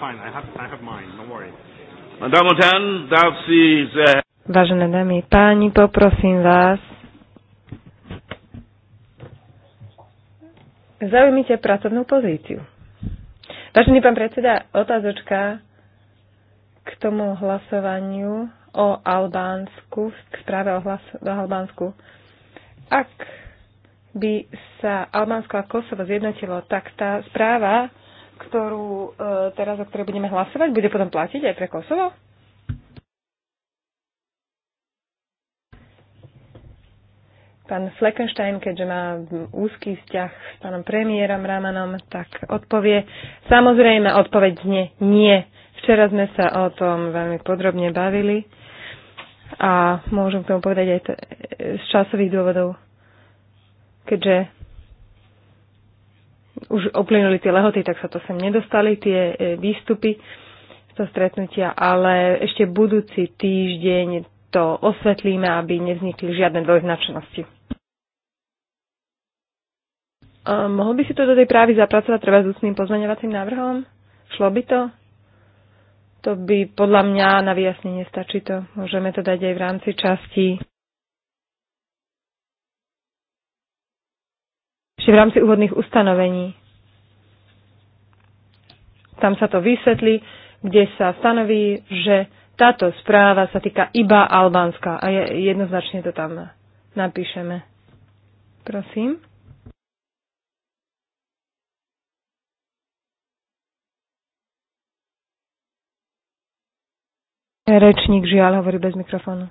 fine. I have, I have mine. Don't worry. Madame Otan, that's Sie uh, Vážené dámy, páni, poprosím vás, zaujmite pracovnú pozíciu. Vážený pán predseda, otázočka k tomu hlasovaniu o Albánsku, k správe o, hlas, o Albánsku. Ak by sa Albánsko a Kosovo zjednotilo, tak tá správa ktorú e, teraz, o ktorej budeme hlasovať, bude potom platiť aj pre Kosovo? Pán Fleckenstein, keďže má úzky vzťah s pánom premiérom Ramanom, tak odpovie. Samozrejme, odpoveď znie nie. Včera sme sa o tom veľmi podrobne bavili a môžem k tomu povedať aj z časových dôvodov, keďže už oplynuli tie lehoty, tak sa to sem nedostali, tie e, výstupy z toho stretnutia, ale ešte budúci týždeň to osvetlíme, aby nevznikli žiadne dvojznačnosti. Mohol by si to do tej právy zapracovať treba s ústnym pozmeňovacím návrhom? Šlo by to? To by podľa mňa na vyjasnenie stačí to. Môžeme to dať aj v rámci časti či v rámci úvodných ustanovení. Tam sa to vysvetlí, kde sa stanoví, že táto správa sa týka iba Albánska a je, jednoznačne to tam napíšeme. Prosím. Rečník žiaľ hovorí bez mikrofónu.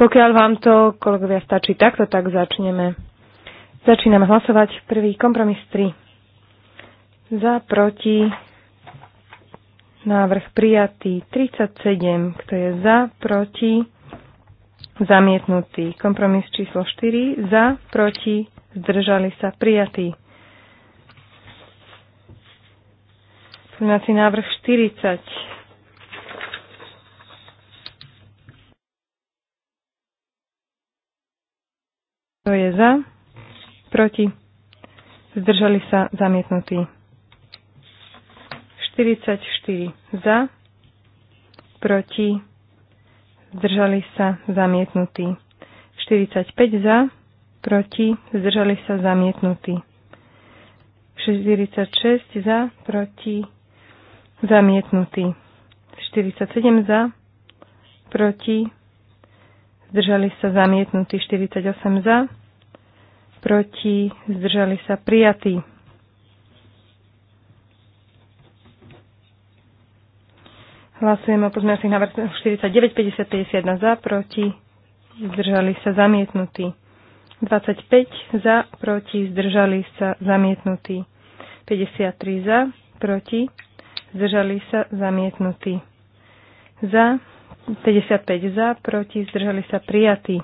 Pokiaľ vám to, kolegovia, stačí takto, tak začneme. Začíname hlasovať. Prvý kompromis 3. Za, proti. Návrh prijatý 37. Kto je za, proti. Zamietnutý. Kompromis číslo 4. Za, proti. Zdržali sa. Prijatý. Pozmeňovací návrh 40. Kto je za? proti, zdržali sa zamietnutí. 44 za, proti, zdržali sa zamietnutí. 45 za, proti, zdržali sa zamietnutí. 46 za, proti, zamietnutí. 47 za, proti, zdržali sa zamietnutí. 48 za, proti, zdržali sa prijatí. Hlasujeme o pozmeňovacích návrh 49, 50, 51 za, proti, zdržali sa zamietnutí. 25 za, proti, zdržali sa zamietnutí. 53 za, proti, zdržali sa zamietnutí. Za, 55 za, proti, zdržali sa prijatí.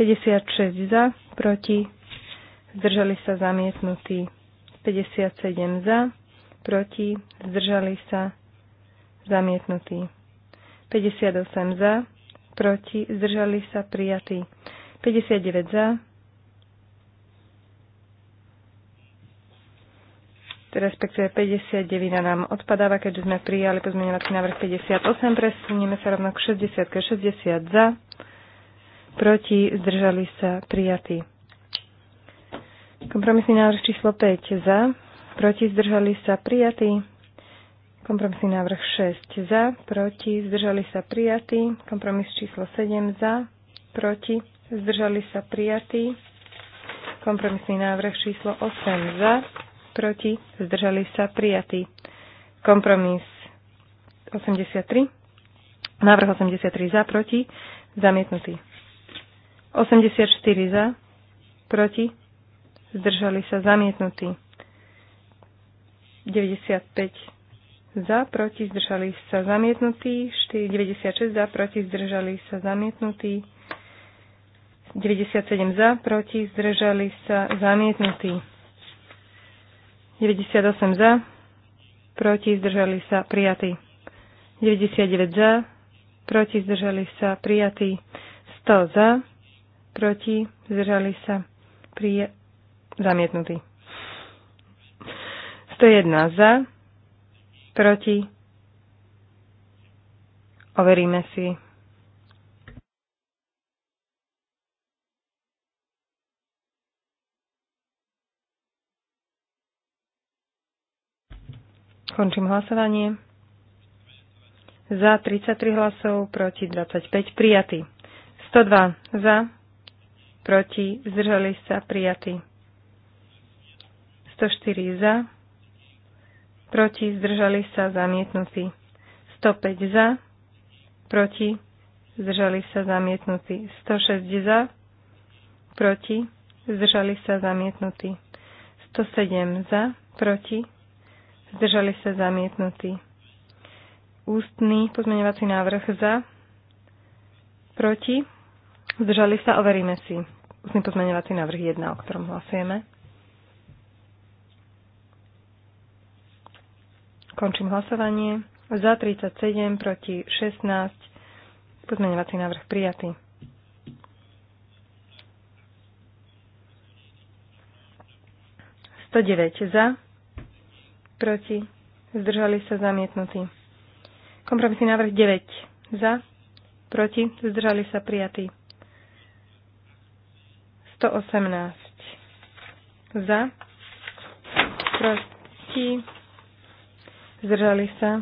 56 za, proti, zdržali sa zamietnutí. 57 za, proti, zdržali sa zamietnutí. 58 za, proti, zdržali sa prijatí. 59 za, respektíve 59 nám odpadáva, keďže sme prijali pozmeňovací návrh 58, presunieme sa rovno k 60, 60 za, proti, zdržali sa, prijatí. Kompromisný návrh číslo 5 za, proti, zdržali sa, prijatí, Kompromisný návrh 6 za, proti, zdržali sa, prijatí, Kompromis číslo 7 za, proti, zdržali sa, prijatí, Kompromisný návrh číslo 8 za, proti, zdržali sa, prijatí. Kompromis 83. Návrh 83 za, proti, zamietnutý. 84 za, proti, zdržali sa zamietnutí. 95 za, proti, zdržali sa zamietnutí. 96 za, proti, zdržali sa zamietnutí. 97 za, proti, zdržali sa zamietnutí. 98 za, proti, zdržali sa prijatí. 99 za, proti, zdržali sa prijatí. 100 za, proti, zdržali sa, prije, zamietnutý. 101 za, proti, overíme si. Končím hlasovanie. Za 33 hlasov, proti 25 prijatý. 102 za, proti, zdržali sa, prijatí. 104 za, proti, zdržali sa, zamietnutí. 105 za, proti, zdržali sa, zamietnutí. 106 za, proti, zdržali sa, zamietnutí. 107 za, proti, zdržali sa, zamietnutí. Ústny pozmeňovací návrh za, proti, Zdržali sa, overíme si. pozmeňovať si návrh 1, o ktorom hlasujeme. Končím hlasovanie. Za 37, proti 16. Pozmeňovací návrh prijatý. za, proti, zdržali sa zamietnutí. Kompromisný návrh 9 za, proti, zdržali sa prijatí. 118. Za, proti, zdržali sa.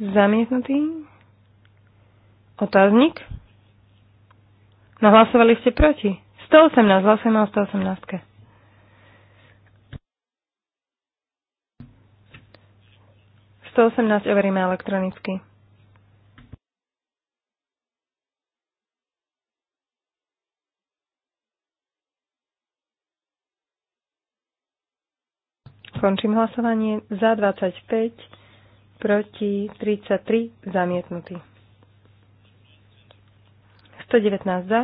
Zamietnutý. Otáznik. No hlasovali ste proti. 118, hlasujem o 118. Sto nás overíme elektronicky. Končím hlasovanie. Za 25, proti 33, zamietnutý. 119 za,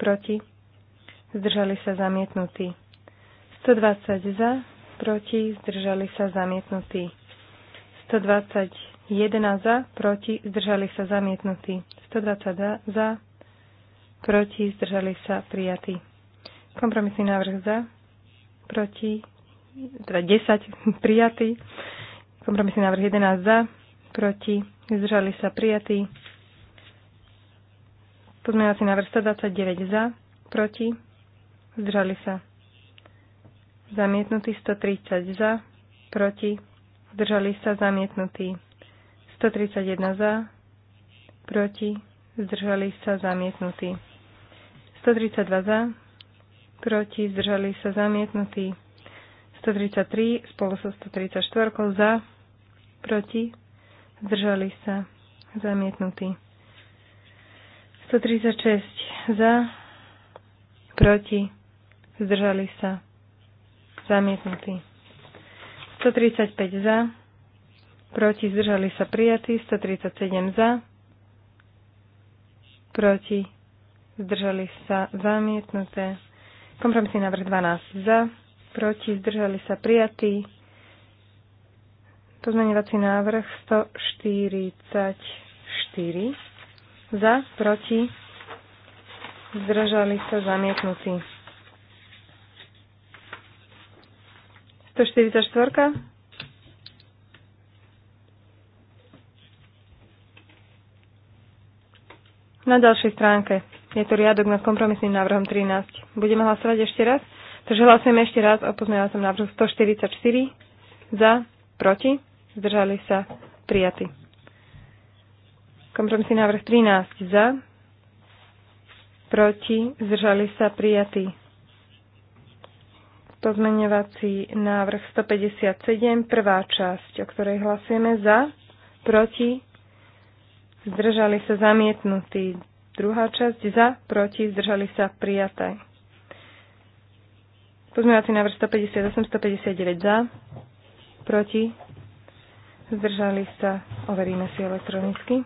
proti, zdržali sa zamietnutí. 120 za, proti, zdržali sa zamietnutí. 121 za, proti, zdržali sa zamietnutí. 122 za, proti, zdržali sa prijatí. Kompromisný návrh za, proti, teda 10 prijatý. Kompromisný návrh 11 za, proti, zdržali sa prijatý. Pozmeňovací návrh 129 za, proti, zdržali sa. Zamietnutý 130 za, proti, zdržali sa zamietnutý. 131 za, proti, zdržali sa zamietnutý. 132 za, proti, zdržali sa zamietnutý. 133 spolu so 134 za, proti, zdržali sa, zamietnutí. 136 za, proti, zdržali sa, zamietnutí. 135 za, proti, zdržali sa, prijatí. 137 za, proti, zdržali sa, zamietnuté. Kompromisný návrh 12 za, proti, zdržali sa prijatí. Pozmeňovací návrh 144 za, proti, zdržali sa zamietnutí. 144. Na ďalšej stránke je to riadok nad kompromisným návrhom 13. Budeme hlasovať ešte raz? Takže hlasujem ešte raz o pozmeňovacom návrhu 144 za, proti, zdržali sa, prijatí. Kompromisný návrh 13 za, proti, zdržali sa, prijatí. Pozmeňovací návrh 157, prvá časť, o ktorej hlasujeme za, proti, zdržali sa, zamietnutí. Druhá časť za, proti, zdržali sa, prijaté. Pozmeňovací návrh 158, 159 za, proti, zdržali sa, overíme si elektronicky.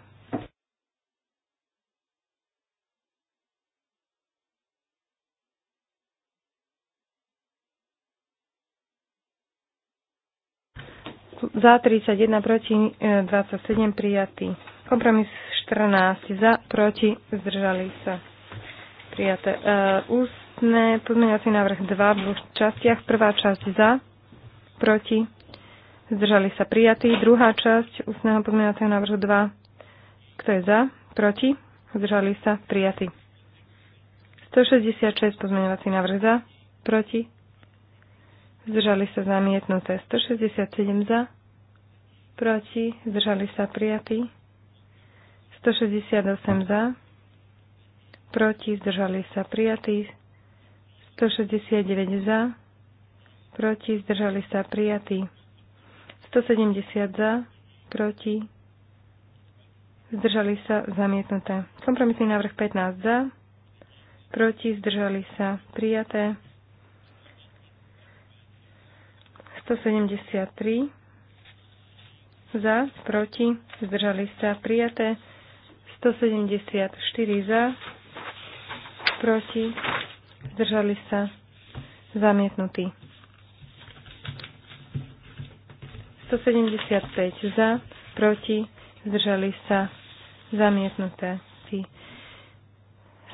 Za 31, proti 27, e, prijatý. Kompromis 14, za, proti, zdržali sa, prijaté. Uh, ústne pozmeňovací návrh 2 v dvoch častiach. Prvá časť za, proti, zdržali sa prijatí. Druhá časť ústneho pozmeňovacieho návrhu 2. Kto je za, proti, zdržali sa prijatí. 166 pozmeňovací návrh za, proti, zdržali sa zamietnuté. 167 za, proti, zdržali sa prijatí. 168 za, proti, zdržali sa prijatí, 169 za, proti, zdržali sa prijatí. 170 za, proti, zdržali sa zamietnuté. Kompromisný návrh 15 za, proti, zdržali sa prijaté. 173 za, proti, zdržali sa prijaté. 174 za, proti, zdržali sa, zamietnutý. 175 za, proti, zdržali sa, zamietnuté.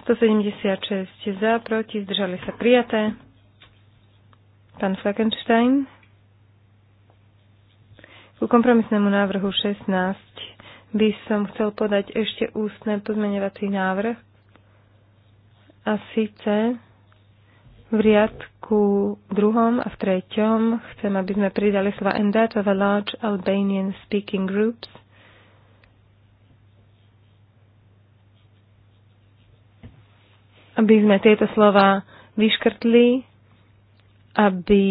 176 za, proti, zdržali sa, prijaté. Pán Flakenstein. Ku kompromisnému návrhu 16 by som chcel podať ešte ústne pozmeňovací návrh, a síce v riadku druhom a v treťom chcem, aby sme pridali slova and that of a large Albanian speaking groups. Aby sme tieto slova vyškrtli, aby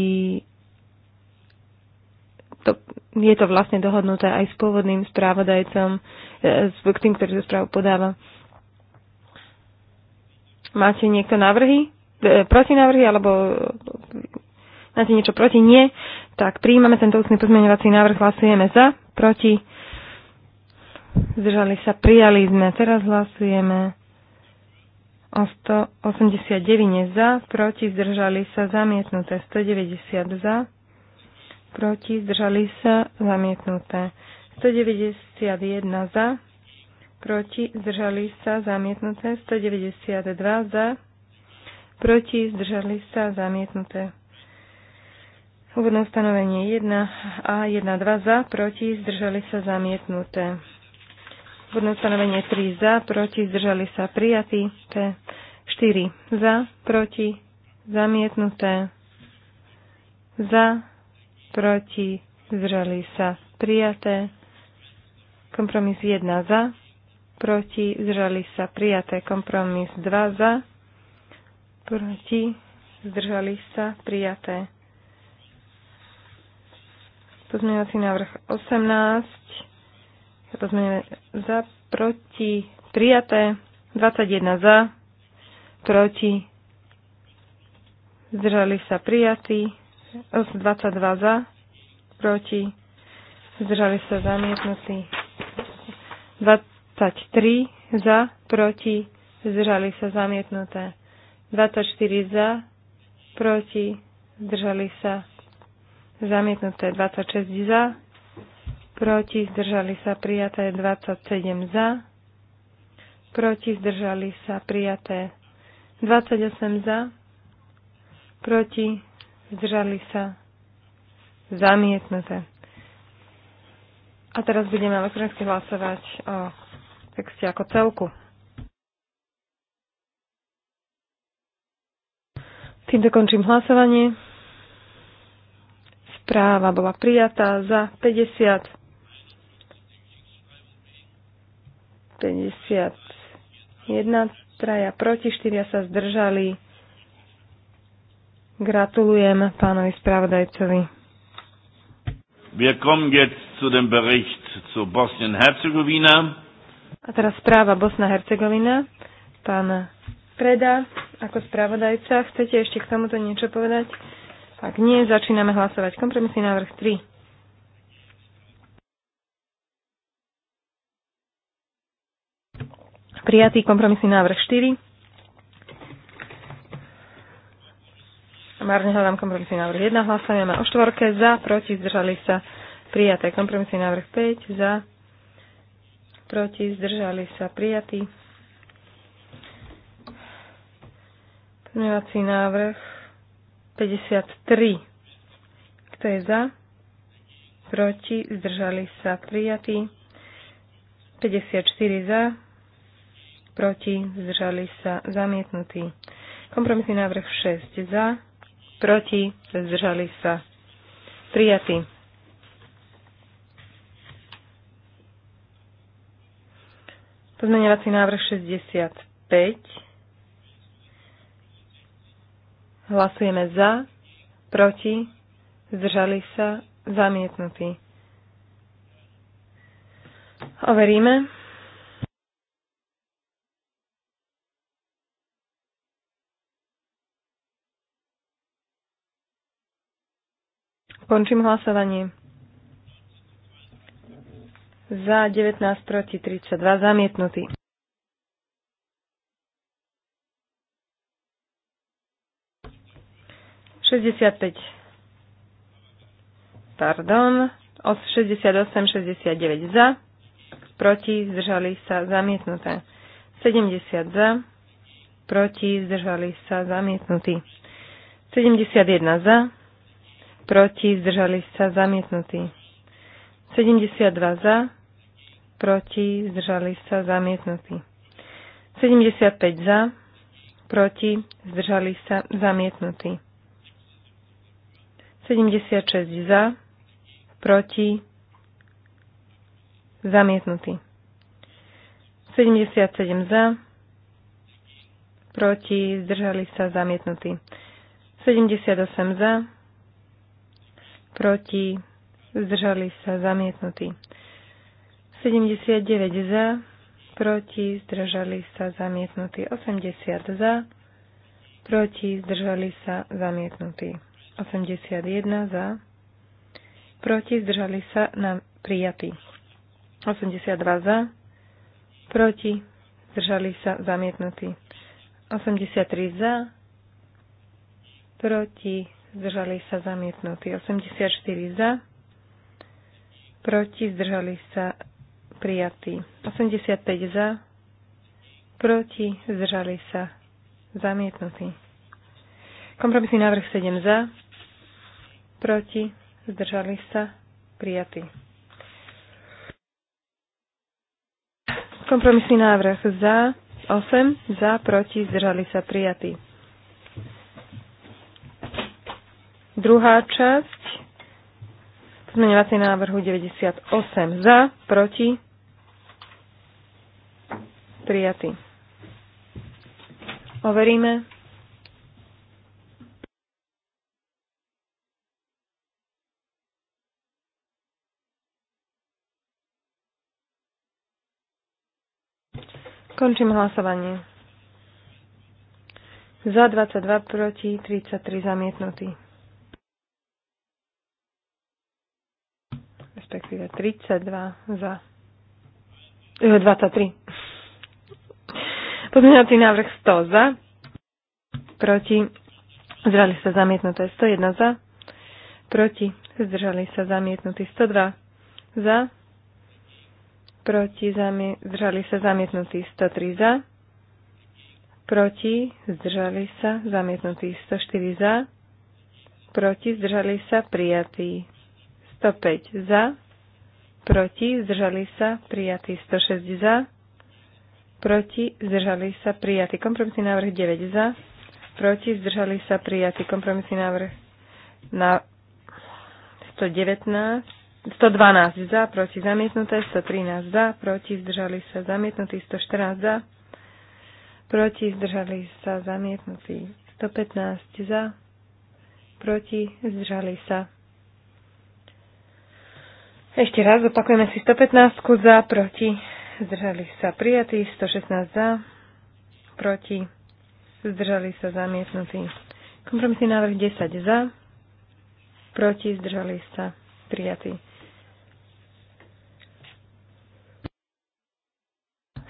to, je to vlastne dohodnuté aj s pôvodným správodajcom, e, s tým, ktorý tú správu podáva. Máte niekto návrhy? E, protinávrhy alebo e, máte niečo proti? Nie. Tak príjmame tento ústny pozmeňovací návrh, hlasujeme za, proti. Zdržali sa, prijali sme. Teraz hlasujeme o 189 za, proti, zdržali sa, zamietnuté. 190 za, proti, zdržali sa, zamietnuté. 191 za, proti, zdržali sa, zamietnuté. 192 za, proti, zdržali sa, zamietnuté. Úvodné ustanovenie 1 a 1, 2 za, proti, zdržali sa, zamietnuté. Úvodné ustanovenie 3 za, proti, zdržali sa, prijatý. 4 za, proti, zamietnuté. Za, proti, zdržali sa, prijaté. Kompromis 1 za, proti, zdržali sa, prijaté. Kompromis 2 za, proti, zdržali sa, prijaté. Pozmeňovací návrh 18, pozmeňujeme za, proti, prijaté, 21 za, proti, zdržali sa, prijatí, 22 za, proti, zdržali sa, zamietnutí, 23 za, proti, zdržali sa, zamietnuté. 24 za, proti, zdržali sa zamietnuté 26 za, proti, zdržali sa prijaté 27 za, proti, zdržali sa prijaté 28 za, proti, zdržali sa zamietnuté. A teraz budeme elektronicky hlasovať o texte ako celku. Týmto končím hlasovanie. Správa bola prijatá za 50. 51, traja proti, 4 sa zdržali. Gratulujem pánovi spravodajcovi. Wir kommen jetzt zu dem Bericht zu Bosnien-Herzegowina. A teraz správa Bosna-Hercegovina. Pán Preda, ako spravodajca, chcete ešte k tomuto niečo povedať? Ak nie, začíname hlasovať. Kompromisný návrh 3. Prijatý kompromisný návrh 4. Márne hľadám kompromisný návrh 1. Hlasujeme o štvorke. Za, proti, zdržali sa. Prijaté kompromisný návrh 5. Za, proti, zdržali sa. Prijatý. Pozmeňovací návrh 53. Kto je za? Proti? Zdržali sa prijatí. 54 za. Proti? Zdržali sa zamietnutí. Kompromisný návrh 6 za. Proti? Zdržali sa prijatí. Pozmeňovací návrh 65 Hlasujeme za, proti, zdržali sa, zamietnutí. Overíme. Končím hlasovanie. Za 19 proti 32 zamietnutý. 65. Pardon. 68, 69 za. Proti, zdržali sa, zamietnuté. 70 za. Proti, zdržali sa, zamietnutí. 71 za. Proti, zdržali sa, zamietnutí. 72 za. Proti, zdržali sa, zamietnutí. 75 za. Proti, zdržali sa, zamietnutí. 76 za, proti, zamietnutý. 77 za, proti, zdržali sa, zamietnutý. 78 za, proti, zdržali sa, zamietnutý. 79 za, proti, zdržali sa, zamietnutý. 80 za, proti, zdržali sa, zamietnutý. 81 za, proti zdržali sa na prijatý. 82 za, proti zdržali sa zamietnutí. 83 za, proti zdržali sa zamietnutí. 84 za, proti zdržali sa prijatí. 85 za, proti zdržali sa zamietnutí. Kompromisný návrh 7 za, proti, zdržali sa, prijatý. Kompromisný návrh za, 8, za, proti, zdržali sa, prijatí. Druhá časť, pozmeňovací návrhu 98, za, proti, prijatí. Overíme. Končím hlasovanie. Za 22 proti 33 zamietnutý. Respektíve 32 za. 23. Eh, Pozmeňovací návrh 100 za. Proti. zdrali sa zamietnuté 101 za. Proti. Zdržali sa zamietnutí 102 za proti, zdržali sa zamietnutí 103 za, proti, zdržali sa zamietnutí 104 za, proti, zdržali sa prijatí 105 za, proti, zdržali sa prijatí 106 za, proti, zdržali sa prijatí kompromisný návrh 9 za, proti, zdržali sa prijatí kompromisný návrh na 119 112 za, proti zamietnuté, 113 za, proti zdržali sa zamietnutí, 114 za, proti zdržali sa zamietnutí, 115 za, proti zdržali sa. Ešte raz opakujeme si 115 za, proti zdržali sa prijatí, 116 za, proti zdržali sa zamietnutí. Kompromisný návrh 10 za, proti zdržali sa prijatý.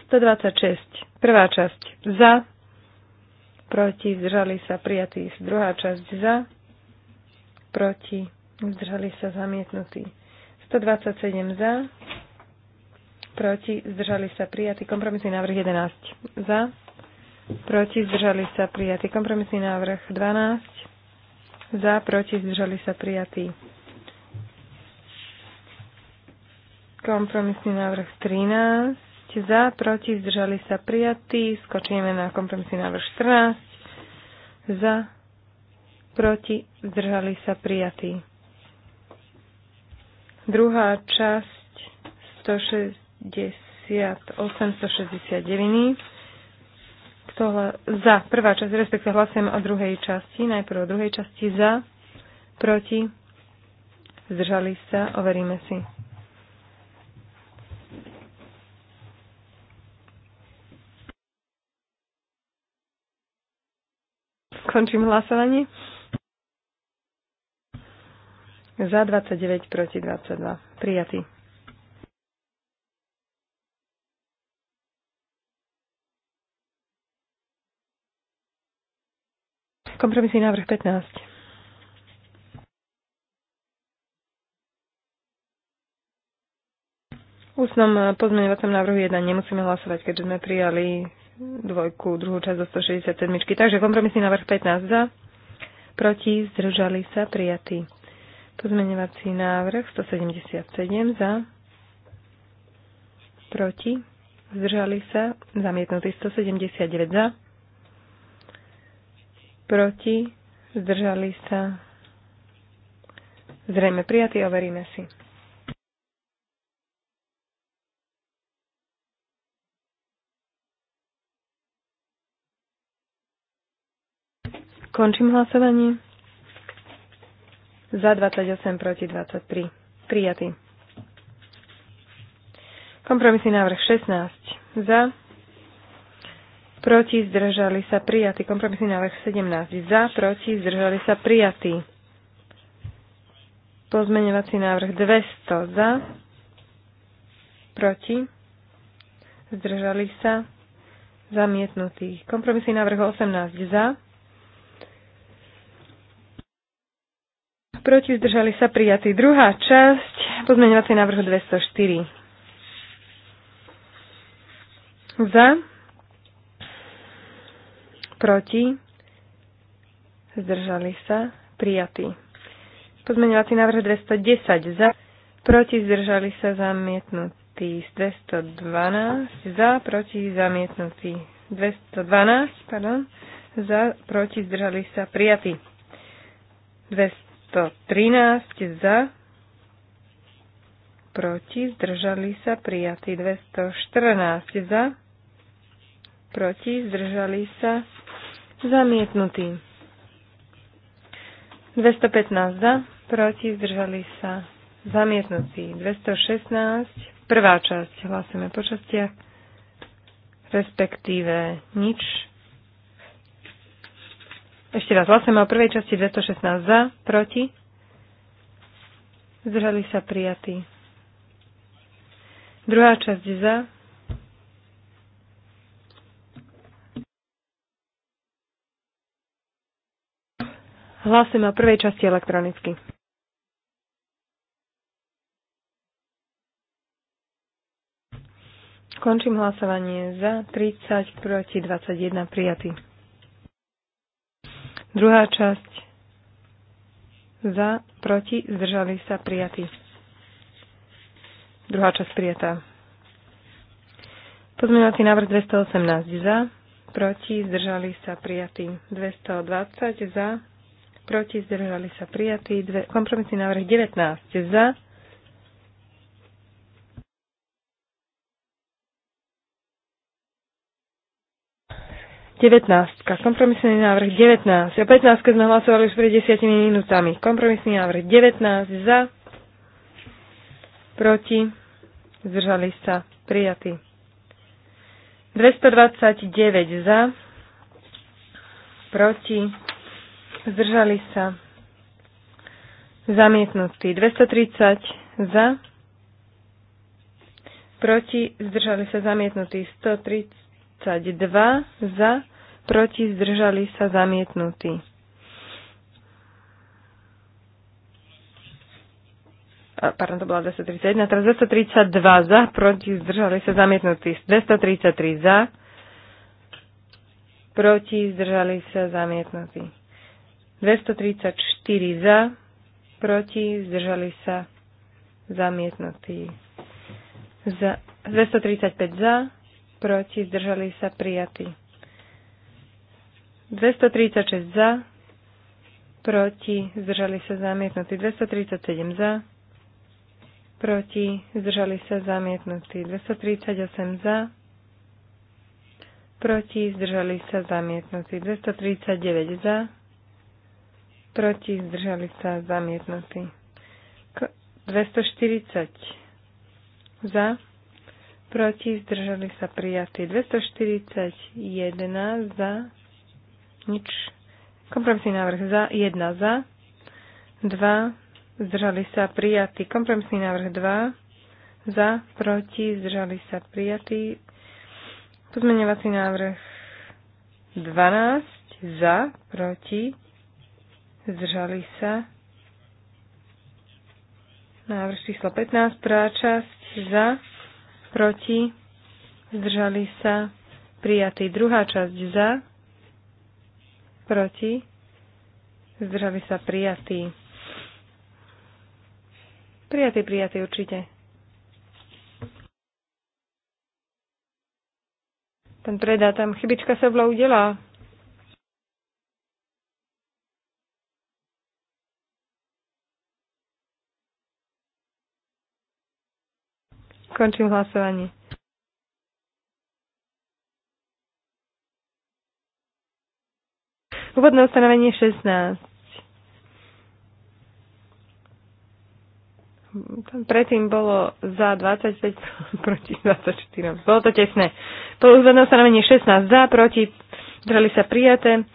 126. Prvá časť za, proti, zdržali sa prijatí. Druhá časť za, proti, zdržali sa zamietnutí. 127 za, proti, zdržali sa prijatí. Kompromisný návrh 11 za, proti, zdržali sa prijatí. Kompromisný návrh 12 za, proti, zdržali sa prijatí. Kompromisný návrh 13. Za, proti, zdržali sa prijatí. Skočíme na kompromisný návrh 14. Za, proti, zdržali sa prijatí. Druhá časť 168, 169, Kto hla, za, prvá časť, respektive hlasujeme o druhej časti. Najprv o druhej časti za, proti, zdržali sa, overíme si. Končím hlasovanie. Za 29 proti 22. Prijatý. Kompromisný návrh 15. ústnom pozmeňovacom návrhu 1 nemusíme hlasovať, keďže sme prijali dvojku, druhú časť do 167. Takže kompromisný návrh 15 za, proti, zdržali sa, prijatý. Pozmeňovací návrh 177 za, proti, zdržali sa, zamietnutý 179 za, proti, zdržali sa, zrejme prijatý, overíme si. Končím hlasovanie. Za 28 proti 23. Prijatý. Kompromisný návrh 16. Za. Proti zdržali sa prijatý. Kompromisný návrh 17. Za. Proti zdržali sa prijatý. Pozmeňovací návrh 200. Za. Proti. Zdržali sa. Zamietnutý. Kompromisný návrh 18. Za proti, zdržali sa prijatý. Druhá časť, pozmeňovací návrh 204. Za, proti, zdržali sa, prijatí. Pozmeňovací návrh 210 za, proti, zdržali sa, zamietnutý. 212 za, proti, zamietnutý. 212, pardon, za, proti, zdržali sa, prijatí. 200 113 za, proti, zdržali sa prijatí 214 za, proti, zdržali sa zamietnutí. 215 za, proti, zdržali sa zamietnutí. 216, prvá časť, hlasujeme po častiach, respektíve nič ešte raz hlasujeme o prvej časti 216 za, proti. Zdržali sa prijatí. Druhá časť za. Hlasujeme o prvej časti elektronicky. Končím hlasovanie za 30 proti 21 prijatý. Druhá časť za, proti, zdržali sa, prijatí. Druhá časť prijatá. Pozmeňovací návrh 218 za, proti, zdržali sa, prijatí. 220 za, proti, zdržali sa, prijatí. Kompromisný návrh 19 za, 19. Kompromisný návrh 19. O 15 sme hlasovali už pred 10 minútami. Kompromisný návrh 19 za, proti, zdržali sa, prijatý. 229 za, proti, zdržali sa, zamietnutý. 230 za, proti, zdržali sa, zamietnutý. 130 32 za, proti zdržali sa zamietnutí. Pardon, to bola 231, teraz 232 za, proti zdržali sa zamietnutí. 233 za, proti zdržali sa zamietnutí. 234 za, proti zdržali sa zamietnutí. Za, 235 za, proti, zdržali sa prijatí. 236 za, proti, zdržali sa zamietnutí. 237 za, proti, zdržali sa zamietnutí. 238 za, proti, zdržali sa zamietnutí. 239 za, proti, zdržali sa zamietnutí. 240 za, proti, zdržali sa prijatí. 241 za, nič. Kompromisný návrh za, 1 za, 2, zdržali sa prijatí. Kompromisný návrh 2, za, proti, zdržali sa prijatí. Pozmeňovací návrh 12, za, proti, zdržali sa. Návrh číslo 15, prvá časť, za, proti, zdržali sa, prijatý. Druhá časť za, proti, zdržali sa, prijatý. Prijatý, prijatý určite. Ten predá tam, chybička sa bola udelá. Končím hlasovanie. Úvodné ustanovenie 16. Tam predtým bolo za 25 proti 24. Bolo to tesné. Bolo úvodné ustanovenie 16 za, proti, zdržali sa prijaté.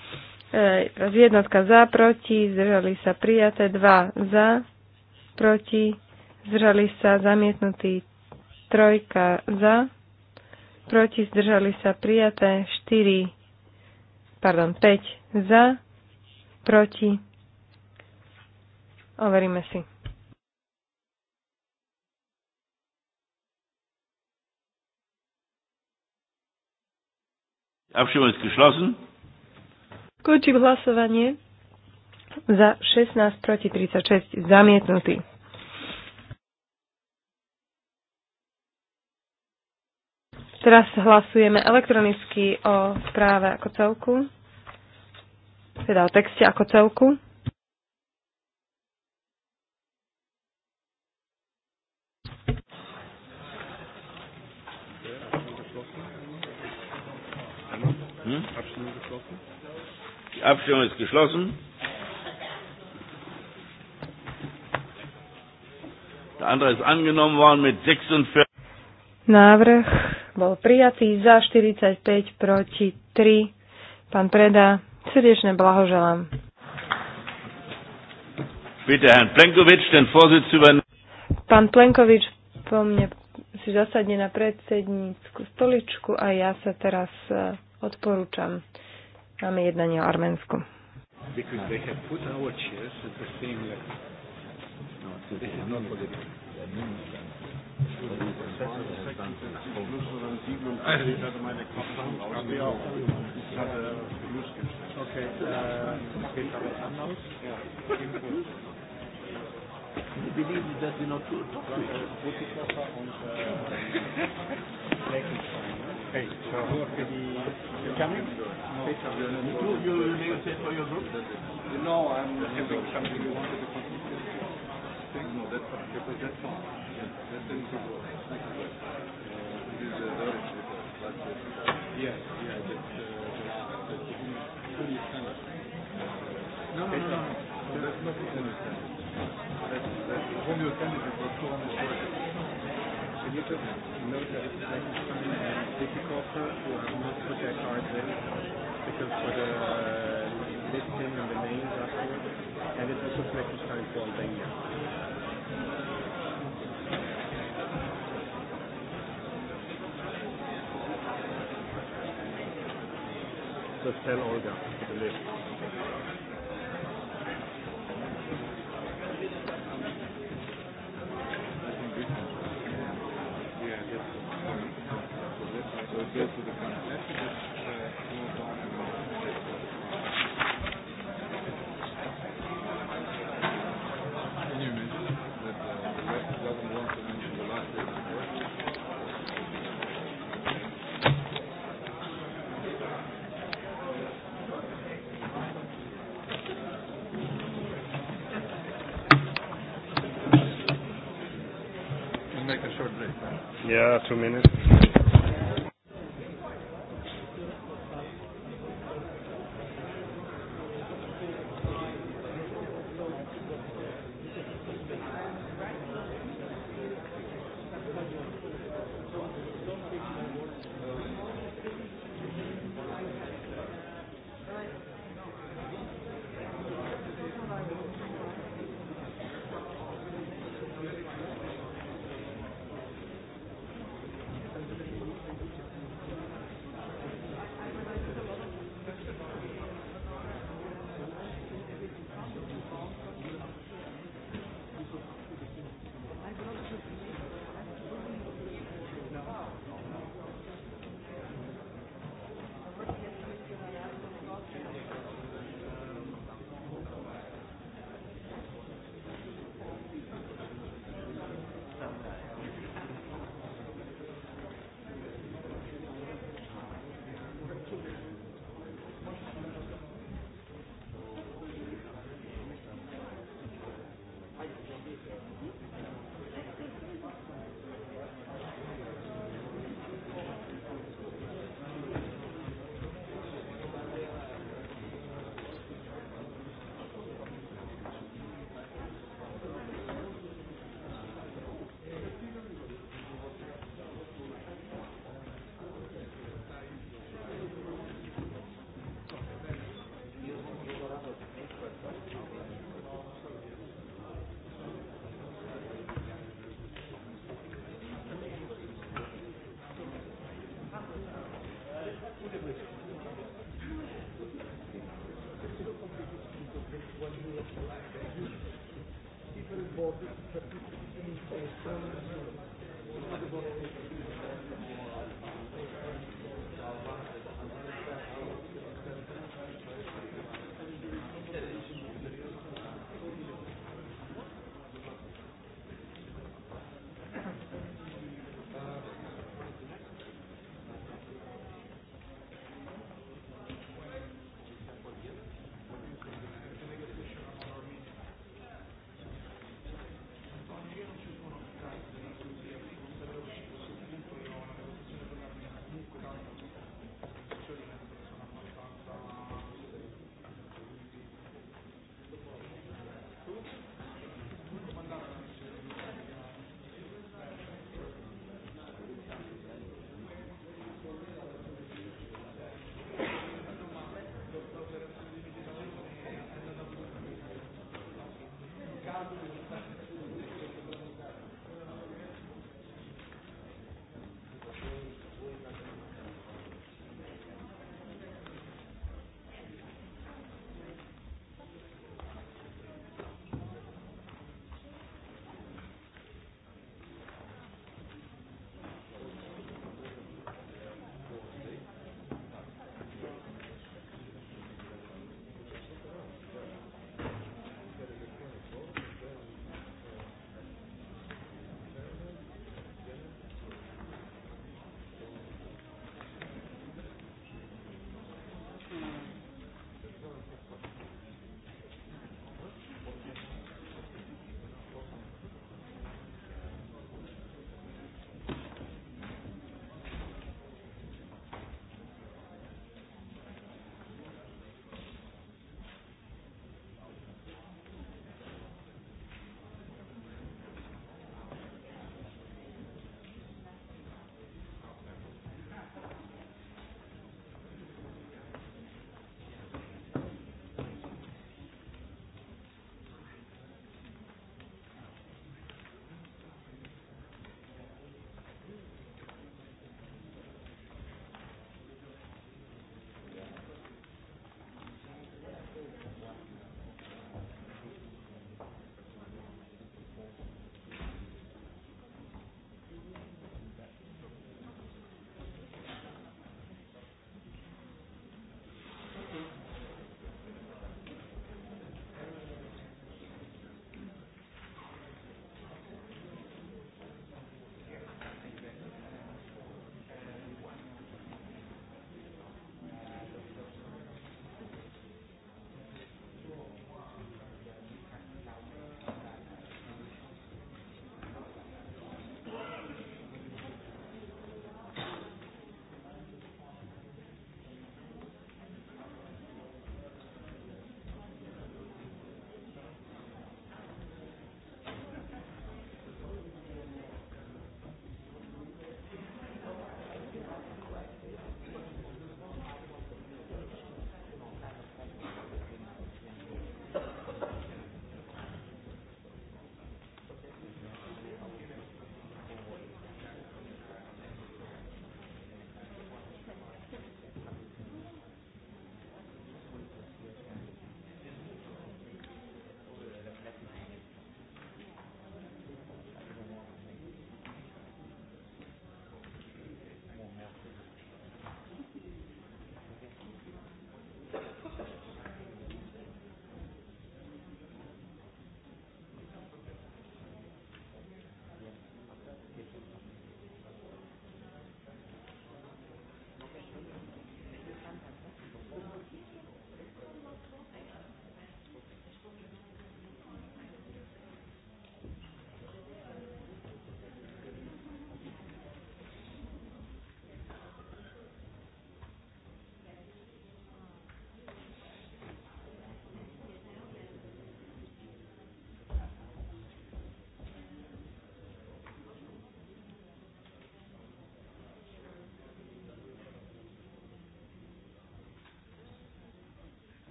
E, jednotka za, proti, zdržali sa prijaté. dva za, proti, zdržali sa zamietnutí trojka za, proti zdržali sa prijaté 4, pardon, 5 za, proti. Overíme si. Končím hlasovanie. Za 16 proti 36 zamietnutý. Teraz hlasujeme elektronicky o správe ako celku, teda o texte ako celku. Die Abstimmung ist geschlossen. Der andere ist angenommen worden mit 46. Návrh bol prijatý za 45 proti 3. Pán Preda, srdečne blahoželám. Pán Plenkovič po mne si zasadne na predsednícku stoličku a ja sa teraz e, odporúčam. Máme jednanie o Arménsku. Because they have put our chairs at the same level. No, this is not political. Okay, Uh geht aber anders. We believe that we not too tough. Butikasser und Fleckenstein. Hey, für die coming? No. You, you, you say for your group? No, I'm. Something you wanted to continue primo detto che poi detto detto in tipo this is the very cheap but yeah yeah that uh, the fully standard no no no no that's not the fully standard that's that's the fully standard is what 200 Can you just note that it's like some uh, difficult who have not put their cards in because for the uh, listing and the names afterwards, and it's also Turkish time for Albania. just tell Olga to leave. Yeah, two minutes.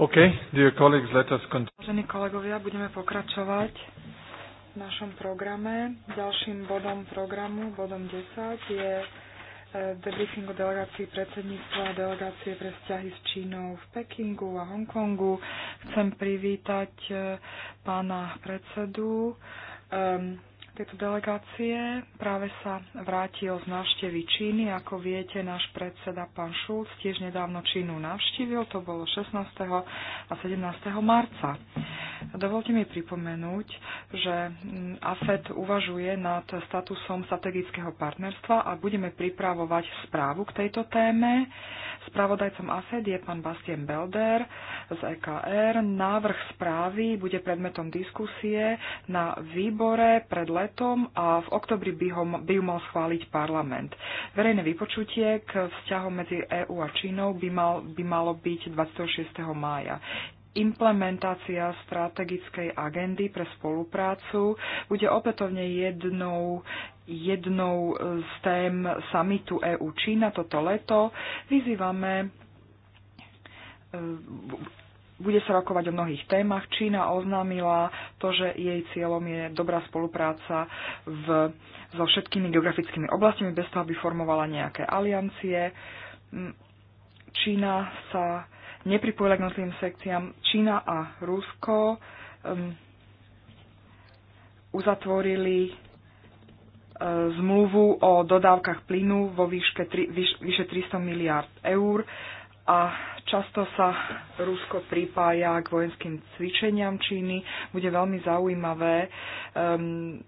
OK, dear colleagues, let us continue. Vážení kolegovia, budeme pokračovať v našom programe. Ďalším bodom programu, bodom 10, je e, debriefing o delegácii predsedníctva a delegácie pre vzťahy s Čínou v Pekingu a Hongkongu. Chcem privítať e, pána predsedu um, tejto delegácie. Práve sa vrátil z návštevy Číny. Ako viete, náš predseda pán Šulc tiež nedávno Čínu navštívil. To bolo 16. a 17. marca. Dovolte mi pripomenúť, že mm, AFED uvažuje nad statusom strategického partnerstva a budeme pripravovať správu k tejto téme. Spravodajcom AFED je pán Bastien Belder z EKR. Návrh správy bude predmetom diskusie na výbore pred letom a v oktobri by, ho, by ju mal schváliť parlament. Verejné vypočutie k vzťahom medzi EÚ a Čínou by, mal, by malo byť 26. mája implementácia strategickej agendy pre spoluprácu bude opätovne jednou jednou z tém samitu EU Čína toto leto. Vyzývame e, bude sa rokovať o mnohých témach. Čína oznámila to, že jej cieľom je dobrá spolupráca v, so všetkými geografickými oblastiami, bez toho, aby formovala nejaké aliancie. Mm, Čína sa nepripojila k nosným sekciám. Čína a Rusko um, uzatvorili e, zmluvu o dodávkach plynu vo výške tri, vyš, vyše 300 miliard eur a často sa Rusko pripája k vojenským cvičeniam Číny. Bude veľmi zaujímavé um,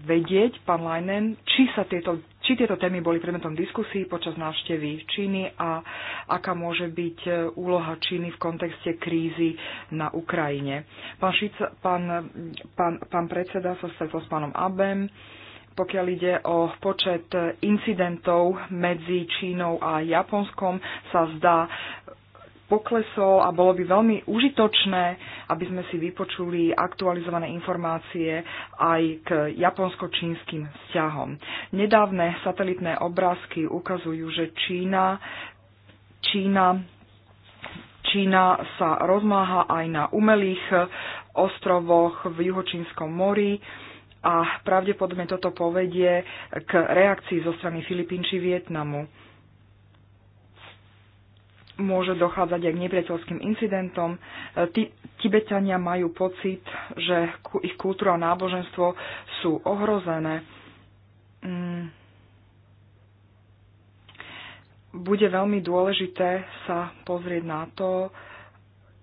vedieť, pán Leinen, či sa tieto či tieto témy boli predmetom diskusí počas návštevy Číny a aká môže byť e, úloha Číny v kontexte krízy na Ukrajine. Pán, Šica, pán, pán, pán predseda sa stretol s pánom Abem pokiaľ ide o počet incidentov medzi Čínou a Japonskom, sa zdá poklesol a bolo by veľmi užitočné, aby sme si vypočuli aktualizované informácie aj k japonsko-čínskym vzťahom. Nedávne satelitné obrázky ukazujú, že Čína, Čína, Čína sa rozmáha aj na umelých ostrovoch v Juhočínskom mori a pravdepodobne toto povedie k reakcii zo strany Filipín či Vietnamu môže dochádzať aj k nepriateľským incidentom. E, Ty, Tibetania majú pocit, že ich kultúra a náboženstvo sú ohrozené. Mm. Bude veľmi dôležité sa pozrieť na to,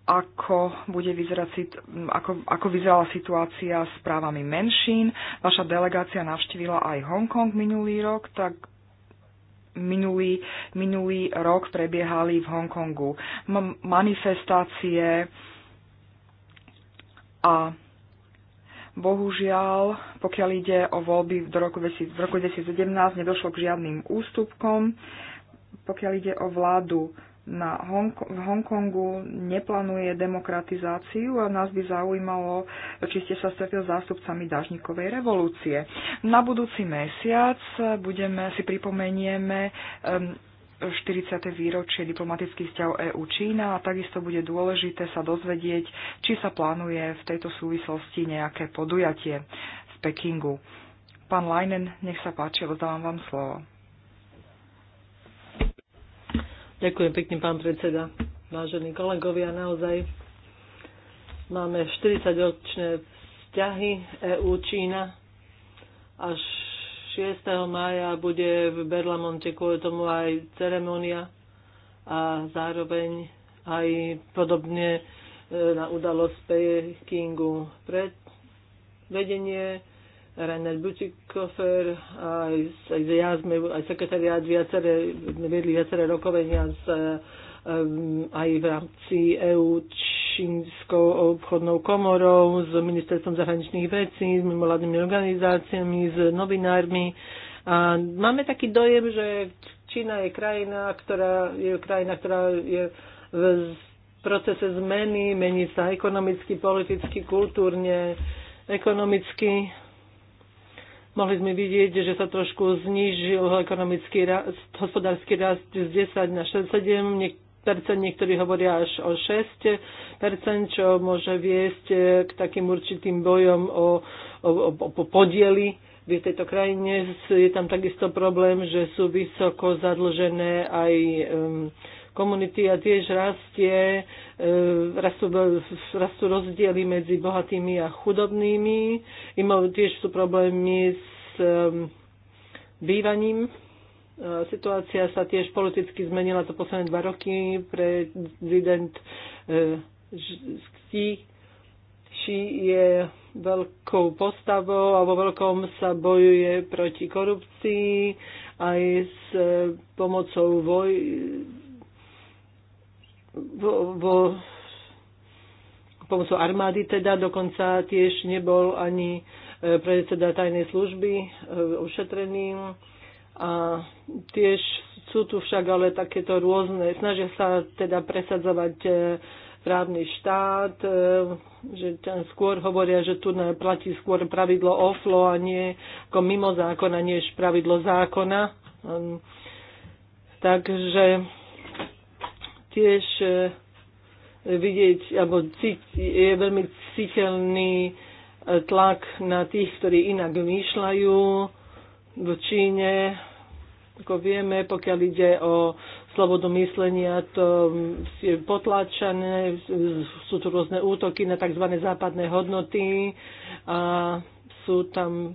ako, bude vyzerať, ako, ako vyzerala situácia s právami menšín. Vaša delegácia navštívila aj Hongkong minulý rok, tak minulý, minulý rok prebiehali v Hongkongu. M- manifestácie a bohužiaľ, pokiaľ ide o voľby do roku, v roku 2017, nedošlo k žiadnym ústupkom. Pokiaľ ide o vládu na Hong- v Hongkongu neplánuje demokratizáciu a nás by zaujímalo, či ste sa stretli s zástupcami dažníkovej revolúcie. Na budúci mesiac budeme, si pripomenieme 40. výročie diplomatických vzťahov EU Čína a takisto bude dôležité sa dozvedieť, či sa plánuje v tejto súvislosti nejaké podujatie v Pekingu. Pán Leinen, nech sa páči, oddávam vám slovo. Ďakujem pekne, pán predseda. Vážení kolegovia, naozaj máme 40-ročné vzťahy EU-Čína. Až 6. mája bude v Berlamonte kvôli tomu aj ceremonia a zároveň aj podobne e, na udalosť Pekingu. Pred vedenie Rainer Butikofer, aj, aj ja sme, aj sekretariát viaceré, viedli viaceré rokovania s, eh, aj v rámci EU čínskou obchodnou komorou, s ministerstvom zahraničných vecí, s mimovládnymi organizáciami, s novinármi. A máme taký dojem, že Čína je krajina, ktorá je krajina, ktorá je v procese zmeny, mení sa ekonomicky, politicky, kultúrne, ekonomicky Mohli sme vidieť, že sa trošku znížil ekonomický rast, hospodársky rast z 10 na 6, 7, percent, niektorí hovoria až o 6 percent, čo môže viesť eh, k takým určitým bojom o, o, o, o podiely v tejto krajine. Je tam takisto problém, že sú vysoko zadlžené aj um, komunity a tiež rastie, e, rastú, rastú rozdiely medzi bohatými a chudobnými. Imo tiež sú problémy s e, bývaním. Situácia sa tiež politicky zmenila za posledné dva roky. Prezident e, Xi je veľkou postavou a vo veľkom sa bojuje proti korupcii aj s pomocou voj, vo, vo pomocou armády teda dokonca tiež nebol ani e, predseda tajnej služby e, ošetrený. A tiež sú tu však ale takéto rôzne, snažia sa teda presadzovať e, právny štát, že tam skôr hovoria, že tu platí skôr pravidlo oflo a nie ako mimo zákona, než pravidlo zákona. Ehm, takže tiež e, vidieť, alebo cít, je veľmi citeľný e, tlak na tých, ktorí inak vymýšľajú v Číne. Ako vieme, pokiaľ ide o slobodu myslenia, to je potlačené, sú tu rôzne útoky na tzv. západné hodnoty a sú tam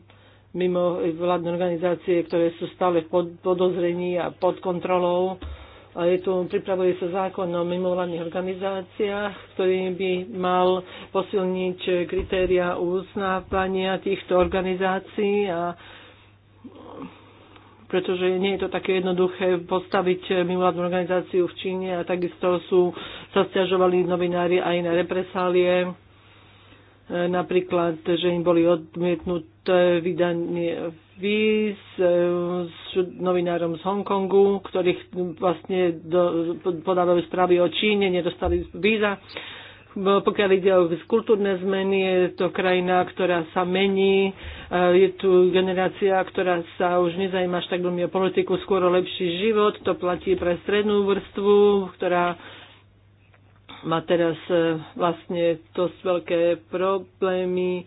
mimo vládne organizácie, ktoré sú stále pod podozrení a pod kontrolou a je tu, pripravuje sa zákon o mimovládnych organizáciách, ktorý by mal posilniť kritéria uznávania týchto organizácií a pretože nie je to také jednoduché postaviť mimovládnu organizáciu v Číne a takisto sú, sa stiažovali novinári aj na represálie napríklad, že im boli odmietnuté vydanie víz e, s novinárom z Hongkongu, ktorých vlastne do, podávajú správy o Číne, nedostali víza. Pokiaľ ide o kultúrne zmeny, je to krajina, ktorá sa mení, e, je tu generácia, ktorá sa už nezajíma až tak veľmi o politiku, skôr o lepší život. To platí pre strednú vrstvu, ktorá má teraz e, vlastne dosť veľké problémy e,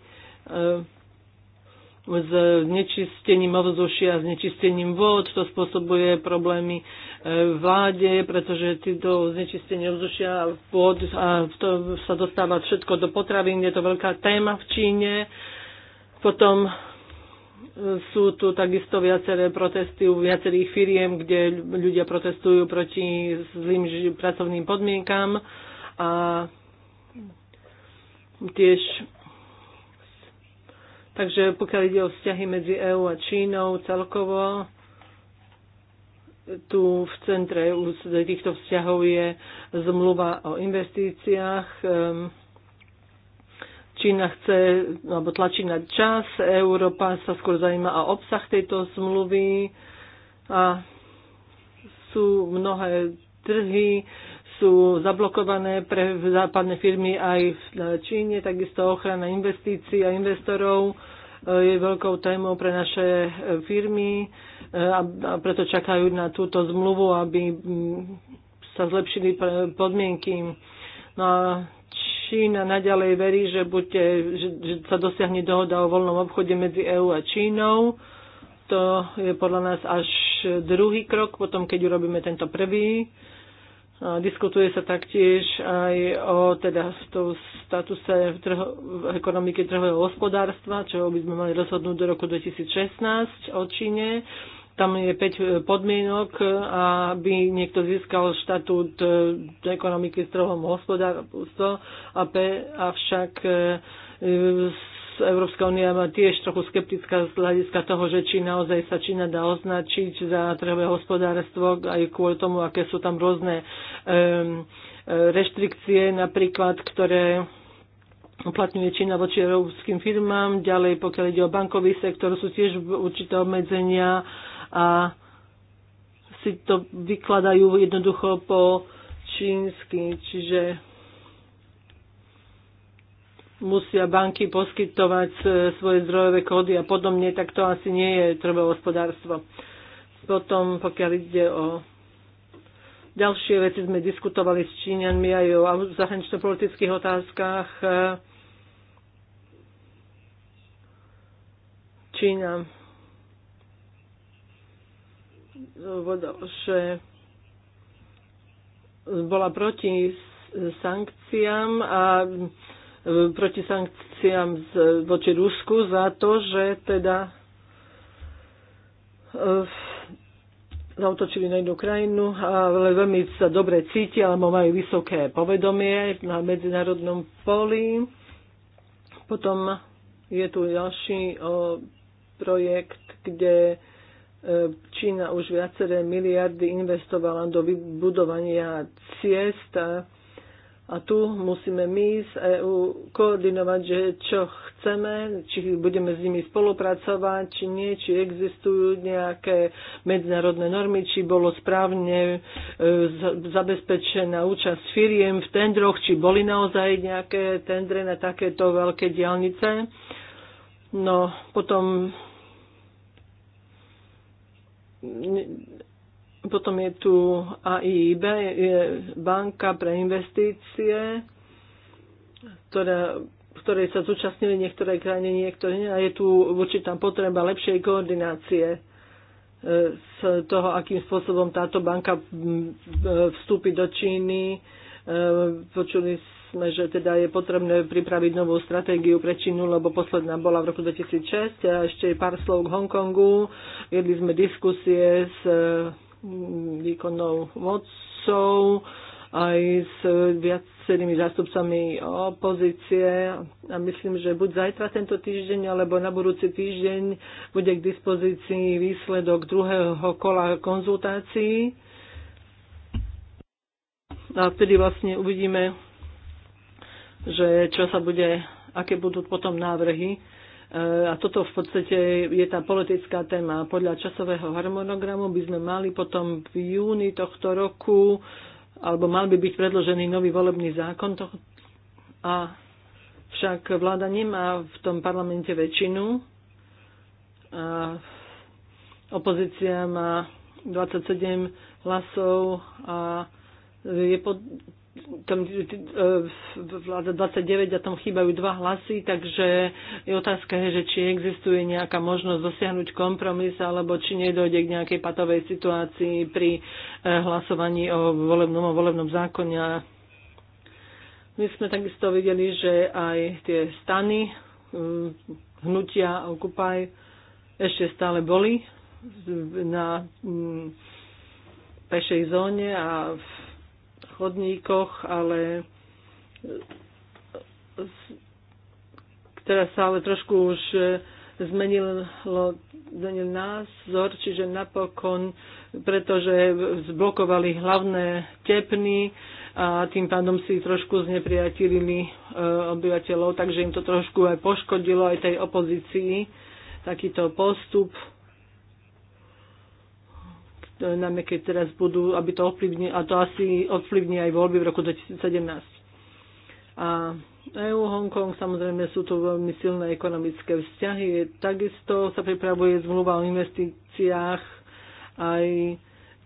s nečistením ovzdušia, s nečistením vod, to spôsobuje problémy e, vláde, pretože to znečistenie ovzdušia a a to sa dostáva všetko do potravín, je to veľká téma v Číne. Potom sú tu takisto viaceré protesty u viacerých firiem, kde ľudia protestujú proti zlým pracovným podmienkam a tiež Takže pokiaľ ide o vzťahy medzi EÚ a Čínou celkovo, tu v centre týchto vzťahov je zmluva o investíciách. Ehm, Čína chce, alebo tlačí na čas, Európa sa skôr zaujíma o obsah tejto zmluvy a sú mnohé trhy, sú zablokované pre západné firmy aj v Číne, takisto ochrana investícií a investorov e, je veľkou témou pre naše e, firmy e, a preto čakajú na túto zmluvu, aby sa zlepšili podmienky. No a Čína naďalej verí, že, bude, že, že sa dosiahne dohoda o voľnom obchode medzi EÚ a Čínou. To je podľa nás až druhý krok, potom keď urobíme tento prvý diskutuje sa taktiež aj o teda statuse trho, ekonomiky trhového hospodárstva, čo by sme mali rozhodnúť do roku 2016 o Číne. Tam je 5 e, podmienok, e, aby niekto získal štatút e, ekonomiky s trhom hospodárstva, avšak Európska únia má tiež trochu skeptická z hľadiska toho, že či naozaj sa Čína dá označiť za trhové hospodárstvo aj kvôli tomu, aké sú tam rôzne um, reštrikcie napríklad, ktoré uplatňuje Čína voči európskym firmám. Ďalej, pokiaľ ide o bankový sektor, sú tiež určité obmedzenia a si to vykladajú jednoducho po čínsky. Čiže musia banky poskytovať e, svoje zdrojové kódy a podobne, tak to asi nie je trvé hospodárstvo. Potom, pokiaľ ide o ďalšie veci, sme diskutovali s Číňanmi aj o zahranično-politických otázkach. E, Čína že bola proti sankciám a E, proti sankciám voči Rusku za to, že teda e, zautočili na jednu krajinu, ale veľmi sa dobre cítia, alebo majú vysoké povedomie na medzinárodnom poli. Potom je tu ďalší o, projekt, kde e, Čína už viaceré miliardy investovala do vybudovania ciest a a tu musíme my z EÚ koordinovať, že čo chceme, či budeme s nimi spolupracovať, či nie, či existujú nejaké medzinárodné normy, či bolo správne e, zabezpečená účasť firiem v tendroch, či boli naozaj nejaké tendre na takéto veľké diálnice. No potom potom je tu AIB, je banka pre investície, ktorá, ktorej sa zúčastnili niektoré krajiny, niektoré nie. A je tu určitá potreba lepšej koordinácie z e, toho, akým spôsobom táto banka e, vstúpi do Číny. E, počuli sme, že teda je potrebné pripraviť novú stratégiu pre Čínu, lebo posledná bola v roku 2006. A ešte pár slov k Hongkongu. Jedli sme diskusie s Mm, výkonnou vodcov, aj s viacerými zástupcami opozície a myslím, že buď zajtra tento týždeň alebo na budúci týždeň bude k dispozícii výsledok druhého kola konzultácií a vtedy vlastne uvidíme, že čo sa bude, aké budú potom návrhy a toto v podstate je tá politická téma. Podľa časového harmonogramu by sme mali potom v júni tohto roku, alebo mal by byť predložený nový volebný zákon. To, a však vláda nemá v tom parlamente väčšinu. A opozícia má 27 hlasov a je pod, tam e, vláda 29 a tam chýbajú dva hlasy, takže je otázka, že či existuje nejaká možnosť dosiahnuť kompromis, alebo či nedojde k nejakej patovej situácii pri e, hlasovaní o volebnom, o volebnom zákone. My sme takisto videli, že aj tie stany, mm, hnutia Okupaj ešte stále boli na mm, pešej zóne a v chodníkoch, ale ktorá e, e, sa ale trošku už e, zmenil, zmenil názor, čiže napokon, pretože zblokovali hlavné tepny a tým pádom si trošku znepriatilili obyvateľov, takže im to trošku aj poškodilo aj tej opozícii takýto postup najmä keď teraz budú, aby to ovplyvní, a to asi ovplyvní aj voľby v roku 2017. A EU, Hongkong, samozrejme sú tu veľmi silné ekonomické vzťahy. Takisto sa pripravuje zmluva o investíciách, aj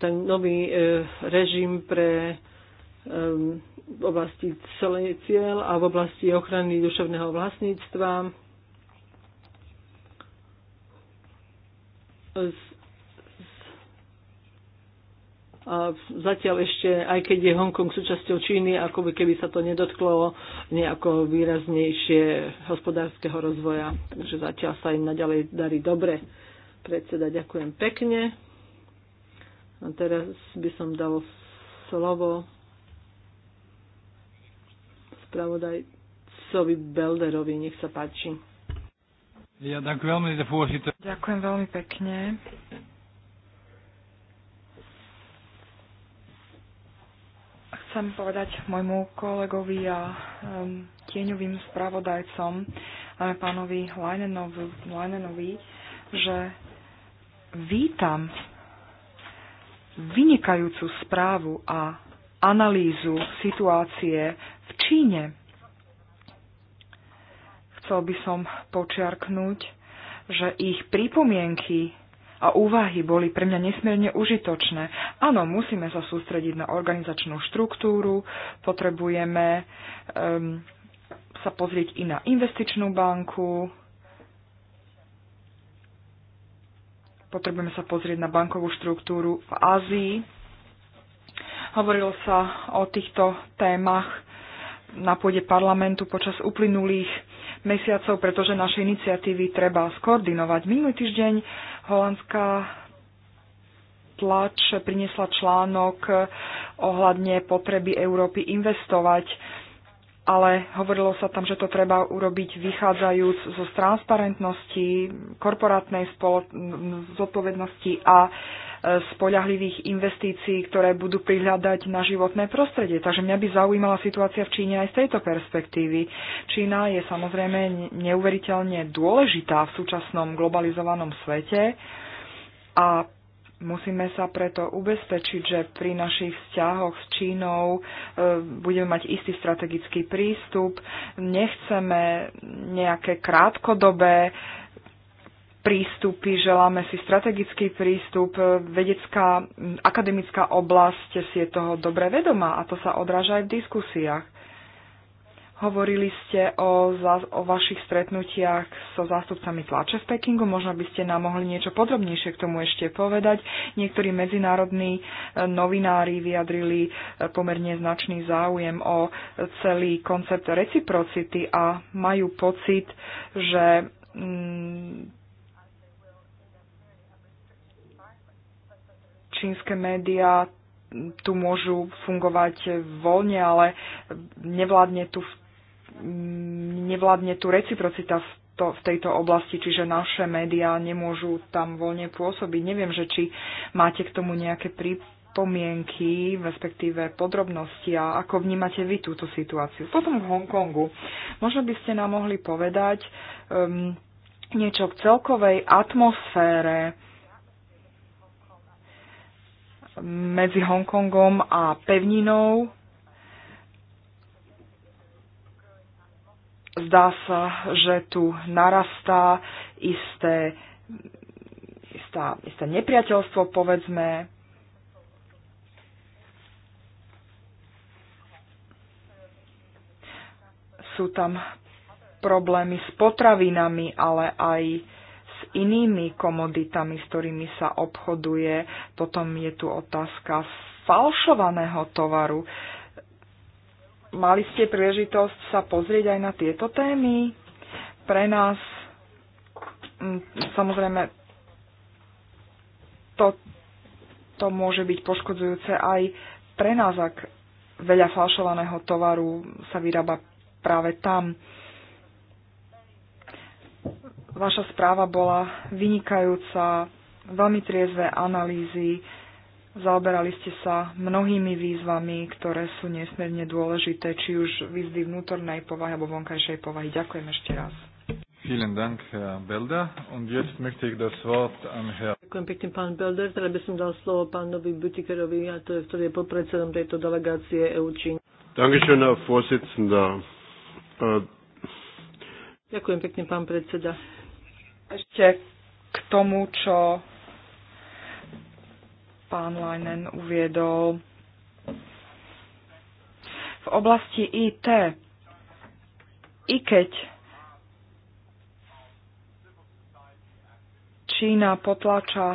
ten nový e, režim pre e, v oblasti celej cieľ a v oblasti ochrany duševného vlastníctva. A zatiaľ ešte, aj keď je Hongkong súčasťou Číny, ako by keby sa to nedotklo nejako výraznejšie hospodárskeho rozvoja. Takže zatiaľ sa im naďalej darí dobre. Predseda, ďakujem pekne. A teraz by som dal slovo spravodajcovi Belderovi. Nech sa páči. Ja ďakujem veľmi, Ďakujem veľmi pekne. chcem povedať môjmu kolegovi a um, tieňovým spravodajcom, ale pánovi Leinenovi, Leinenovi, že vítam vynikajúcu správu a analýzu situácie v Číne. Chcel by som počiarknúť, že ich pripomienky a úvahy boli pre mňa nesmierne užitočné. Áno, musíme sa sústrediť na organizačnú štruktúru, potrebujeme um, sa pozrieť i na investičnú banku, potrebujeme sa pozrieť na bankovú štruktúru v Ázii. Hovorilo sa o týchto témach na pôde parlamentu počas uplynulých mesiacov, pretože naše iniciatívy treba skoordinovať. Minulý týždeň holandská tlač priniesla článok ohľadne potreby Európy investovať, ale hovorilo sa tam, že to treba urobiť vychádzajúc zo transparentnosti, korporátnej zodpovednosti a spoľahlivých investícií, ktoré budú prihľadať na životné prostredie. Takže mňa by zaujímala situácia v Číne aj z tejto perspektívy. Čína je samozrejme neuveriteľne dôležitá v súčasnom globalizovanom svete a Musíme sa preto ubezpečiť, že pri našich vzťahoch s Čínou e, budeme mať istý strategický prístup. Nechceme nejaké krátkodobé prístupy, želáme si strategický prístup, e, vedecká, akademická oblasť si je toho dobre vedomá a to sa odráža aj v diskusiách. Hovorili ste o, o vašich stretnutiach so zástupcami tlače v Pekingu. Možno by ste nám mohli niečo podrobnejšie k tomu ešte povedať. Niektorí medzinárodní e, novinári vyjadrili e, pomerne značný záujem o celý koncept reciprocity a majú pocit, že čínske médiá tu môžu fungovať voľne, ale nevládne tu, nevládne tu reciprocita v, to, v tejto oblasti, čiže naše médiá nemôžu tam voľne pôsobiť. Neviem, že či máte k tomu nejaké pripomienky, respektíve podrobnosti a ako vnímate vy túto situáciu. Potom v Hongkongu. Možno by ste nám mohli povedať um, niečo k celkovej atmosfére medzi Hongkongom a pevninou. Zdá sa, že tu narastá isté, istá, isté nepriateľstvo, povedzme, sú tam problémy s potravinami, ale aj inými komoditami, s ktorými sa obchoduje. Potom je tu otázka falšovaného tovaru. Mali ste príležitosť sa pozrieť aj na tieto témy? Pre nás samozrejme to, to môže byť poškodzujúce aj pre nás, ak veľa falšovaného tovaru sa vyrába práve tam. Vaša správa bola vynikajúca, veľmi triezve analýzy, zaoberali ste sa mnohými výzvami, ktoré sú nesmierne dôležité, či už výzvy vnútornej povahy alebo vonkajšej povahy. Ďakujem ešte raz. Vielen Dank, Herr Belder. Und jetzt möchte ich das Wort an Ďakujem pekne, pán Belder. Teraz by som dal slovo pánovi Butikerovi, a to je, ktorý je podpredsedom tejto delegácie EUČIN. Dankeschön, Herr Vorsitzender. Uh... Ďakujem pekne, pán predseda. Ešte k tomu, čo pán Leinen uviedol. V oblasti IT, i keď Čína potláča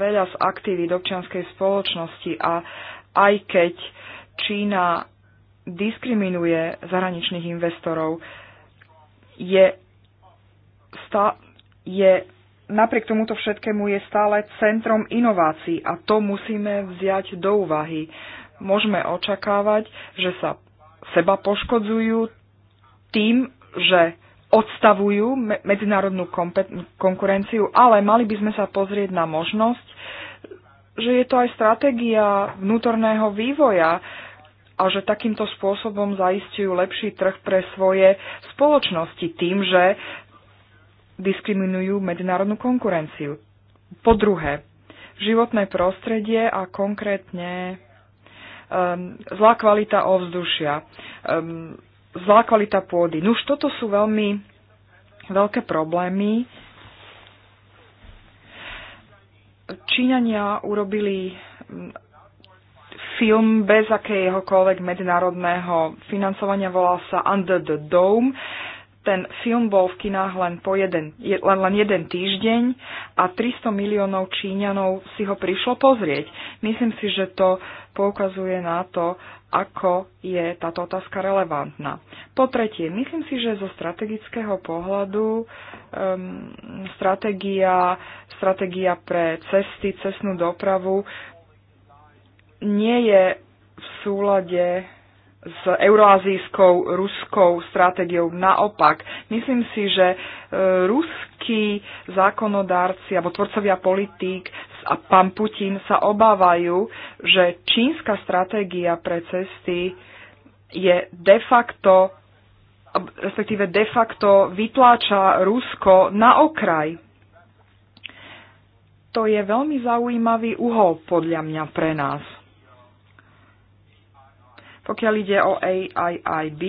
veľa z aktivít občianskej spoločnosti a aj keď Čína diskriminuje zahraničných investorov, je stále je napriek tomuto všetkému je stále centrom inovácií a to musíme vziať do úvahy. Môžeme očakávať, že sa seba poškodzujú tým, že odstavujú medzinárodnú konkurenciu, ale mali by sme sa pozrieť na možnosť, že je to aj stratégia vnútorného vývoja a že takýmto spôsobom zaistujú lepší trh pre svoje spoločnosti tým, že diskriminujú medzinárodnú konkurenciu. Po druhé, životné prostredie a konkrétne um, zlá kvalita ovzdušia, um, zlá kvalita pôdy. Nuž toto sú veľmi veľké problémy. Číňania urobili ehm, film bez akéhokoľvek medzinárodného financovania, volá sa Under the Dome ten film bol v kinách len, po jeden, len, len jeden týždeň a 300 miliónov Číňanov si ho prišlo pozrieť. Myslím si, že to poukazuje na to, ako je táto otázka relevantná. Po tretie, myslím si, že zo strategického pohľadu um, stratégia, stratégia pre cesty, cestnú dopravu nie je v súlade s euroazijskou ruskou stratégiou. Naopak, myslím si, že e, ruskí zákonodárci alebo tvorcovia politík a pán Putin sa obávajú, že čínska stratégia pre cesty je de facto respektíve de facto vytláča Rusko na okraj. To je veľmi zaujímavý uhol podľa mňa pre nás. Pokiaľ ide o AIIB,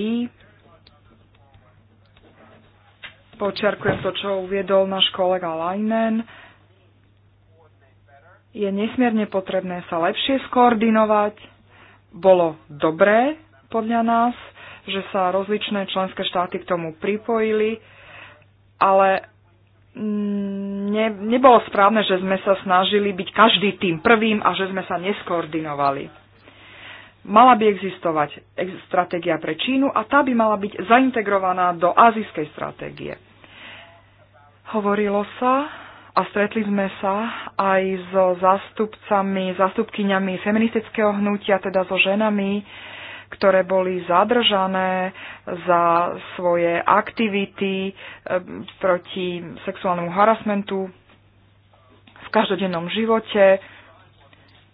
počiarkujem to, čo uviedol náš kolega Leinen, je nesmierne potrebné sa lepšie skoordinovať. Bolo dobré podľa nás, že sa rozličné členské štáty k tomu pripojili, ale ne, nebolo správne, že sme sa snažili byť každý tým prvým a že sme sa neskoordinovali. Mala by existovať stratégia pre Čínu a tá by mala byť zaintegrovaná do azijskej stratégie. Hovorilo sa a stretli sme sa aj so zástupcami, zástupkyňami feministického hnutia, teda so ženami, ktoré boli zadržané za svoje aktivity eh, proti sexuálnemu harasmentu v každodennom živote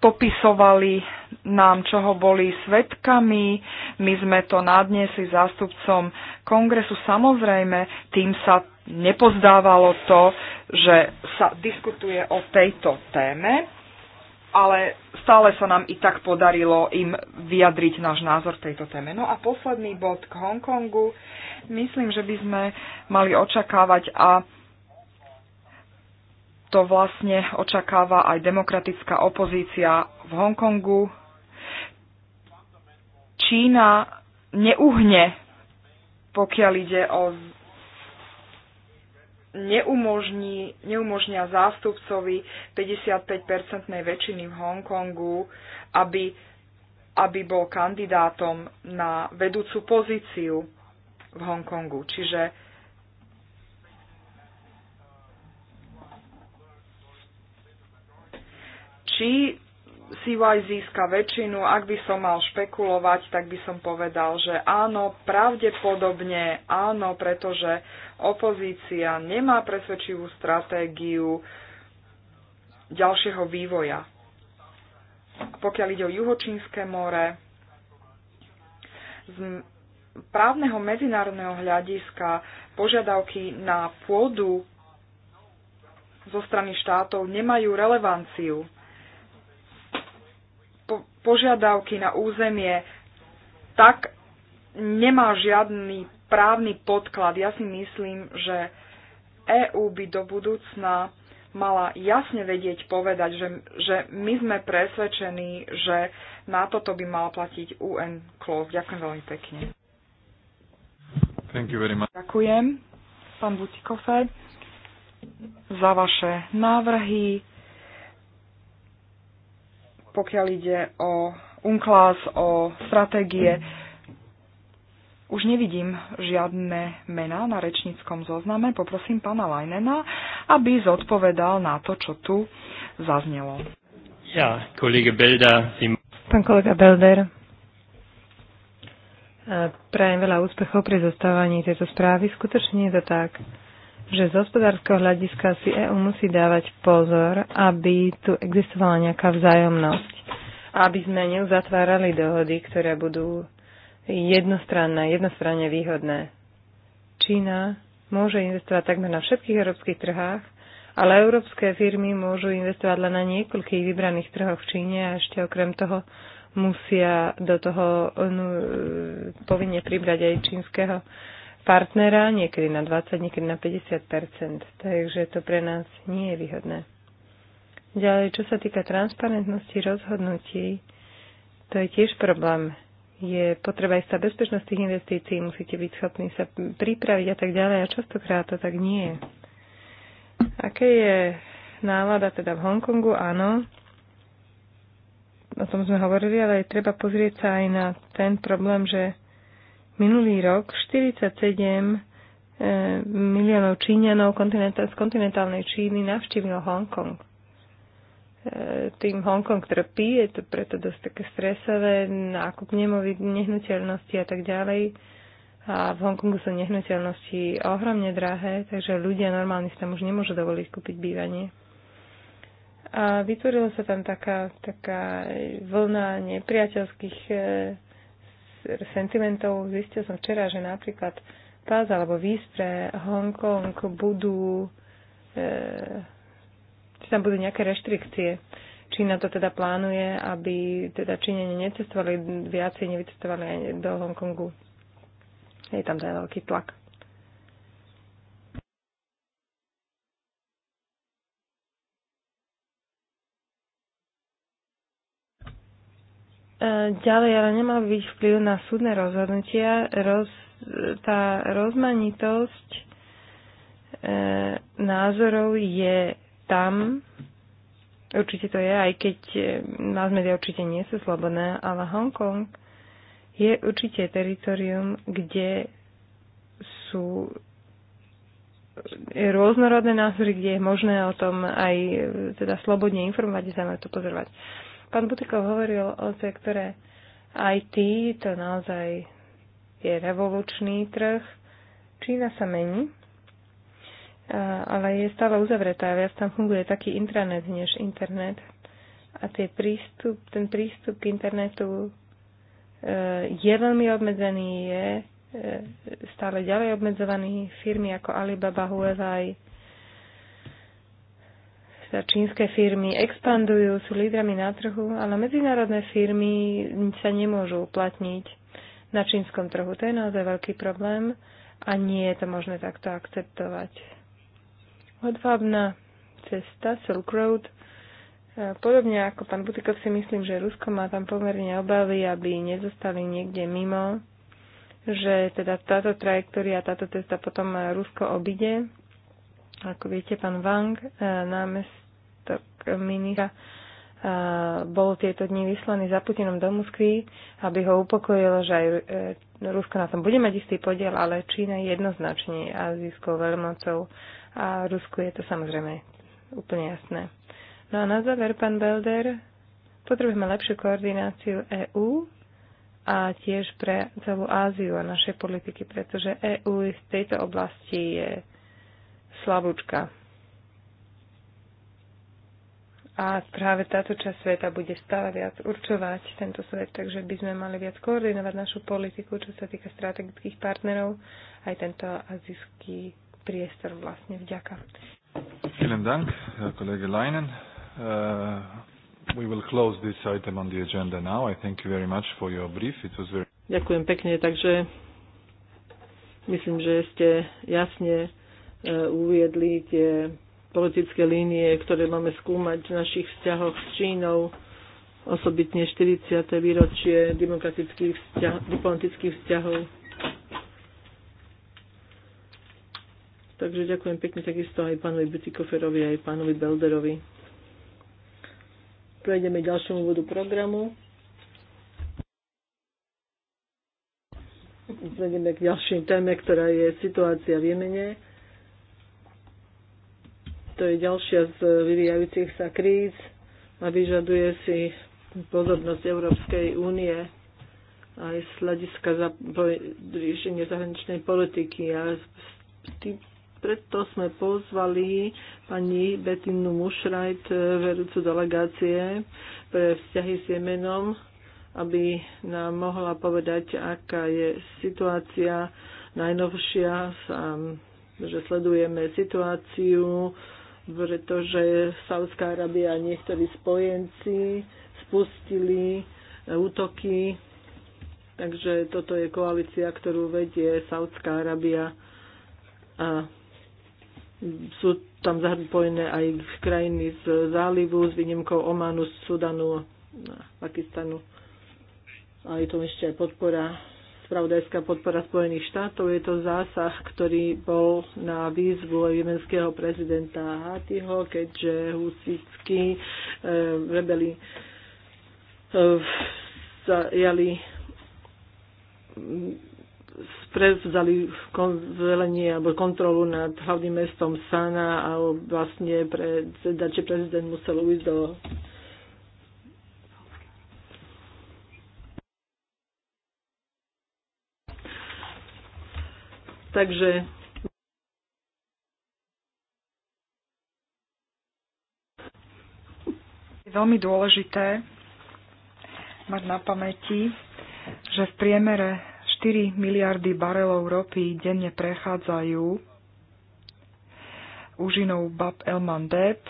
popisovali nám, čoho boli svetkami. My sme to nadniesli zástupcom kongresu. Samozrejme, tým sa nepozdávalo to, že sa diskutuje o tejto téme, ale stále sa nám i tak podarilo im vyjadriť náš názor tejto téme. No a posledný bod k Hongkongu. Myslím, že by sme mali očakávať a to vlastne očakáva aj demokratická opozícia v Hongkongu. Čína neuhne, pokiaľ ide o neumožní, neumožnia zástupcovi 55-percentnej väčšiny v Hongkongu, aby, aby bol kandidátom na vedúcu pozíciu v Hongkongu. Čiže či CY získa väčšinu, ak by som mal špekulovať, tak by som povedal, že áno, pravdepodobne áno, pretože opozícia nemá presvedčivú stratégiu ďalšieho vývoja. Pokiaľ ide o Juhočínske more, z právneho medzinárodného hľadiska požiadavky na pôdu zo strany štátov nemajú relevanciu požiadavky na územie, tak nemá žiadny právny podklad. Ja si myslím, že EÚ by do budúcna mala jasne vedieť povedať, že, že my sme presvedčení, že na toto by mala platiť UN clause. Ďakujem veľmi pekne. Thank you very much. Ďakujem, pán Butikofer, za vaše návrhy pokiaľ ide o UNCLAS, o stratégie, už nevidím žiadne mená na rečníckom zozname. Poprosím pána Lajnena, aby zodpovedal na to, čo tu zaznelo. Ja, kolega Belda. Si... Pán kolega Belder, e, prajem veľa úspechov pri zostávaní tejto správy. Skutočne je to tak že z hospodárskeho hľadiska si EÚ musí dávať pozor, aby tu existovala nejaká vzájomnosť. Aby sme neuzatvárali dohody, ktoré budú jednostranné, jednostranne výhodné. Čína môže investovať takmer na všetkých európskych trhách, ale európske firmy môžu investovať len na niekoľkých vybraných trhoch v Číne a ešte okrem toho musia do toho no, povinne pribrať aj čínskeho partnera, niekedy na 20, niekedy na 50 takže to pre nás nie je výhodné. Ďalej, čo sa týka transparentnosti rozhodnutí, to je tiež problém. Je potreba istá bezpečnosť tých investícií, musíte byť schopní sa pripraviť a tak ďalej a častokrát to tak nie je. Aké je nálada teda v Hongkongu? Áno, o tom sme hovorili, ale treba pozrieť sa aj na ten problém, že Minulý rok 47 e, miliónov Číňanov z kontinentálnej Číny navštívilo Hongkong. E, tým Hongkong trpí, je to preto dosť také stresové, nákup nehnuteľnosti a tak ďalej. A v Hongkongu sú nehnuteľnosti ohromne drahé, takže ľudia normálne si tam už nemôžu dovoliť kúpiť bývanie. A vytvorila sa tam taká, taká vlna nepriateľských e, sentimentov. Zistil som včera, že napríklad Paz alebo víz pre Hongkong budú, e, či tam budú nejaké reštrikcie. Čína to teda plánuje, aby teda Číňani necestovali viacej, nevycestovali aj do Hongkongu. Je tam teda veľký tlak. Ďalej, ale nemal byť vplyv na súdne rozhodnutia. Roz, tá rozmanitosť e, názorov je tam. Určite to je, aj keď nás e, media určite nie sú slobodné, ale Hongkong je určite teritorium, kde sú rôznorodné názory, kde je možné o tom aj e, teda slobodne informovať, sa na to pozorovať. Uh, Pán Butikov hovoril o sektore IT, to naozaj je revolučný trh. Čína sa mení, ale je stále uzavretá. Viac tam funguje taký intranet než internet. A tie prístup, ten prístup k internetu e, je veľmi obmedzený, je e, stále ďalej obmedzovaný. Firmy ako Alibaba, Huawei sa čínske firmy expandujú, sú lídrami na trhu, ale medzinárodné firmy sa nemôžu uplatniť na čínskom trhu. To je naozaj veľký problém a nie je to možné takto akceptovať. Hodvábna cesta Silk Road. E, podobne ako pán Butikov si myslím, že Rusko má tam pomerne obavy, aby nezostali niekde mimo, že teda táto trajektória, táto cesta potom Rusko obide. Ako viete, pán Wang, e, námest, tak ministra eh, bol tieto dni vyslaný za Putinom do Moskvy, aby ho upokojilo, že aj eh, Rusko na tom bude mať istý podiel, ale Čína je jednoznačne azijskou veľmocou a Rusku je to samozrejme úplne jasné. No a na záver, pán Belder, potrebujeme lepšiu koordináciu EÚ a tiež pre celú Áziu a našej politiky, pretože EÚ v tejto oblasti je slabúčka. A práve táto časť sveta bude stále viac určovať tento svet, takže by sme mali viac koordinovať našu politiku, čo sa týka strategických partnerov, aj tento azijský priestor vlastne. Vďaka. Vielen Dank, kolega Leinen. Uh... We will close this item on the agenda now. I thank you very much for your brief. It was very... Ďakujem pekne, takže myslím, že ste jasne uh, uviedli tie politické línie, ktoré máme skúmať v našich vzťahoch s Čínou, osobitne 40. výročie demokratických vzťah, diplomatických vzťahov. Takže ďakujem pekne takisto aj pánovi Butikoferovi, aj pánovi Belderovi. Prejdeme k ďalšiemu bodu programu. Prejdeme k ďalším téme, ktorá je situácia v Jemene. To je ďalšia z vyvíjajúcich sa kríz a vyžaduje si pozornosť Európskej únie aj z hľadiska za, riešenia zahraničnej politiky. A tým, preto sme pozvali pani Betinu Mušrajt, vedúcu delegácie pre vzťahy s Jemenom, aby nám mohla povedať, aká je situácia najnovšia, že sledujeme situáciu pretože Saudská Arábia a niektorí spojenci spustili e, útoky. Takže toto je koalícia, ktorú vedie Saudská Arábia a sú tam zahrnuté aj krajiny z zálivu s výnimkou Omanu, Sudanu a Pakistanu. A je to ešte aj podpora spravodajská podpora Spojených štátov. Je to zásah, ktorý bol na výzvu jemenského prezidenta Hatiho, keďže husickí e, eh, rebeli e, zajali prevzali velenie alebo kontrolu nad hlavným mestom Sana a vlastne pre, prezident musel ujsť do Takže je veľmi dôležité mať na pamäti, že v priemere 4 miliardy barelov ropy denne prechádzajú úžinou Bab El Mandeb,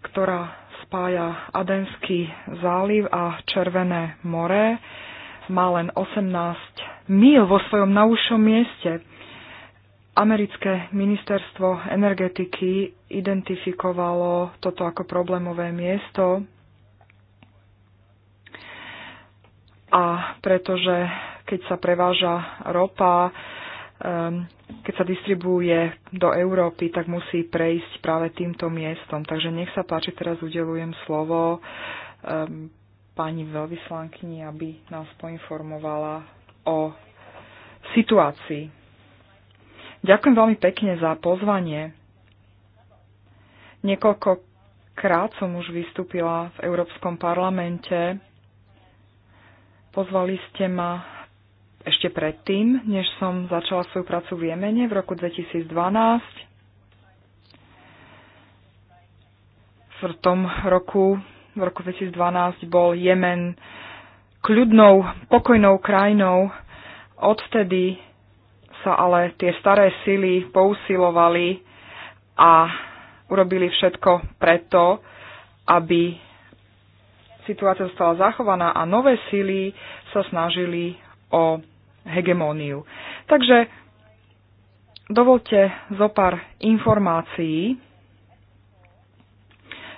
ktorá spája Adenský záliv a Červené more, má len 18 mil vo svojom naušom mieste. Americké ministerstvo energetiky identifikovalo toto ako problémové miesto a pretože keď sa preváža ropa, ehm, keď sa distribuuje do Európy, tak musí prejsť práve týmto miestom. Takže nech sa páči, teraz udelujem slovo ehm, pani veľvyslankyni, aby nás poinformovala o situácii. Ďakujem veľmi pekne za pozvanie. Niekoľkokrát som už vystúpila v Európskom parlamente. Pozvali ste ma ešte predtým, než som začala svoju prácu v Jemene v roku 2012. V tom roku, v roku 2012 bol Jemen kľudnou, pokojnou krajinou. Odvtedy sa ale tie staré sily pousilovali a urobili všetko preto, aby situácia zostala zachovaná a nové sily sa snažili o hegemóniu. Takže dovolte zo pár informácií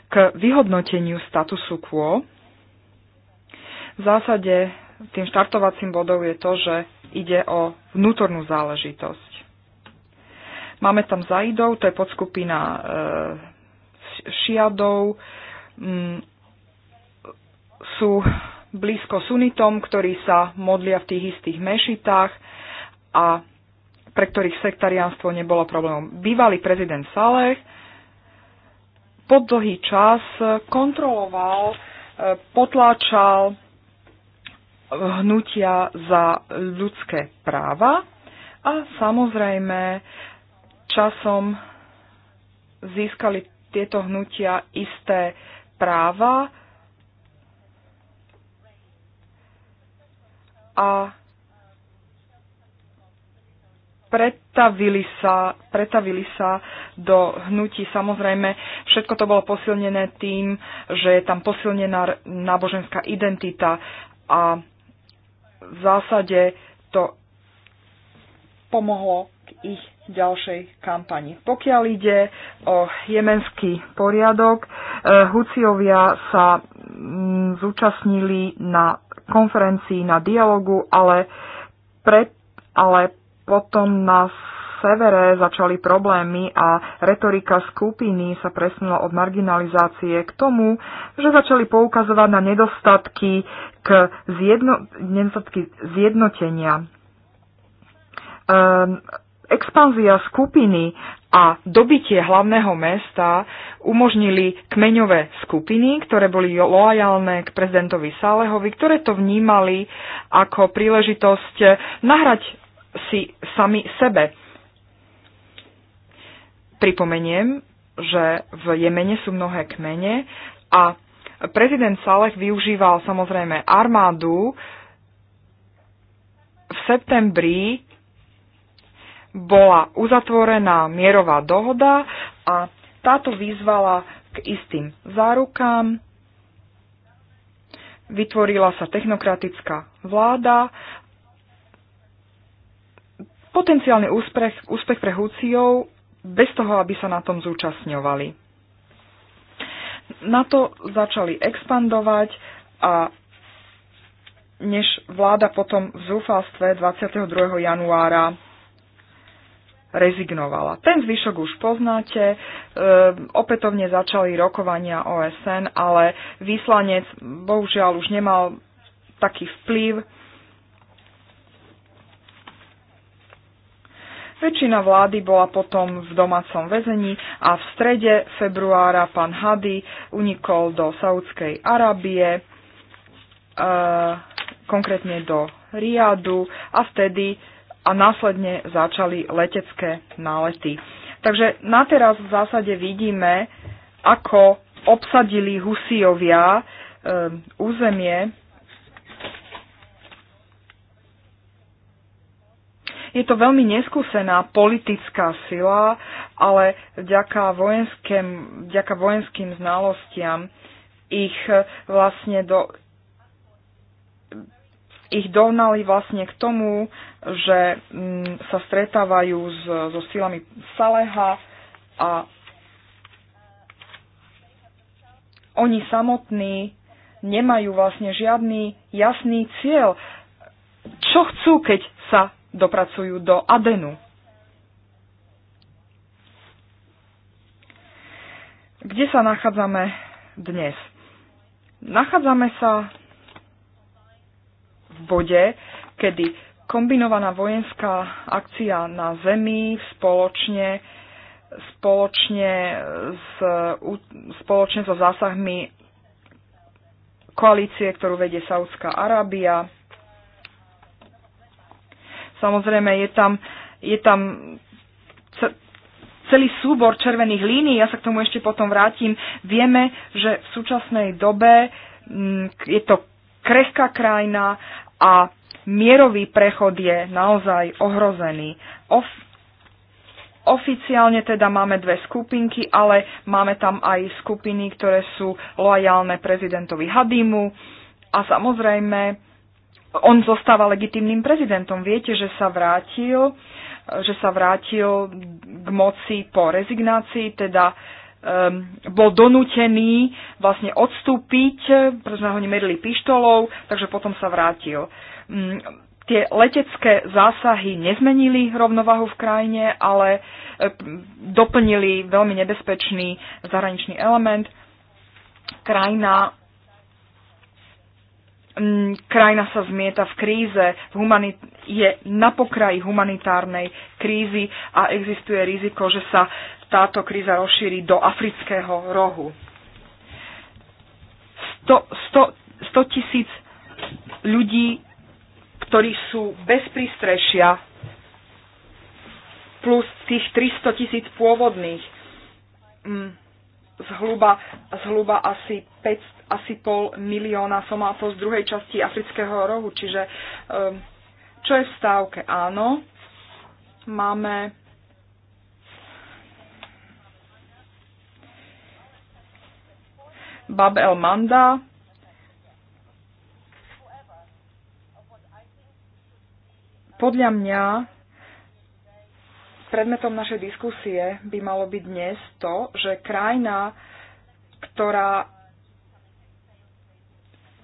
k vyhodnoteniu statusu quo v zásade tým štartovacím bodom je to, že ide o vnútornú záležitosť. Máme tam zaidov, to je podskupina e, šiadov, m, mm, sú blízko sunitom, ktorí sa modlia v tých istých mešitách a pre ktorých sektariánstvo nebolo problémom. Bývalý prezident Saleh po dlhý čas kontroloval, e, potláčal hnutia za ľudské práva a samozrejme časom získali tieto hnutia isté práva a pretavili sa, pretavili sa do hnutí. Samozrejme, všetko to bolo posilnené tým, že je tam posilnená náboženská identita a v zásade to pomohlo k ich ďalšej kampani. Pokiaľ ide o jemenský poriadok, eh, Huciovia sa mm, zúčastnili na konferencii, na dialogu, ale, pre, ale potom nás severe začali problémy a retorika skupiny sa presunula od marginalizácie k tomu, že začali poukazovať na nedostatky, k zjedno, nedostatky zjednotenia. Um, expanzia skupiny a dobitie hlavného mesta umožnili kmeňové skupiny, ktoré boli loajálne k prezidentovi Sálehovi, ktoré to vnímali ako príležitosť nahrať si sami sebe. Pripomeniem, že v Jemene sú mnohé kmene a prezident Saleh využíval samozrejme armádu. V septembri bola uzatvorená mierová dohoda a táto vyzvala k istým zárukám. Vytvorila sa technokratická vláda. Potenciálny úspech, úspech pre Hucijov bez toho, aby sa na tom zúčastňovali. Na to začali expandovať a než vláda potom v zúfalstve 22. januára rezignovala. Ten zvyšok už poznáte, e, opätovne začali rokovania OSN, ale vyslanec bohužiaľ už nemal taký vplyv Väčšina vlády bola potom v domácom väzení a v strede februára pán Hady unikol do Saudskej Arábie, e, konkrétne do Riadu a vtedy a následne začali letecké nálety. Takže na teraz v zásade vidíme, ako obsadili Husijovia e, územie Je to veľmi neskúsená politická sila, ale vďaka vojenským, vďaka vojenským znalostiam ich eh, vlastne do, ich dohnali vlastne k tomu, že m, mm, sa stretávajú s, so silami Saleha a oni samotní nemajú vlastne žiadny jasný cieľ. Čo chcú, keď sa dopracujú do Adenu. Kde sa nachádzame dnes? Nachádzame sa v bode, kedy kombinovaná vojenská akcia na Zemi spoločne spoločne, s, spoločne so zásahmi koalície, ktorú vedie Saudská Arábia, Samozrejme, je tam, je tam celý súbor červených línií, ja sa k tomu ešte potom vrátim. Vieme, že v súčasnej dobe mm, je to krehká krajina a mierový prechod je naozaj ohrozený. Of- Oficiálne teda máme dve skupinky, ale máme tam aj skupiny, ktoré sú lojálne prezidentovi Hadimu a samozrejme on zostáva legitimným prezidentom. Viete, že sa vrátil, že sa vrátil k moci po rezignácii, teda um, bol donútený vlastne odstúpiť, pretože sme ho nemerili pištolou, takže potom sa vrátil. Um, tie letecké zásahy nezmenili rovnovahu v krajine, ale e, doplnili veľmi nebezpečný zahraničný element. Krajina Mm, krajina sa zmieta v kríze, humanit- je na pokraji humanitárnej krízy a existuje riziko, že sa táto kríza rozšíri do afrického rohu. 100 tisíc ľudí, ktorí sú bez prístrešia, plus tých 300 tisíc pôvodných. Mm zhruba, zhruba asi 5, asi pol milióna somátov z druhej časti afrického rohu. Čiže um, čo je v stávke? Áno, máme Bab El Manda, podľa mňa Predmetom našej diskusie by malo byť dnes to, že krajina, ktorá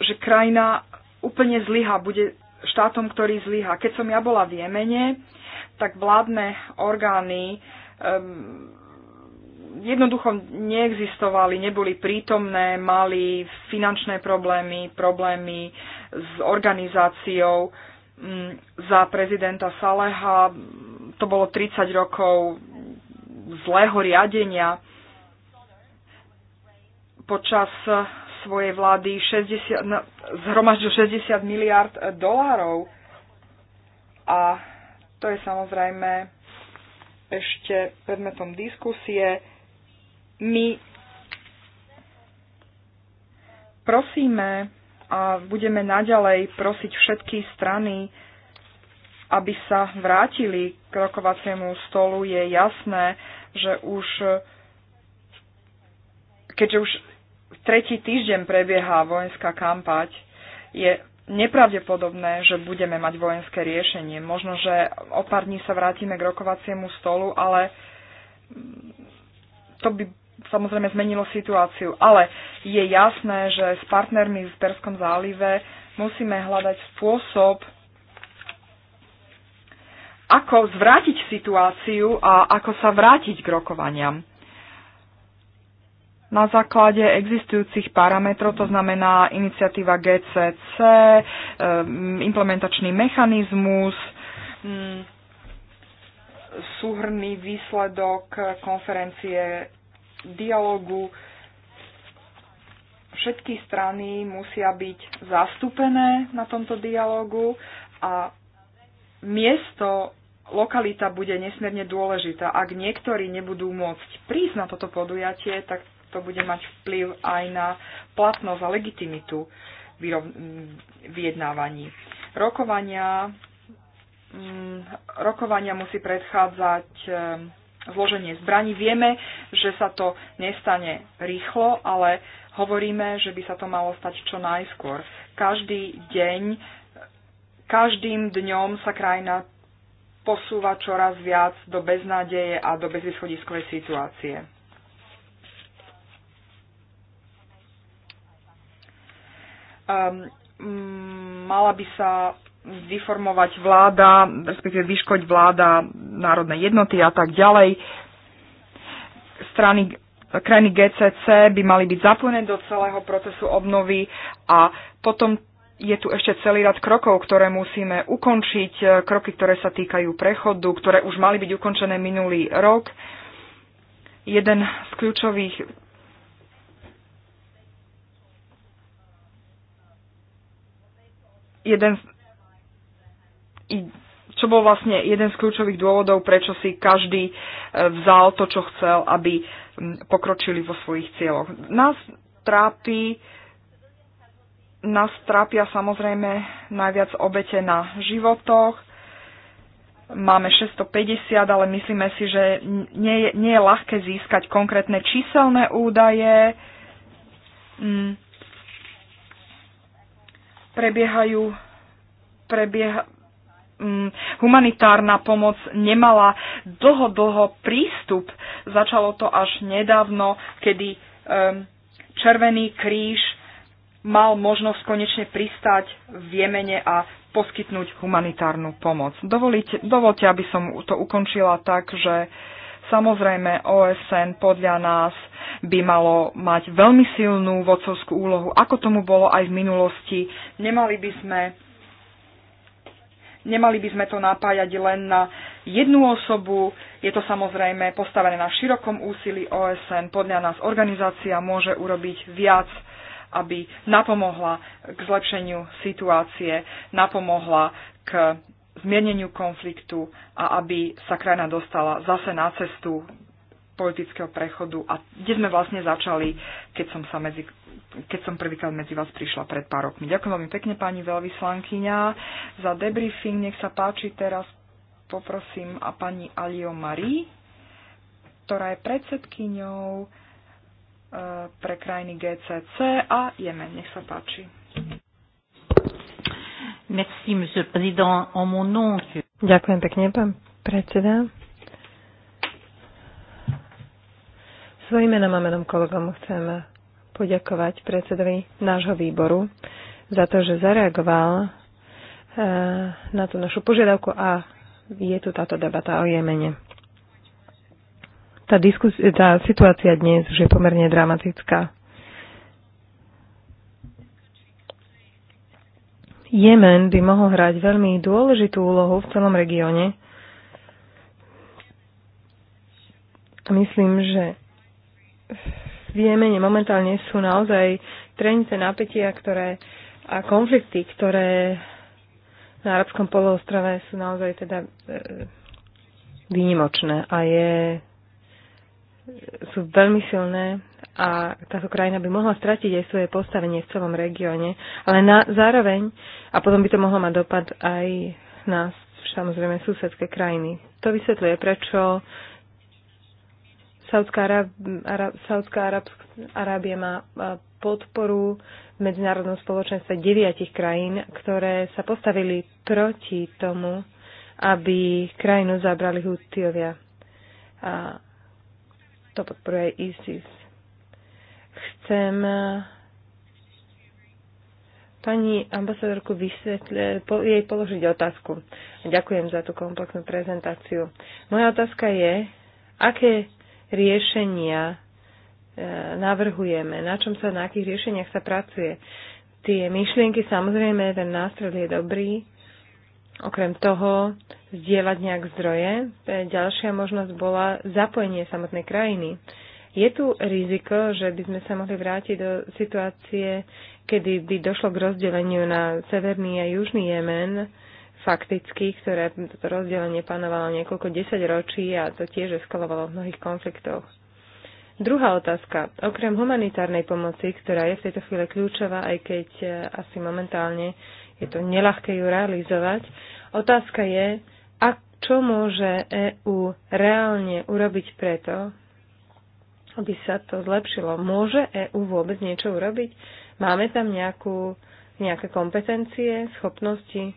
že krajina úplne zlyha, bude štátom, ktorý zlyha. Keď som ja bola v Jemene, tak vládne orgány um, jednoducho neexistovali, neboli prítomné, mali finančné problémy, problémy s organizáciou mm, za prezidenta Saleha to bolo 30 rokov zlého riadenia. Počas svojej vlády 60, no, zhromaždil 60 miliard dolárov a to je samozrejme ešte predmetom diskusie. My prosíme a budeme naďalej prosiť všetky strany, aby sa vrátili k rokovaciemu stolu, je jasné, že už keďže už tretí týždeň prebieha vojenská kampať, je nepravdepodobné, že budeme mať vojenské riešenie. Možno, že o pár dní sa vrátime k rokovaciemu stolu, ale to by samozrejme zmenilo situáciu. Ale je jasné, že s partnermi v Perskom zálive musíme hľadať spôsob, ako zvrátiť situáciu a ako sa vrátiť k rokovaniam. Na základe existujúcich parametrov, to znamená iniciatíva GCC, implementačný mechanizmus, mm, súhrný výsledok konferencie dialogu, všetky strany musia byť zastúpené na tomto dialogu a miesto lokalita bude nesmierne dôležitá. Ak niektorí nebudú môcť prísť na toto podujatie, tak to bude mať vplyv aj na platnosť a legitimitu vyjednávaní. Rokovania, mm, rokovania musí predchádzať eh, zloženie zbraní. Vieme, že sa to nestane rýchlo, ale hovoríme, že by sa to malo stať čo najskôr. Každý deň, eh, každým dňom sa krajina posúva čoraz viac do beznádeje a do bezvýchodiskovej situácie. Um, mala by sa zdiformovať vláda, respektíve vyškoť vláda národnej jednoty a tak ďalej. Strany, krajiny GCC by mali byť zapojené do celého procesu obnovy a potom je tu ešte celý rad krokov, ktoré musíme ukončiť, e, kroky, ktoré sa týkajú prechodu, ktoré už mali byť ukončené minulý rok. Jeden z kľúčových jeden z, čo bol vlastne jeden z kľúčových dôvodov, prečo si každý e, vzal to, čo chcel, aby pokročili vo svojich cieľoch. Nás trápi nás trápia samozrejme najviac obete na životoch. Máme 650, ale myslíme si, že nie je, nie je ľahké získať konkrétne číselné údaje. Mm. Prebiehajú, prebieha, mm, humanitárna pomoc nemala dlho, dlho prístup. Začalo to až nedávno, kedy um, Červený kríž mal možnosť konečne pristať v Jemene a poskytnúť humanitárnu pomoc. Dovolite, dovolte, aby som to ukončila tak, že samozrejme OSN podľa nás by malo mať veľmi silnú vodcovskú úlohu, ako tomu bolo aj v minulosti. Nemali by sme Nemali by sme to napájať len na jednu osobu. Je to samozrejme postavené na širokom úsilí OSN. Podľa nás organizácia môže urobiť viac aby napomohla k zlepšeniu situácie, napomohla k zmieneniu konfliktu a aby sa krajina dostala zase na cestu politického prechodu a kde sme vlastne začali, keď som, sa medzi, keď som prvýkrát medzi vás prišla pred pár rokmi. Ďakujem veľmi pekne pani veľvyslankyňa za debriefing. Nech sa páči teraz poprosím a pani Alio Marie, ktorá je predsedkyňou pre krajiny GCC a Jemen. Nech sa páči. Merci, monsieur président. En mon nom... Ďakujem pekne, pán predseda. Svojím menom a menom kolegom chcem poďakovať predsedovi nášho výboru za to, že zareagoval eh, na tú našu požiadavku a je tu táto debata o Jemene. Tá, diskus- tá situácia dnes už je pomerne dramatická. Jemen by mohol hrať veľmi dôležitú úlohu v celom regióne. Myslím, že v Jemene momentálne sú naozaj trenice napätia ktoré, a konflikty, ktoré na arabskom poloostrove sú naozaj teda e, výnimočné a je sú veľmi silné a táto krajina by mohla stratiť aj svoje postavenie v celom regióne, ale na, zároveň, a potom by to mohlo mať dopad aj na samozrejme susedské krajiny. To vysvetľuje, prečo Saudská, Arab, Arab, Saudská Arab, Arábia má e, podporu v medzinárodnom spoločenstve deviatich krajín, ktoré sa postavili proti tomu, aby krajinu zabrali hútiovia. A to podporuje ISIS. Chcem eh, pani ambasadorku vysvetle, po, jej položiť otázku. Ďakujem za tú komplexnú prezentáciu. Moja otázka je, aké riešenia e, navrhujeme, na čom sa, na akých riešeniach sa pracuje. Tie myšlienky, samozrejme, ten nástroj je dobrý, okrem toho zdieľať nejak zdroje. E, ďalšia možnosť bola zapojenie samotnej krajiny. Je tu riziko, že by sme sa mohli vrátiť do situácie, kedy by došlo k rozdeleniu na severný a južný Jemen, fakticky, ktoré toto rozdelenie panovalo niekoľko desaťročí a to tiež eskalovalo v mnohých konfliktoch. Druhá otázka. Okrem humanitárnej pomoci, ktorá je v tejto chvíle kľúčová, aj keď e, asi momentálne je to nelahké ju realizovať, Otázka je, a čo môže EÚ reálne urobiť preto, aby sa to zlepšilo. Môže EÚ vôbec niečo urobiť? Máme tam nejakú, nejaké kompetencie, schopnosti? E,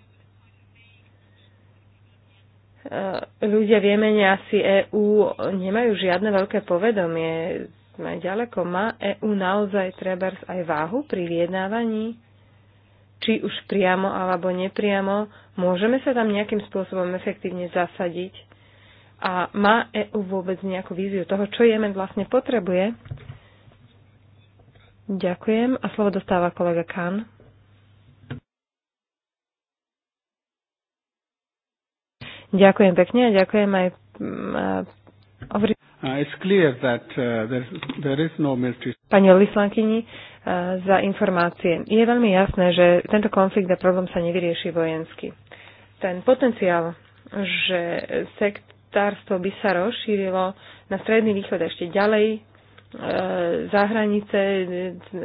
ľudia v Jemene asi EÚ nemajú žiadne veľké povedomie. Aj ďaleko má EÚ naozaj trebárs aj váhu pri vyjednávaní? či už priamo alebo nepriamo, môžeme sa tam nejakým spôsobom efektívne zasadiť? A má EU vôbec nejakú víziu toho, čo Jemen vlastne potrebuje? Ďakujem a slovo dostáva kolega Khan. Ďakujem pekne a ďakujem aj uh, Pani Lislankyni, za informácie. Je veľmi jasné, že tento konflikt a problém sa nevyrieši vojensky. Ten potenciál, že sektárstvo by sa rozšírilo na Stredný východ ešte ďalej, e, za hranice e,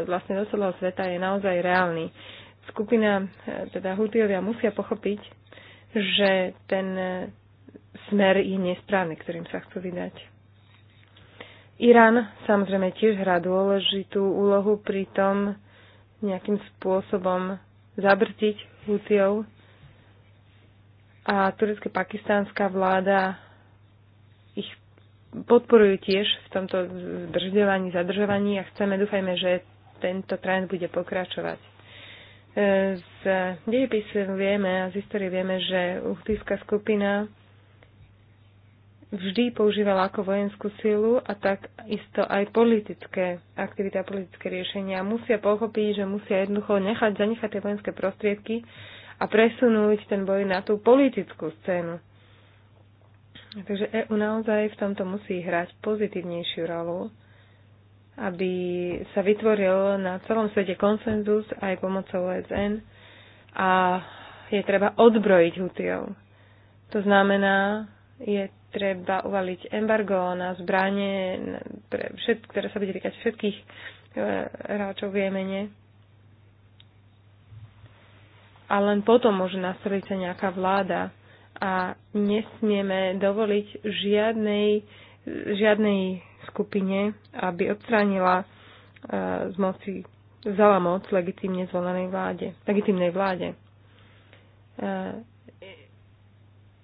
vlastne do celého sveta je naozaj reálny. Skupina, e, teda Hutiovia, musia pochopiť, že ten smer je nesprávny, ktorým sa chcú vydať. Irán samozrejme tiež hrá dôležitú úlohu pri tom nejakým spôsobom zabrtiť Hutiov. A turecké pakistánska vláda ich podporujú tiež v tomto zdržďovaní, zadržovaní a chceme, dúfajme, že tento trend bude pokračovať. E, z dejepisu vieme a z histórie vieme, že uhtývska skupina vždy používala ako vojenskú silu a tak isto aj politické aktivity a politické riešenia. Musia pochopiť, že musia jednoducho nechať, zanechať tie vojenské prostriedky a presunúť ten boj na tú politickú scénu. Takže EU naozaj v tomto musí hrať pozitívnejšiu rolu, aby sa vytvoril na celom svete konsenzus aj pomocou OSN a je treba odbrojiť hutiov. To znamená, je treba uvaliť embargo na zbranie, pre všet, ktoré sa bude týkať všetkých e, hráčov v Jemene. A len potom môže nastaviť sa nejaká vláda a nesmieme dovoliť žiadnej, žiadnej skupine, aby odstránila e, z moci vzala moc legitimne zvolenej vláde, legitimnej vláde. E,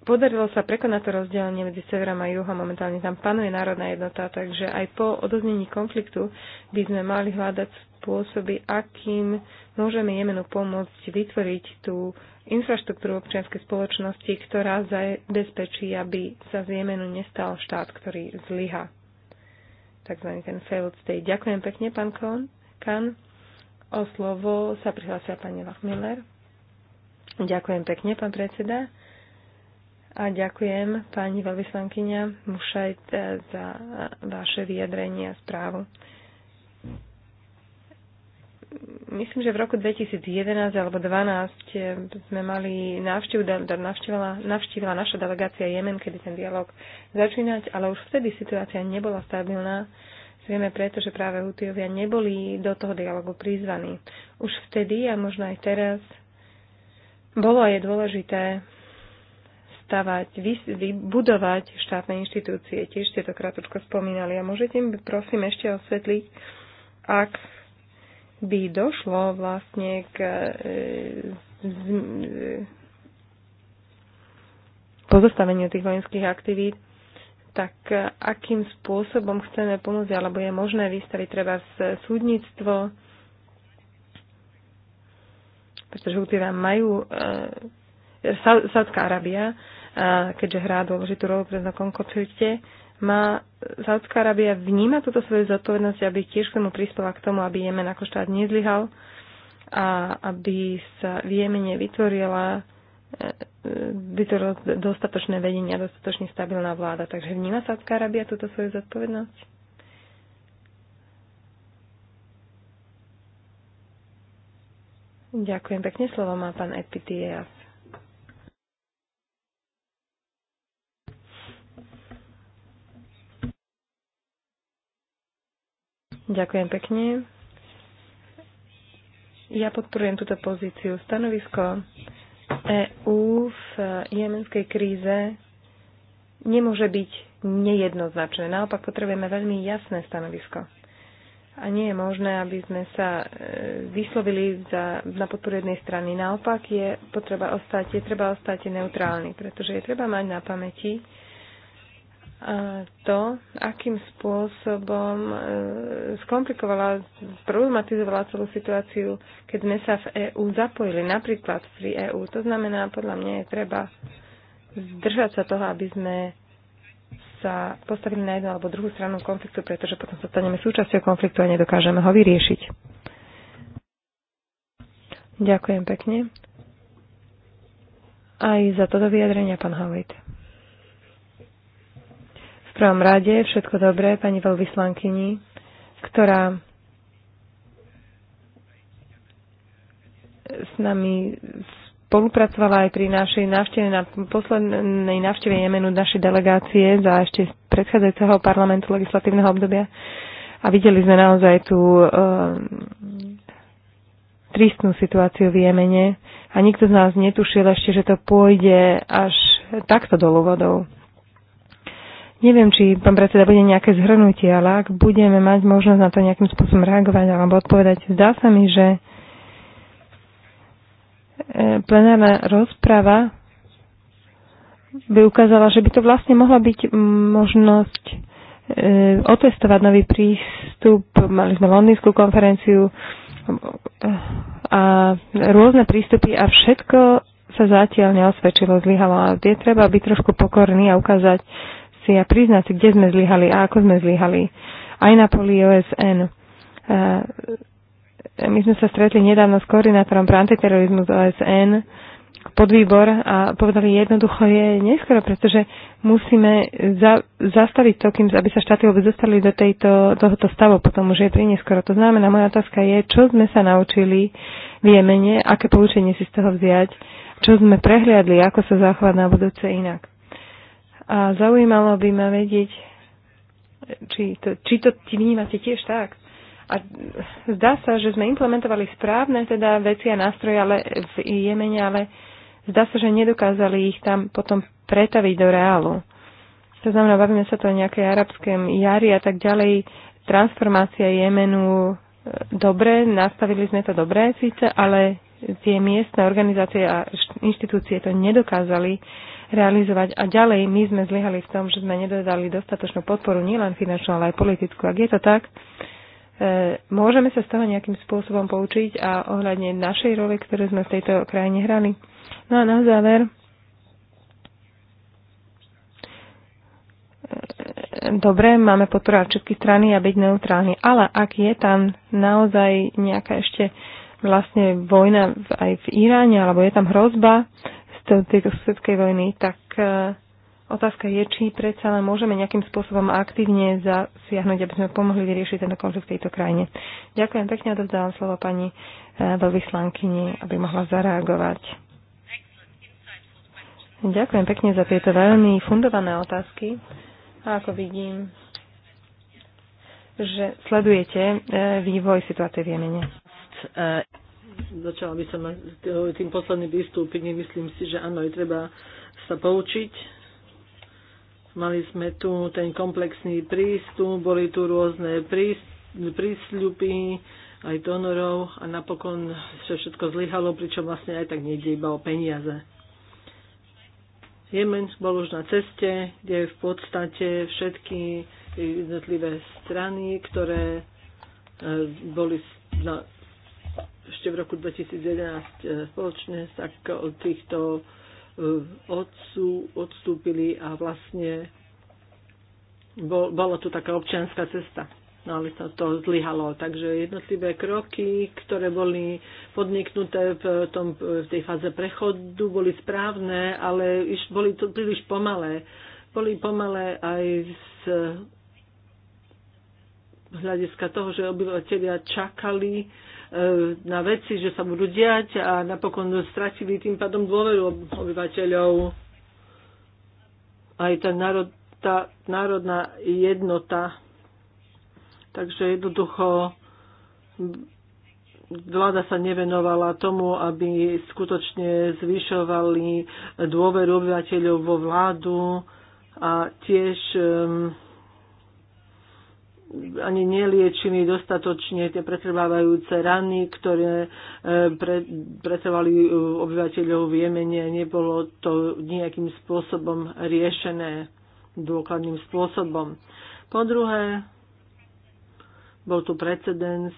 podarilo sa prekonať to rozdelenie medzi severom a juhom. Momentálne tam panuje národná jednota, takže aj po odoznení konfliktu by sme mali hľadať spôsoby, akým môžeme Jemenu pomôcť vytvoriť tú infraštruktúru občianskej spoločnosti, ktorá zabezpečí, aby sa z Jemenu nestal štát, ktorý zlyha. Takzvaný ten failed state. Ďakujem pekne, pán Kan. O slovo sa prihlásia pani Lachmiller. Ďakujem pekne, pán predseda. A ďakujem pani veľvyslankyňa Mušajt e, za e, vaše vyjadrenie a správu. Myslím, že v roku 2011 alebo 2012 e, sme mali návštevu, navštívila, navštívila naša delegácia Jemen, kedy ten dialog začínať, ale už vtedy situácia nebola stabilná. Vieme preto, že práve Hutiovia neboli do toho dialogu prizvaní. Už vtedy a možno aj teraz bolo aj dôležité stavať, vybudovať štátne inštitúcie. Tiež ste to krátko spomínali. A môžete mi prosím ešte osvetliť, ak by došlo vlastne k e, e, pozostaveniu tých vojenských aktivít, tak e, akým spôsobom chceme pomôcť, alebo je možné vystaviť treba z súdnictvo, pretože Houthi majú, e, Saudská Arábia keďže hrá dôležitú rolu pre znakom konflikte, má Saudská Arábia vníma túto svoju zodpovednosť, aby tiež k tomu prispela k tomu, aby Jemen ako štát nezlyhal a aby sa v Jemene vytvorila e, vytvorilo dostatočné vedenie a dostatočne stabilná vláda. Takže vníma Sádzka Arábia túto svoju zodpovednosť? Ďakujem pekne. Slovo má pán Epitias. Ďakujem pekne. Ja podporujem túto pozíciu. Stanovisko EÚ v jemenskej kríze nemôže byť nejednoznačné. Naopak potrebujeme veľmi jasné stanovisko. A nie je možné, aby sme sa e, vyslovili za, na podporu jednej strany. Naopak je, potreba ostať, je treba ostať neutrálny, pretože je treba mať na pamäti, to, akým spôsobom e, skomplikovala, problematizovala celú situáciu, keď sme sa v EÚ zapojili, napríklad pri EÚ. To znamená, podľa mňa je treba zdržať sa toho, aby sme sa postavili na jednu alebo druhú stranu konfliktu, pretože potom sa staneme súčasťou konfliktu a nedokážeme ho vyriešiť. Ďakujem pekne. Aj za toto vyjadrenia, pán Howitt prvom rade všetko dobré pani veľvyslankyni, ktorá s nami spolupracovala aj pri našej návšteve, na poslednej návšteve Jemenu našej delegácie za ešte predchádzajúceho parlamentu legislatívneho obdobia. A videli sme naozaj tú e, tristnú situáciu v Jemene a nikto z nás netušil ešte, že to pôjde až takto dolu vodou. Neviem, či pán predseda bude nejaké zhrnutie, ale ak budeme mať možnosť na to nejakým spôsobom reagovať alebo odpovedať, zdá sa mi, že e, plenárna rozprava by ukázala, že by to vlastne mohla byť možnosť e, otestovať nový prístup. Mali sme londýnsku konferenciu a rôzne prístupy a všetko sa zatiaľ neosvedčilo, zlyhalo a je treba byť trošku pokorný a ukázať a priznať si, kde sme zlyhali a ako sme zlyhali. Aj na poli OSN. E, my sme sa stretli nedávno s koordinátorom pre antiterorizmu z OSN, podvýbor a povedali jednoducho je neskoro, pretože musíme za, zastaviť to, kým, aby sa štáty vôbec dostali do tejto, tohoto stavu, potom už je prineskoro. To znamená, moja otázka je, čo sme sa naučili v Jemene, aké poučenie si z toho vziať, čo sme prehliadli, ako sa zachovať na budúce inak. A zaujímalo by ma vedieť, či to, či to ti vnímate tiež tak. A zdá sa, že sme implementovali správne teda veci a nástroje ale v Jemene, ale zdá sa, že nedokázali ich tam potom pretaviť do reálu. To znamená, bavíme sa to o nejakej arabském jari a tak ďalej. Transformácia Jemenu e, dobre, nastavili sme to dobre síce, ale tie miestne organizácie a inštitúcie to nedokázali realizovať. A ďalej my sme zlyhali v tom, že sme nedodali dostatočnú podporu, nielen finančnú, ale aj politickú. Ak je to tak, e, môžeme sa z toho nejakým spôsobom poučiť a ohľadne našej role, ktorú sme v tejto krajine hrali. No a na záver, e, dobre, máme podporovať všetky strany a byť neutrálni, ale ak je tam naozaj nejaká ešte vlastne vojna aj v Iráne, alebo je tam hrozba, tejto susedskej vojny, tak e, otázka je, či predsa len môžeme nejakým spôsobom aktívne zasiahnuť, aby sme pomohli vyriešiť tento konflikt v tejto krajine. Ďakujem pekne a dozdávam slovo pani e, veľvyslankyni, aby mohla zareagovať. Ďakujem pekne za tieto veľmi fundované otázky. A ako vidím, že sledujete e, vývoj situácie v Jemene začala by som tým posledným vystúpením. Myslím si, že áno, je treba sa poučiť. Mali sme tu ten komplexný prístup, boli tu rôzne prísľupy aj donorov a napokon sa všetko zlyhalo, pričom vlastne aj tak nejde iba o peniaze. Jemen bol už na ceste, kde v podstate všetky jednotlivé strany, ktoré e, boli na ešte v roku 2011 e, spoločne sa od týchto e, odsú, odstúpili a vlastne bol, bola tu taká občianská cesta. No ale sa to zlyhalo. Takže jednotlivé kroky, ktoré boli podniknuté v, tom, v tej fáze prechodu, boli správne, ale iš, boli to príliš pomalé. Boli pomalé aj z hľadiska toho, že obyvateľia čakali E, na veci, že sa budú diať a napokon stratili tým pádom dôveru obyvateľov. Aj tá, národ, tá národná jednota. Takže jednoducho vláda sa nevenovala tomu, aby skutočne zvyšovali dôveru obyvateľov vo vládu a tiež um, ani neliečili dostatočne tie pretrvávajúce rany, ktoré e, pre, pretrvali obyvateľov v Jemene. Nebolo to nejakým spôsobom riešené dôkladným spôsobom. Po druhé, bol tu precedens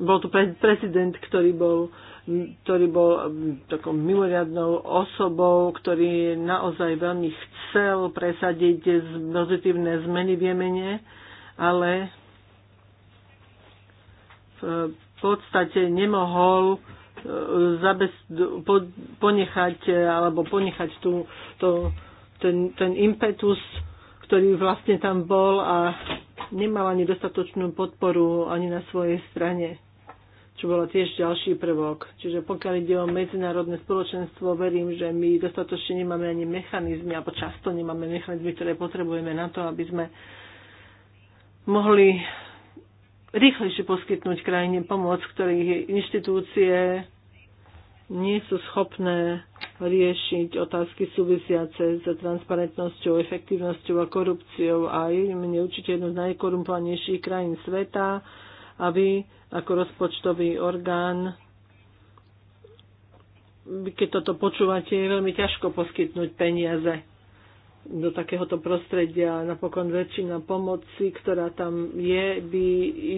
bol tu prezident, ktorý bol ktorý bol mm, takou mimoriadnou osobou, ktorý naozaj veľmi chcel presadiť pozitívne zmeny v Jemene, ale v podstate nemohol e, ponechať alebo ponechať tú, tú, ten, ten impetus, ktorý vlastne tam bol a nemal ani dostatočnú podporu ani na svojej strane čo bolo tiež ďalší prvok. Čiže pokiaľ ide o medzinárodné spoločenstvo, verím, že my dostatočne nemáme ani mechanizmy, alebo často nemáme mechanizmy, ktoré potrebujeme na to, aby sme mohli rýchlejšie poskytnúť krajine pomoc, ktorých inštitúcie nie sú schopné riešiť otázky súvisiace s transparentnosťou, efektívnosťou a korupciou a je určite jedno z najkorumpovanejších krajín sveta a vy ako rozpočtový orgán keď toto počúvate, je veľmi ťažko poskytnúť peniaze do takéhoto prostredia. Napokon väčšina pomoci, ktorá tam je, by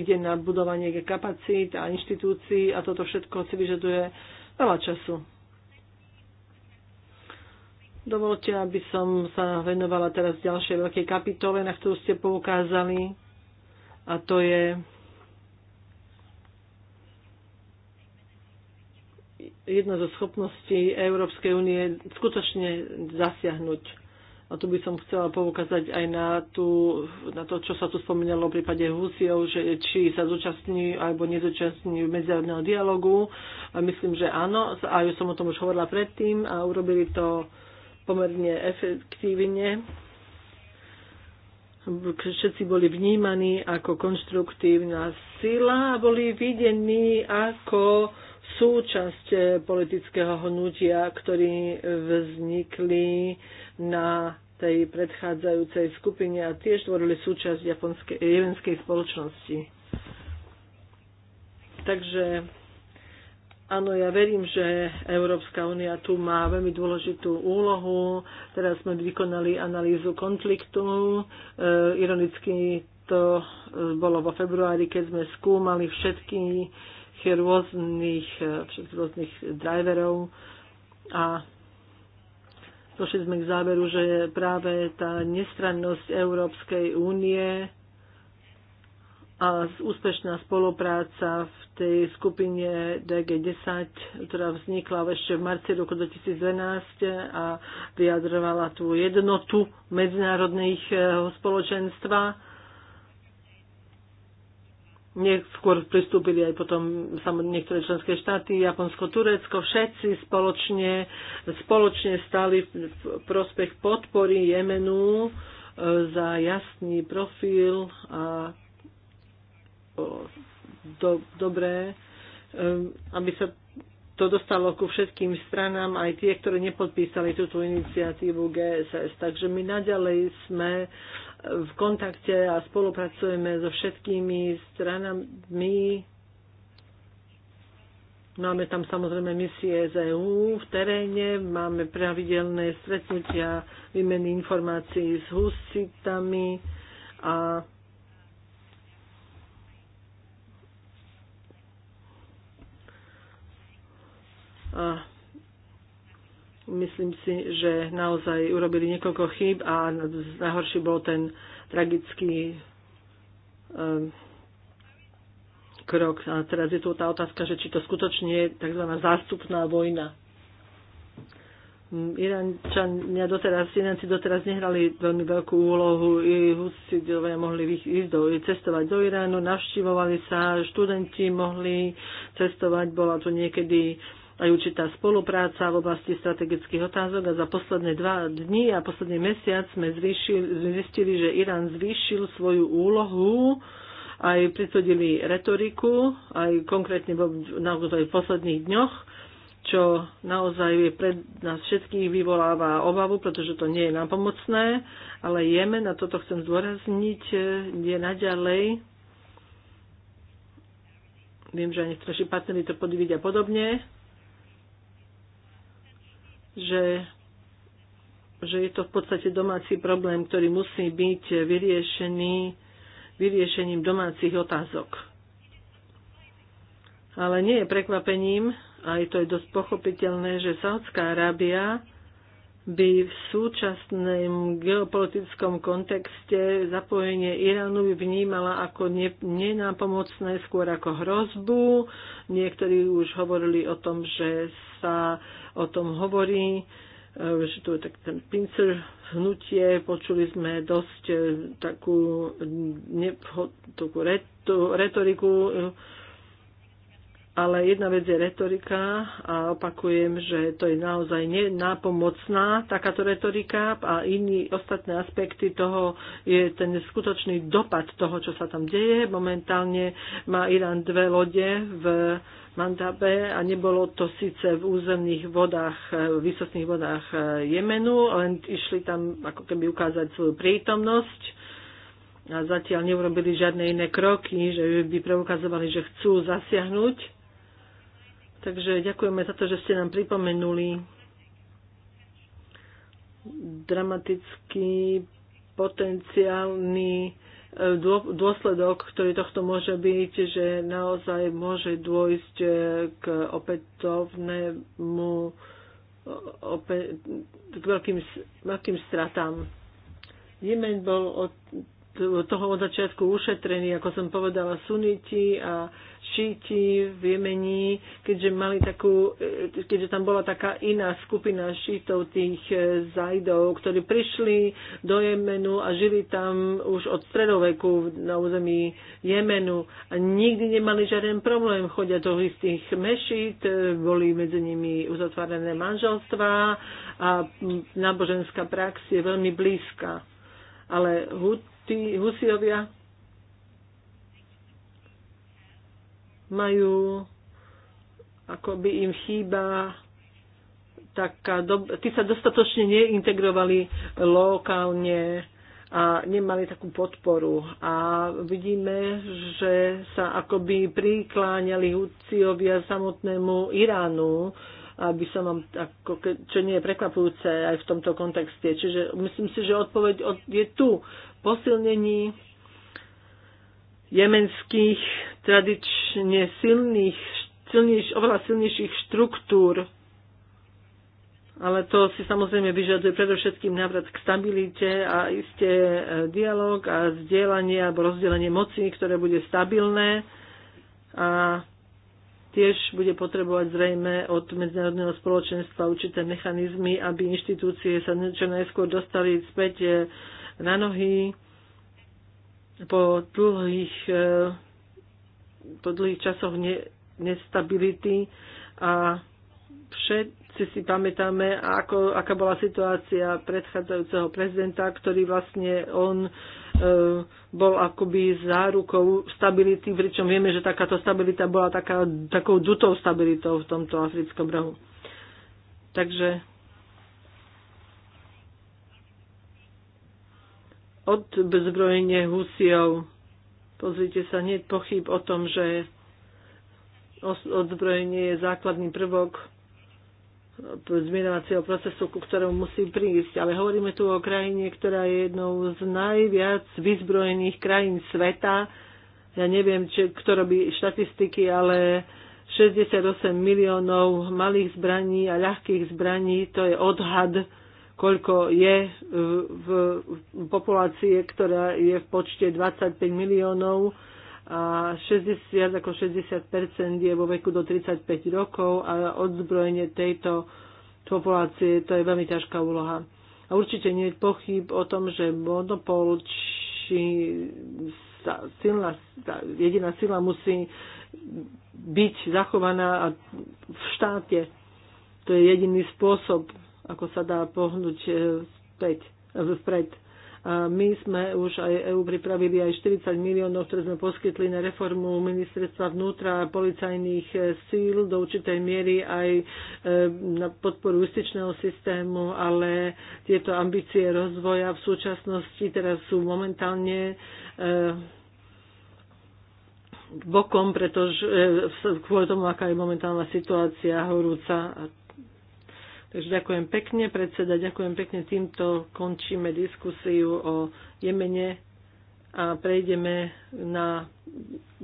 ide na budovanie kapacít a inštitúcií a toto všetko si vyžaduje veľa času. Dovolte, aby som sa venovala teraz ďalšej veľkej kapitole, na ktorú ste poukázali, a to je jedna zo schopností Európskej únie skutočne zasiahnuť. A tu by som chcela poukázať aj na, tú, na to, čo sa tu spomínalo v prípade Husiov, že či sa zúčastní alebo nezúčastní medzinárodného dialogu. A myslím, že áno. A ja som o tom už hovorila predtým a urobili to pomerne efektívne všetci boli vnímaní ako konštruktívna sila a boli videní ako súčasť eh, politického hnutia, ktorí vznikli na tej predchádzajúcej skupine a tiež tvorili súčasť japonskej, spoločnosti. Takže áno, ja verím, že Európska únia tu má veľmi dôležitú úlohu. Teraz sme vykonali analýzu konfliktu. E, ironicky to eh, bolo vo februári, keď sme skúmali všetky všetkých rôznych, všetkých rôznych driverov a došli sme k záveru, že práve tá nestrannosť Európskej únie a úspešná spolupráca v tej skupine DG10, ktorá vznikla ešte v marci roku 2012 a vyjadrovala tú jednotu medzinárodných eh, spoločenstva neskôr pristúpili aj potom niektoré členské štáty, Japonsko, Turecko, všetci spoločne, spoločne stali v prospech podpory Jemenu e, za jasný profil a do, dobré, e, aby sa to dostalo ku všetkým stranám, aj tie, ktoré nepodpísali túto iniciatívu GSS. Takže my naďalej sme v kontakte a spolupracujeme so všetkými stranami. Máme tam samozrejme misie z EU v teréne, máme pravidelné stretnutia, výmeny informácií s husitami a a myslím si, že naozaj urobili niekoľko chýb a najhorší bol ten tragický um, krok. A teraz je tu tá otázka, že či to skutočne je tzv. zástupná vojna. Mm, Irančania doteraz, Iranci doteraz nehrali veľmi veľkú úlohu, Husidovia mohli ísť do, cestovať do Iránu, navštívovali sa, študenti mohli cestovať, bola tu niekedy aj určitá spolupráca v oblasti strategických otázok a za posledné dva dni a posledný mesiac sme zvýšili, zistili, že Irán zvýšil svoju úlohu aj pritvrdili retoriku, aj konkrétne naozaj v posledných dňoch, čo naozaj je pred nás všetkých vyvoláva obavu, pretože to nie je nám pomocné, ale Jemen, a toto chcem zdôrazniť, je naďalej viem, že aj strašní partnery to podvidia podobne, že že je to v podstate domáci problém, ktorý musí byť vyriešený vyriešením domácich otázok. Ale nie je prekvapením, aj to je dosť pochopiteľné, že Saudská Arábia by v súčasnom geopolitickom kontexte zapojenie Iránu by vnímala ako nenápomocné, skôr ako hrozbu. Niektorí už hovorili o tom, že sa o tom hovorí, e, že to je tak ten pincer hnutie, počuli sme dosť e, takú, nepo, takú retoriku, ale jedna vec je retorika a opakujem, že to je naozaj nenápomocná takáto retorika a iný ostatné aspekty toho je ten skutočný dopad toho, čo sa tam deje. Momentálne má Irán dve lode v Mandabe a nebolo to síce v územných vodách, e, v výsostných vodách e, Jemenu, len išli tam ako keby ukázať svoju prítomnosť a zatiaľ neurobili žiadne iné kroky, že by preukazovali, že chcú zasiahnuť Takže ďakujeme za to, že ste nám pripomenuli dramatický potenciálny e, dôsledok, ktorý tohto môže byť, že naozaj môže dôjsť e, k opätovnému opäť, k veľkým, veľkým stratám. Jemen bol od toho od začiatku ušetrený, ako som povedala, suniti a či ti vymení, keďže, mali takú, e, keďže tam bola taká iná skupina šítov tých e, zajdov, ktorí prišli do Jemenu a žili tam už od stredoveku na území Jemenu a nikdy nemali žiaden problém. Chodia do istých mešít, e, boli medzi nimi uzatvárané manželstvá a náboženská prax je veľmi blízka. Ale Husiovia majú, ako by im chýba taká dob- tí sa dostatočne neintegrovali lokálne a nemali takú podporu. A vidíme, že sa akoby prikláňali Huciovia samotnému Iránu, aby sa vám, ako, čo nie je prekvapujúce aj v tomto kontexte. Čiže myslím si, že odpoveď je tu. Posilnení jemenských tradične silných, silnejš, oveľa silnejších štruktúr. Ale to si samozrejme vyžaduje predovšetkým návrat k stabilite a isté e, dialog a zdieľanie alebo rozdelenie moci, ktoré bude stabilné a tiež bude potrebovať zrejme od medzinárodného spoločenstva určité mechanizmy, aby inštitúcie sa čo najskôr dostali späť e, na nohy po dlhých, e, po dlhých časoch ne, nestability a všetci si pamätáme, ako, aká bola situácia predchádzajúceho prezidenta, ktorý vlastne on e, bol akoby zárukou stability, pričom vieme, že takáto stabilita bola taká, takou dutou stabilitou v tomto africkom rohu. Takže bezbrojenie Husiov. Pozrite sa, nie je pochyb o tom, že odzbrojenie je základný prvok zmierovacieho procesu, ku ktorému musí prísť. Ale hovoríme tu o krajine, ktorá je jednou z najviac vyzbrojených krajín sveta. Ja neviem, či, kto robí štatistiky, ale 68 miliónov malých zbraní a ľahkých zbraní, to je odhad koľko je e, v populácie, ktorá je v počte 25 miliónov a 60, ako 60 je vo veku do 35 rokov a odzbrojenie tejto populácie to je veľmi ťažká úloha. A určite nie je pochyb o tom, že monopol či tá silná, tá jediná sila musí byť zachovaná v štáte. To je jediný spôsob ako sa dá pohnúť e, späť, e, vpred. A my sme už aj EU pripravili aj 40 miliónov, ktoré sme poskytli na reformu ministerstva vnútra a policajných e, síl, do určitej miery aj na podporu justičného systému, ale tieto ambície rozvoja v súčasnosti teraz sú momentálne bokom, pretože kvôli tomu, aká je momentálna situácia horúca Takže ďakujem pekne, predseda, ďakujem pekne. Týmto končíme diskusiu o Jemene a prejdeme na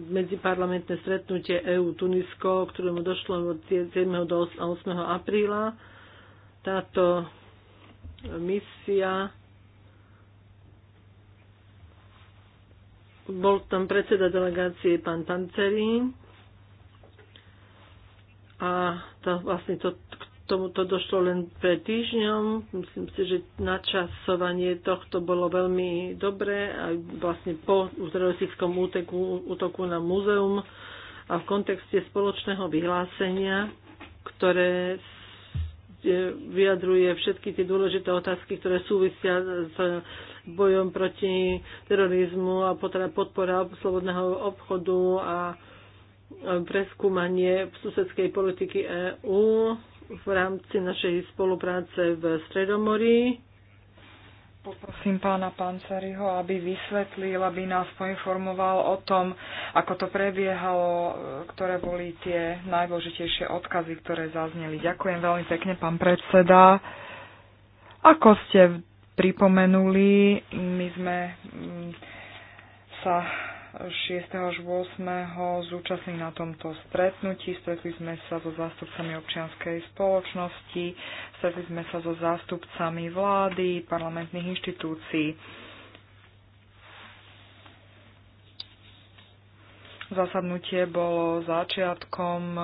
medziparlamentné stretnutie EU-Tunisko, ktorému došlo od 7. do 8. apríla. Táto misia bol tam predseda delegácie pán Pancerín a to, vlastne to tomuto došlo len pred týždňom. Myslím si, že načasovanie tohto bolo veľmi dobré aj vlastne po teroristickom úteku, útoku na múzeum a v kontexte spoločného vyhlásenia, ktoré vyjadruje všetky tie dôležité otázky, ktoré súvisia s bojom proti terorizmu a podpora slobodného obchodu a preskúmanie susedskej politiky EÚ v rámci našej spolupráce v Stredomorí. Poprosím pána Pancariho, aby vysvetlil, aby nás poinformoval o tom, ako to prebiehalo, ktoré boli tie najdôležitejšie odkazy, ktoré zazneli. Ďakujem veľmi pekne, pán predseda. Ako ste pripomenuli, my sme mm, sa 6. až 8. zúčastní na tomto stretnutí. Stretli sme sa so zástupcami občianskej spoločnosti, stretli sme sa so zástupcami vlády, parlamentných inštitúcií. Zasadnutie bolo začiatkom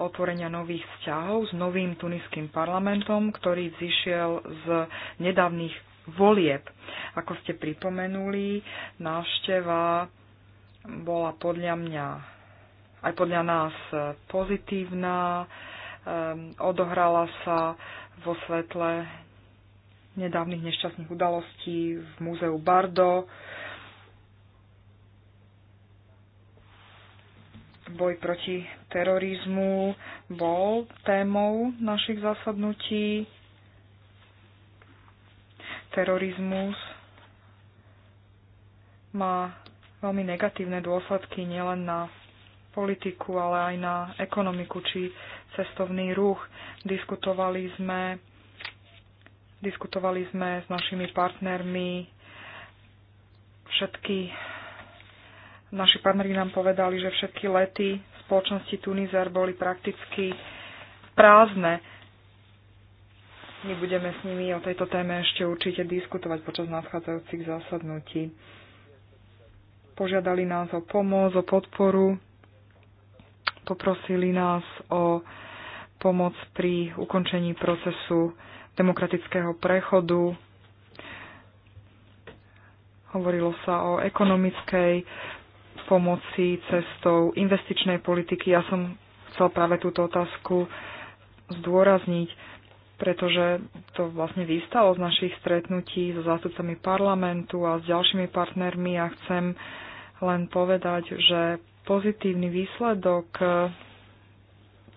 otvorenia nových vzťahov s novým tuniským parlamentom, ktorý zišiel z nedávnych volieb. Ako ste pripomenuli, návšteva bola podľa mňa aj podľa nás eh, pozitívna, ehm, odohrala sa vo svetle nedávnych nešťastných udalostí v múzeu Bardo. Boj proti terorizmu bol témou našich zasadnutí. Terorizmus má veľmi negatívne dôsledky nielen na politiku, ale aj na ekonomiku či cestovný ruch. Diskutovali sme, diskutovali sme s našimi partnermi všetky naši partneri nám povedali, že všetky lety spoločnosti Tunizer boli prakticky prázdne. My budeme s nimi o tejto téme ešte určite diskutovať počas nadchádzajúcich zasadnutí. Požiadali nás o pomoc, o podporu, poprosili nás o pomoc pri ukončení procesu demokratického prechodu. Hovorilo sa o ekonomickej pomoci cestou investičnej politiky. Ja som chcel práve túto otázku zdôrazniť, pretože to vlastne vystalo z našich stretnutí so zástupcami parlamentu a s ďalšími partnermi a chcem len povedať, že pozitívny výsledok eh,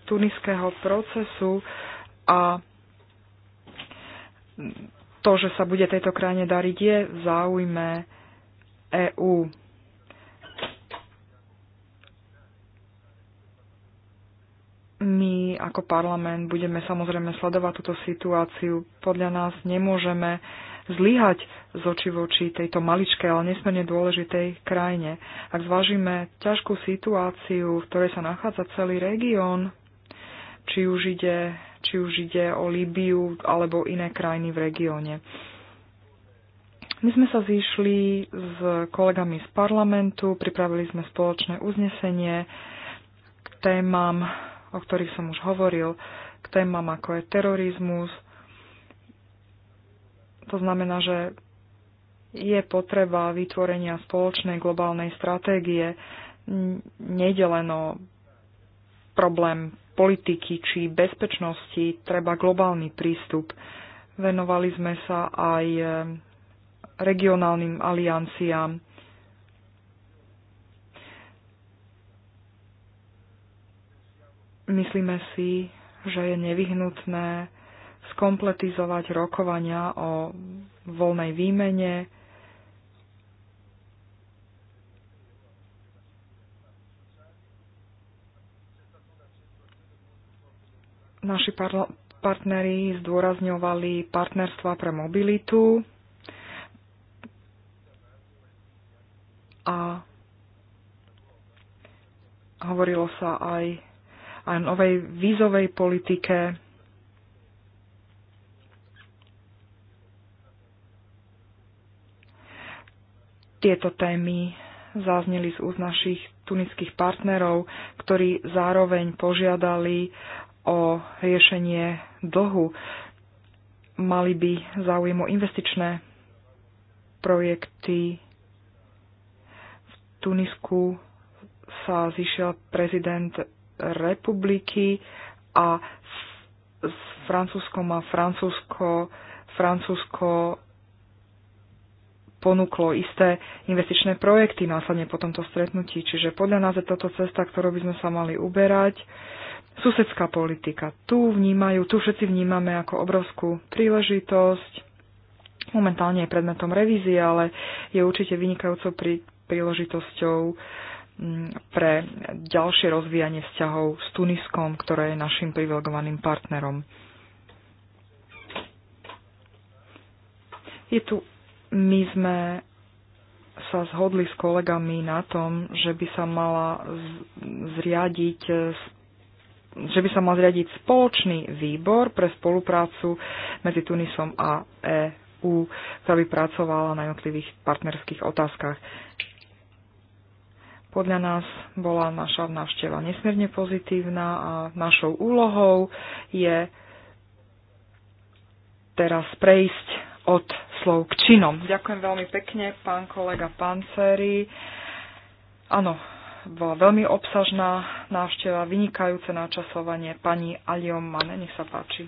tuniského procesu a to, že sa bude tejto krajine dariť, je v záujme EÚ. My ako parlament budeme samozrejme sledovať túto situáciu. Podľa nás nemôžeme uh, zlyhať z oči voči tejto maličkej, ale nesmierne dôležitej krajine. Ak zvážime ťažkú situáciu, v ktorej sa nachádza celý región, či už ide, či už ide o Líbiu alebo iné krajiny v regióne. My sme sa zišli s kolegami z parlamentu, pripravili sme spoločné uznesenie k témam, o ktorých som už hovoril, k témam ako je terorizmus, to znamená, že je potreba vytvorenia spoločnej globálnej stratégie. Nejde len o problém politiky či bezpečnosti, treba globálny prístup. Venovali sme sa aj e, regionálnym alianciám. Myslíme si, že je nevyhnutné skompletizovať rokovania o voľnej výmene, naši partneri zdôrazňovali partnerstva pre mobilitu a hovorilo sa aj o novej vízovej politike. Tieto témy zazneli z úst našich tunických partnerov, ktorí zároveň požiadali o riešenie dlhu. Mali by záujmu investičné projekty. V Tunisku sa zišiel prezident republiky a s Francúzskom a Francúzsko, Francúzsko ponúklo isté investičné projekty následne po tomto stretnutí. Čiže podľa nás je toto cesta, ktorou by sme sa mali uberať. Susedská politika. Tu vnímajú, tu všetci vnímame ako obrovskú príležitosť. Momentálne je predmetom revízie, ale je určite vynikajúcou prí, príležitosťou mm, pre ďalšie rozvíjanie vzťahov s Tuniskom, ktoré je našim privilegovaným partnerom. Je tu my sme sa zhodli s kolegami na tom, že by sa mala zriadiť že by sa mal zriadiť spoločný výbor pre spoluprácu medzi Tunisom a EU, ktorá by pracovala na jednotlivých partnerských otázkach. Podľa nás bola naša návšteva nesmierne pozitívna a našou úlohou je teraz prejsť od slov k činom. Ďakujem veľmi pekne, pán kolega Panceri. Áno, bola veľmi obsažná návšteva, vynikajúce načasovanie pani Aliom Mane. Nech sa páči.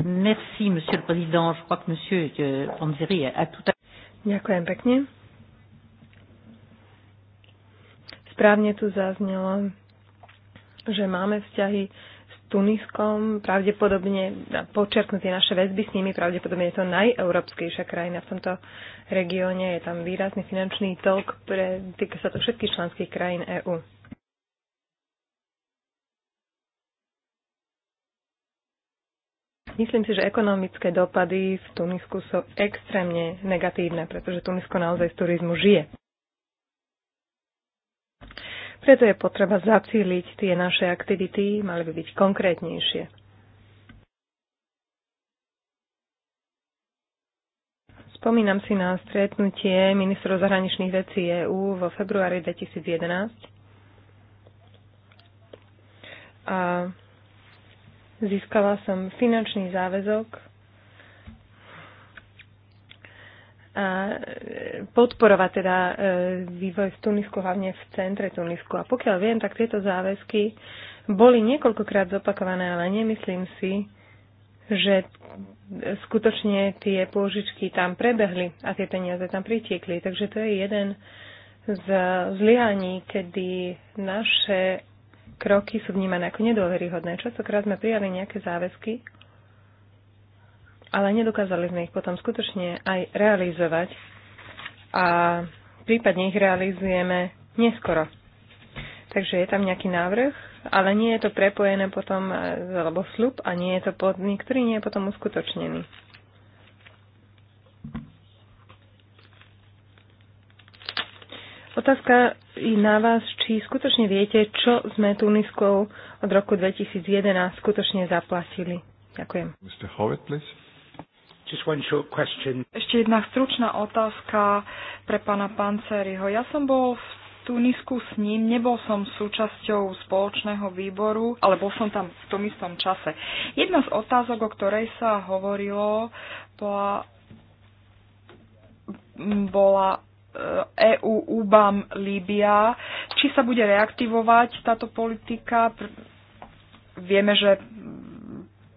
Merci, monsieur le président. Je crois que monsieur euh, Panzeri a tout à... Ďakujem pekne. Správne tu zaznelo, že máme vzťahy Tuniskom, pravdepodobne, počerknutie naše väzby s nimi, pravdepodobne je to najeurópskejšia krajina v tomto regióne, je tam výrazný finančný tok, pre, týka sa to všetkých členských krajín EÚ. Myslím si, že ekonomické dopady v Tunisku sú extrémne negatívne, pretože Tunisko naozaj z turizmu žije. Preto je potreba zacíliť tie naše aktivity, mali by byť konkrétnejšie. Spomínam si na stretnutie ministrov zahraničných vecí EÚ vo februári 2011. A získala som finančný záväzok a e, podporovať teda e, vývoj v Tunisku, hlavne v centre Tunisku. A pokiaľ viem, tak tieto záväzky boli niekoľkokrát zopakované, ale nemyslím si, že skutočne tie pôžičky tam prebehli a tie peniaze tam pritiekli. Takže to je jeden z zlyhaní, kedy naše kroky sú vnímané ako nedôveryhodné. Častokrát sme prijali nejaké záväzky ale nedokázali sme ich potom skutočne aj realizovať a prípadne ich realizujeme neskoro. Takže je tam nejaký návrh, ale nie je to prepojené potom, e, alebo slub a nie je to pod, niektorý nie je potom uskutočnený. Otázka i na vás, či skutočne viete, čo sme Tuniskou od roku 2011 skutočne zaplatili. Ďakujem. Mr. please. Just one short question. Ešte jedna stručná otázka pre pána Panceriho. Ja som bol v Tunisku s ním, nebol som súčasťou spoločného výboru, ale bol som tam v tom istom čase. Jedna z otázok, o ktorej sa hovorilo, bola, bola EU e UBAM Líbia. Či sa bude reaktivovať táto politika? Vieme, že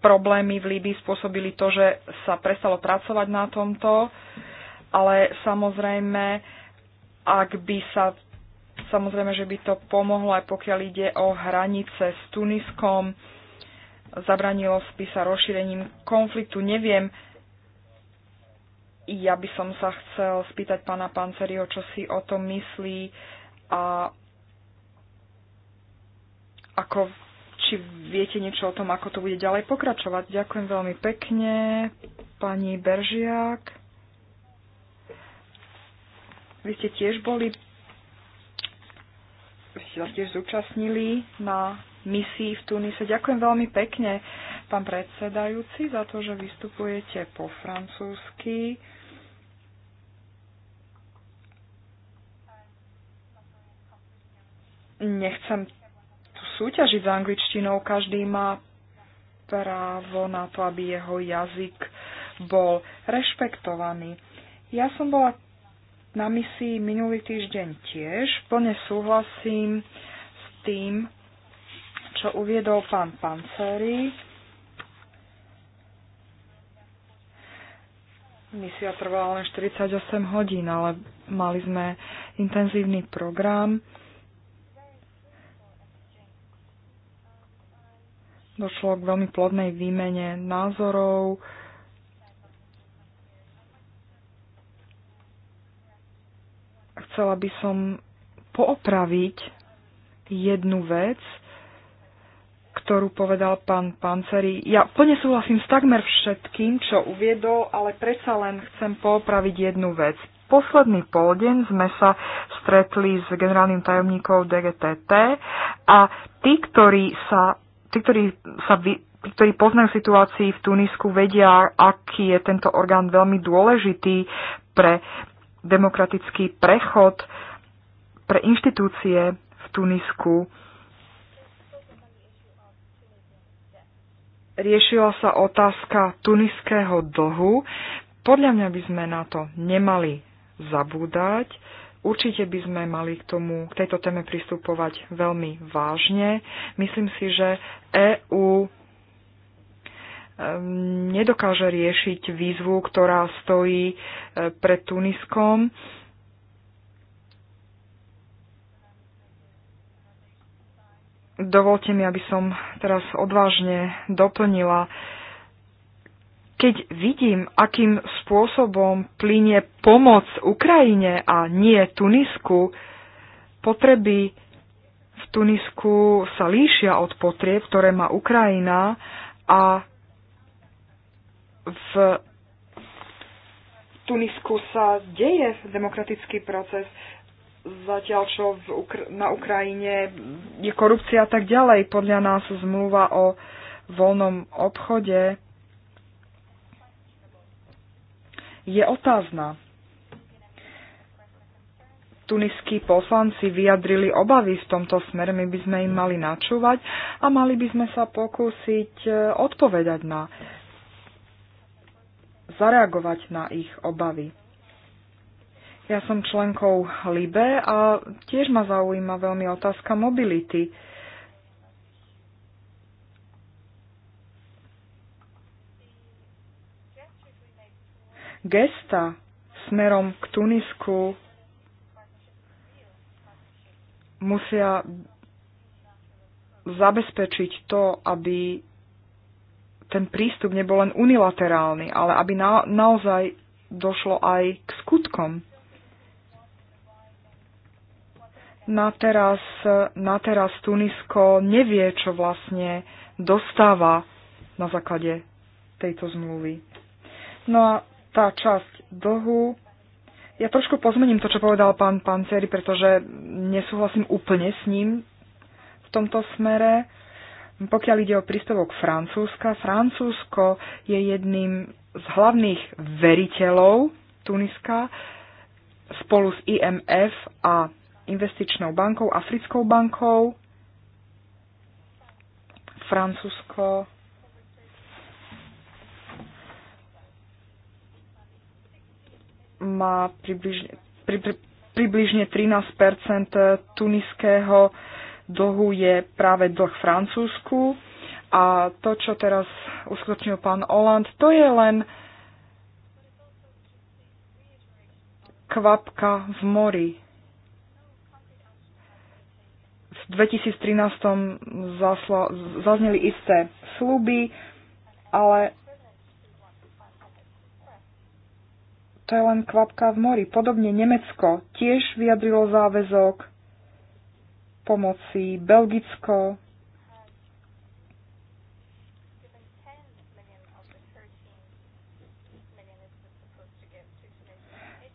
problémy v Líbii spôsobili to, že sa prestalo pracovať na tomto, ale samozrejme, ak by sa samozrejme, že by to pomohlo aj pokiaľ ide o hranice s Tuniskom, zabranilo by sa rozšírením konfliktu. Neviem, ja by som sa chcel spýtať pána Panceriho, čo si o tom myslí a ako či viete niečo o tom, ako to bude ďalej pokračovať. Ďakujem veľmi pekne, pani Beržiak. Vy ste tiež boli, vy ste sa tiež zúčastnili na misii v Tunise. Ďakujem veľmi pekne, pán predsedajúci, za to, že vystupujete po francúzsky. Nechcem súťažiť s angličtinou. Každý má právo na to, aby jeho jazyk bol rešpektovaný. Ja som bola na misii minulý týždeň tiež. Plne súhlasím s tým, čo uviedol pán Panceri. Misia trvala len 48 hodín, ale mali sme intenzívny program Došlo k veľmi plodnej výmene názorov. Chcela by som poopraviť jednu vec, ktorú povedal pán Panceri. Ja plne súhlasím s takmer všetkým, čo uviedol, ale predsa len chcem poopraviť jednu vec. Posledný poldeň sme sa stretli s generálnym tajomníkom DGTT a tí, ktorí sa tí, ktorí sa vy, tí, ktorí poznajú situácii v Tunisku, vedia, aký je tento orgán veľmi dôležitý pre demokratický prechod, pre inštitúcie v Tunisku. Riešila sa otázka tuniského dlhu. Podľa mňa by sme na to nemali zabúdať Určite by sme mali k tomu, k tejto téme pristupovať veľmi vážne. Myslím si, že EÚ ehm, nedokáže riešiť výzvu, ktorá stojí e, pred Tuniskom. Dovolte mi, aby som teraz odvážne doplnila keď vidím, akým spôsobom plynie pomoc Ukrajine a nie Tunisku, potreby v Tunisku sa líšia od potrieb, ktoré má Ukrajina a v Tunisku sa deje demokratický proces, zatiaľ čo v Ukr- na Ukrajine je korupcia a tak ďalej. Podľa nás zmluva o voľnom obchode je otázna. Tuniskí poslanci vyjadrili obavy v tomto smere, my by sme im mali načúvať a mali by sme sa pokúsiť e, odpovedať na, zareagovať na ich obavy. Ja som členkou LIBE a tiež ma zaujíma veľmi otázka mobility gesta smerom k Tunisku musia zabezpečiť to, aby ten prístup nebol len unilaterálny, ale aby na, naozaj došlo aj k skutkom. Na teraz, na teraz Tunisko nevie, čo vlastne dostáva na základe tejto zmluvy. No a tá časť dlhu. Ja trošku pozmením to, čo povedal pán Panceri, pretože nesúhlasím úplne s ním v tomto smere. Pokiaľ ide o prístavok Francúzska, Francúzsko je jedným z hlavných veriteľov Tuniska spolu s IMF a investičnou bankou, Africkou bankou. Francúzsko má približne, pri, pri, približne 13 tuniského dlhu je práve dlh Francúzsku. A to, čo teraz uskutočnil pán Oland, to je len kvapka v mori. V 2013 zaslo, zazneli isté sluby, ale to je len kvapka v mori. Podobne Nemecko tiež vyjadrilo záväzok pomoci, Belgicko.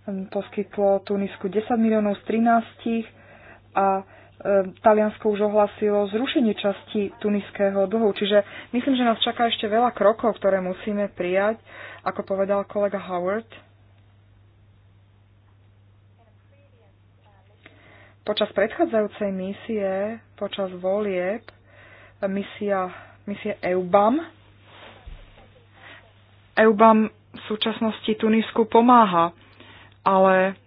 Poskytlo Tunisku 10 miliónov z 13 a e, Taliansko už ohlasilo zrušenie časti tuniského dlhu. Čiže myslím, že nás čaká ešte veľa krokov, ktoré musíme prijať, ako povedal kolega Howard. Počas predchádzajúcej misie, počas volieb, misia, misie EUBAM, EUBAM v súčasnosti Tunisku pomáha, ale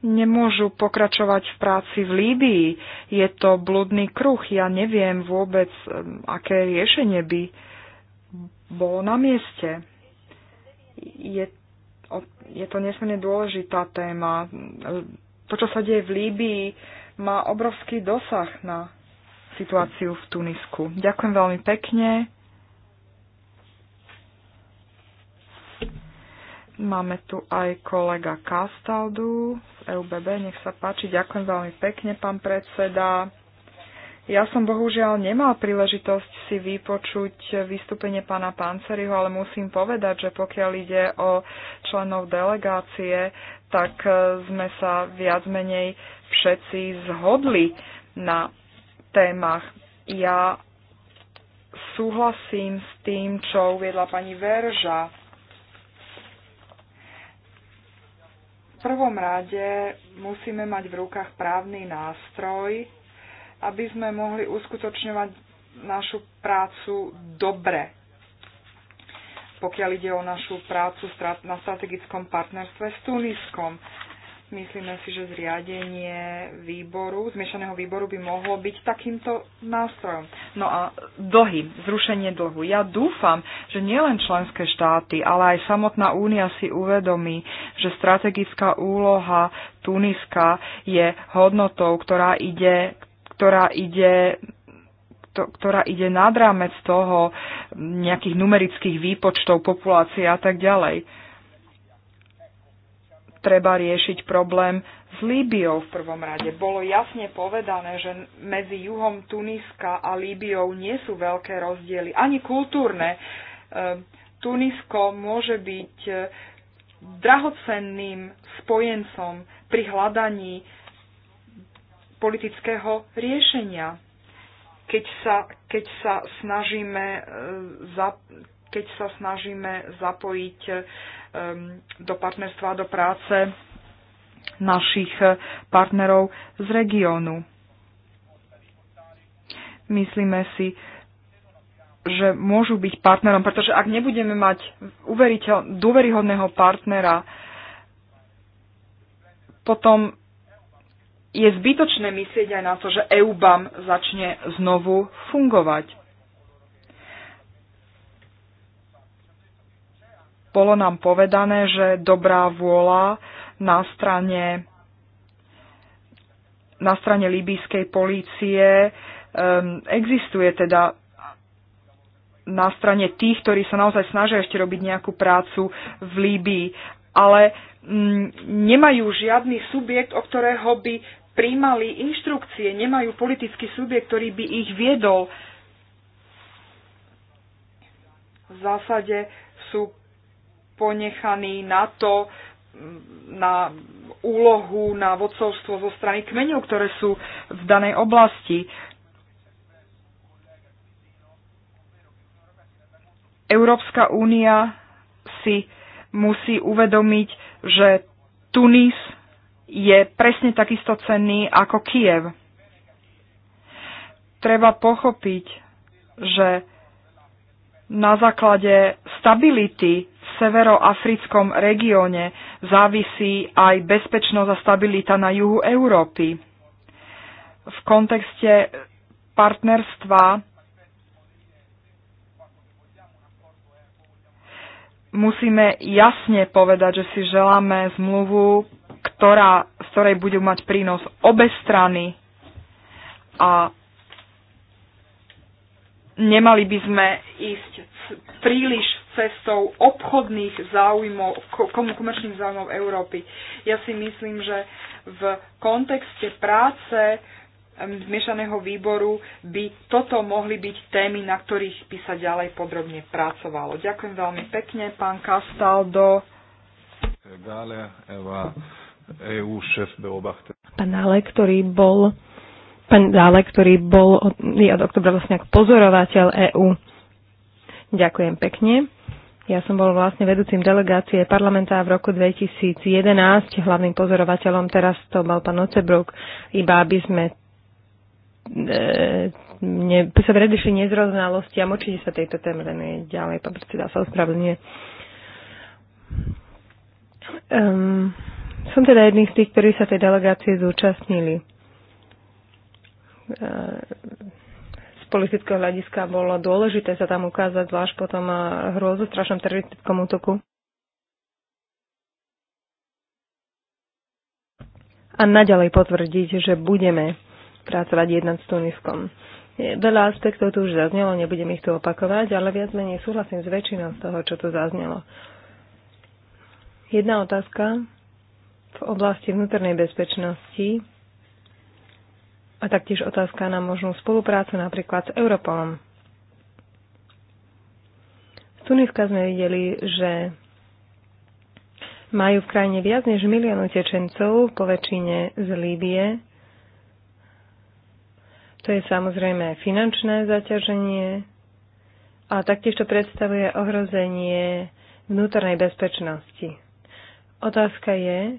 nemôžu pokračovať v práci v Líbii. Je to blúdny kruh. Ja neviem vôbec, aké riešenie by bolo na mieste. Je, je to nesmierne dôležitá téma to, čo sa deje v Líbii, má obrovský dosah na situáciu v Tunisku. Ďakujem veľmi pekne. Máme tu aj kolega Kastaldu z EUBB, nech sa páči. Ďakujem veľmi pekne, pán predseda. Ja som bohužiaľ nemal príležitosť si vypočuť vystúpenie pána Panceriho, ale musím povedať, že pokiaľ ide o členov delegácie, tak e, sme sa viac menej všetci zhodli na témach. Ja súhlasím s tým, čo uviedla pani Verža. V prvom rade musíme mať v rukách právny nástroj, aby sme mohli uskutočňovať našu prácu dobre, pokiaľ ide o našu prácu na strategickom partnerstve s Tuniskom. Myslíme si, že zriadenie výboru, zmiešaného výboru by mohlo byť takýmto nástrojom. No a dlhy, zrušenie dlhu. Ja dúfam, že nielen členské štáty, ale aj samotná únia si uvedomí, že strategická úloha Tuniska je hodnotou, ktorá ide, ktorá ide ktorá ide nad rámec toho nejakých numerických výpočtov populácie a tak ďalej. Treba riešiť problém s Líbiou v prvom rade. Bolo jasne povedané, že medzi juhom Tuniska a Líbiou nie sú veľké rozdiely, ani kultúrne. E, Tunisko môže byť e, drahocenným spojencom pri hľadaní politického riešenia, keď sa, keď sa snažíme e, za, keď sa snažíme zapojiť um, do partnerstva, do práce našich e, partnerov z regiónu. Myslíme si, že môžu byť partnerom, pretože ak nebudeme mať dôveryhodného partnera, potom je zbytočné myslieť aj na to, že EUBAM začne znovu fungovať. Bolo nám povedané, že dobrá vôľa na strane, na strane libijskej polície um, existuje, teda na strane tých, ktorí sa naozaj snažia ešte robiť nejakú prácu v Líbii, ale mm, nemajú žiadny subjekt, o ktorého by príjmali inštrukcie, nemajú politický subjekt, ktorý by ich viedol. V zásade sú ponechaní na to, mm, na úlohu, na vodcovstvo zo strany kmeňov, ktoré sú v danej oblasti. Európska únia si musí uvedomiť, že Tunis je presne takisto cenný ako Kiev. Treba pochopiť, že na základe stability v severoafrickom regióne závisí aj bezpečnosť a stabilita na juhu Európy. V kontexte partnerstva musíme jasne povedať, že si želáme zmluvu ktorá, z ktorej budú mať prínos obe strany a nemali by sme ísť príliš cestou obchodných záujmov, komerčných záujmov Európy. Ja si myslím, že v kontexte práce zmiešaného výboru by toto mohli byť témy, na ktorých by sa ďalej podrobne pracovalo. Ďakujem veľmi pekne, pán Kastaldo Dále, Eva. EU šéf Beobachter. Pán Ale, ktorý bol pán Dále, ktorý bol od, od oktobra vlastne ako pozorovateľ EÚ. Ďakujem pekne. Ja som bol vlastne vedúcim delegácie parlamenta v roku 2011, hlavným pozorovateľom, teraz to bol pán Ocebruk, iba aby sme e, ne, sa predišli nezroznalosti a určite sa tejto téme venuje ďalej. Pán predseda sa ospravedlňuje. Um, som teda jedný z tých, ktorí sa tej delegácie zúčastnili. E, z politického hľadiska bolo dôležité sa tam ukázať, zvlášť potom e, hrôzu strašnom teroristickom útoku. A naďalej potvrdiť, že budeme pracovať jednať s Tuniskom. Veľa aspektov tu už zaznelo, nebudem ich tu opakovať, ale viac menej súhlasím s väčšinou z toho, čo tu zaznelo. Jedna otázka, v oblasti vnútornej bezpečnosti a taktiež otázka na možnú spoluprácu napríklad s Europolom. Z Tuniska sme videli, že majú v krajine viac než milión utečencov, po väčšine z Líbie. To je samozrejme finančné zaťaženie a taktiež to predstavuje ohrozenie vnútornej bezpečnosti. Otázka je,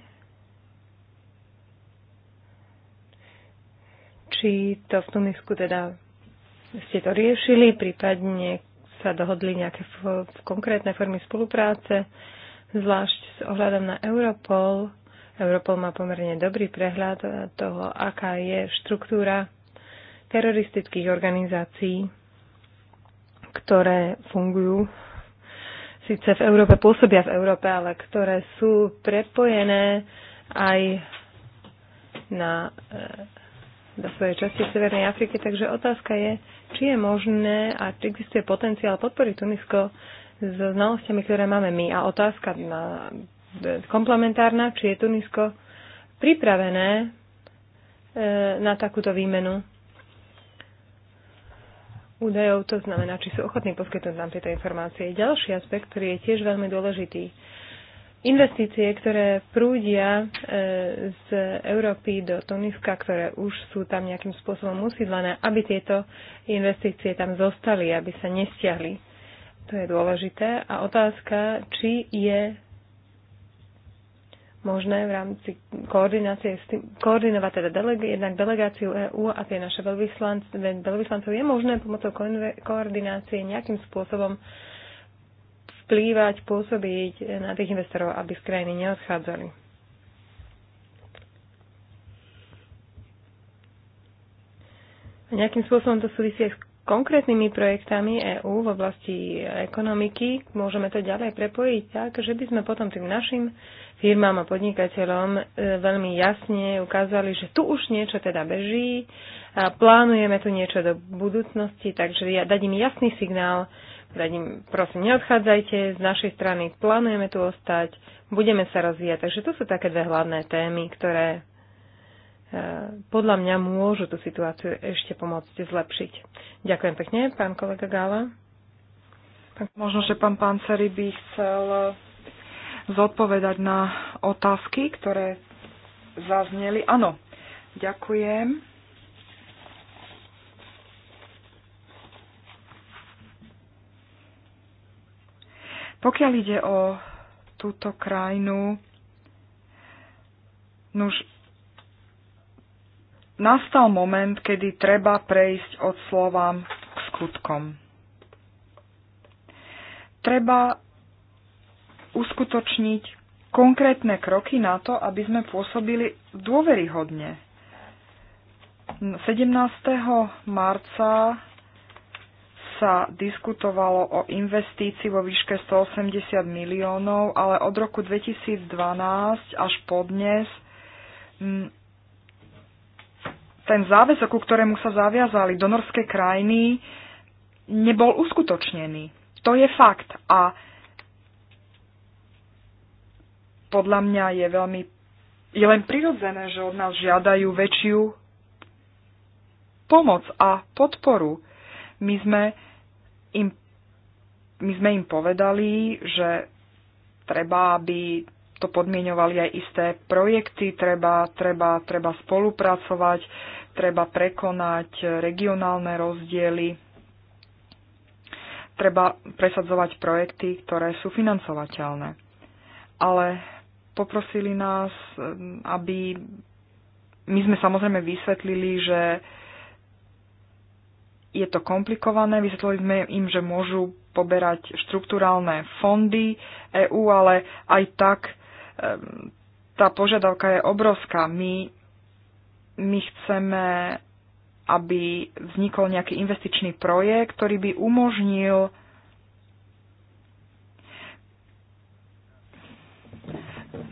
či to v Tunisku teda ste to riešili, prípadne sa dohodli nejaké f- konkrétne formy spolupráce, zvlášť s ohľadom na Europol. Europol má pomerne dobrý prehľad toho, aká je štruktúra teroristických organizácií, ktoré fungujú síce v Európe, pôsobia v Európe, ale ktoré sú prepojené aj na e, do svojej časti Severnej Afriky. Takže otázka je, či je možné a či existuje potenciál podporiť Tunisko so znalostiami, ktoré máme my. A otázka na, e, komplementárna, či je Tunisko pripravené e, na takúto výmenu údajov, to znamená, či sú ochotní poskytnúť nám tieto informácie. Ďalší aspekt, ktorý je tiež veľmi dôležitý, Investície, ktoré prúdia e, z Európy do Tuniska, ktoré už sú tam nejakým spôsobom usídlené, aby tieto investície tam zostali, aby sa nestiahli. To je dôležité. A otázka, či je možné v rámci koordinácie, koordinovať teda delege, jednak delegáciu EÚ a tie naše veľvyslancov, veľvyslancov je možné pomocou koordinácie nejakým spôsobom vplývať, pôsobiť na tých investorov, aby z krajiny neodchádzali. A nejakým spôsobom to súvisí aj s konkrétnymi projektami EÚ v oblasti ekonomiky. Môžeme to ďalej prepojiť tak, že by sme potom tým našim firmám a podnikateľom e, veľmi jasne ukázali, že tu už niečo teda beží a plánujeme tu niečo do budúcnosti, takže dať im jasný signál, radím, prosím, neodchádzajte, z našej strany plánujeme tu ostať, budeme sa rozvíjať. Takže to sú také dve hlavné témy, ktoré e, podľa mňa môžu tú situáciu ešte pomôcť zlepšiť. Ďakujem pekne, pán kolega Gála. Možno, že pán pánceri by chcel zodpovedať na otázky, ktoré zazneli. Áno, ďakujem. Pokiaľ ide o túto krajinu, nuž nastal moment, kedy treba prejsť od slovám k skutkom. Treba uskutočniť konkrétne kroky na to, aby sme pôsobili dôveryhodne. 17. marca sa diskutovalo o investícii vo výške 180 miliónov, ale od roku 2012 až po dnes mm, ten záväzok, ku ktorému sa zaviazali donorské krajiny, nebol uskutočnený. To je fakt a podľa mňa je veľmi je len prirodzené, že od nás žiadajú väčšiu pomoc a podporu. My sme im, my sme im povedali, že treba, aby to podmienovali aj isté projekty, treba, treba, treba spolupracovať, treba prekonať regionálne rozdiely, treba presadzovať projekty, ktoré sú financovateľné. Ale poprosili nás, ehm, aby my sme samozrejme vysvetlili, že je to komplikované. Vysvetlili sme im, že môžu poberať štruktúrálne fondy EÚ, ale aj tak tá požiadavka je obrovská. My, my chceme, aby vznikol nejaký investičný projekt, ktorý by umožnil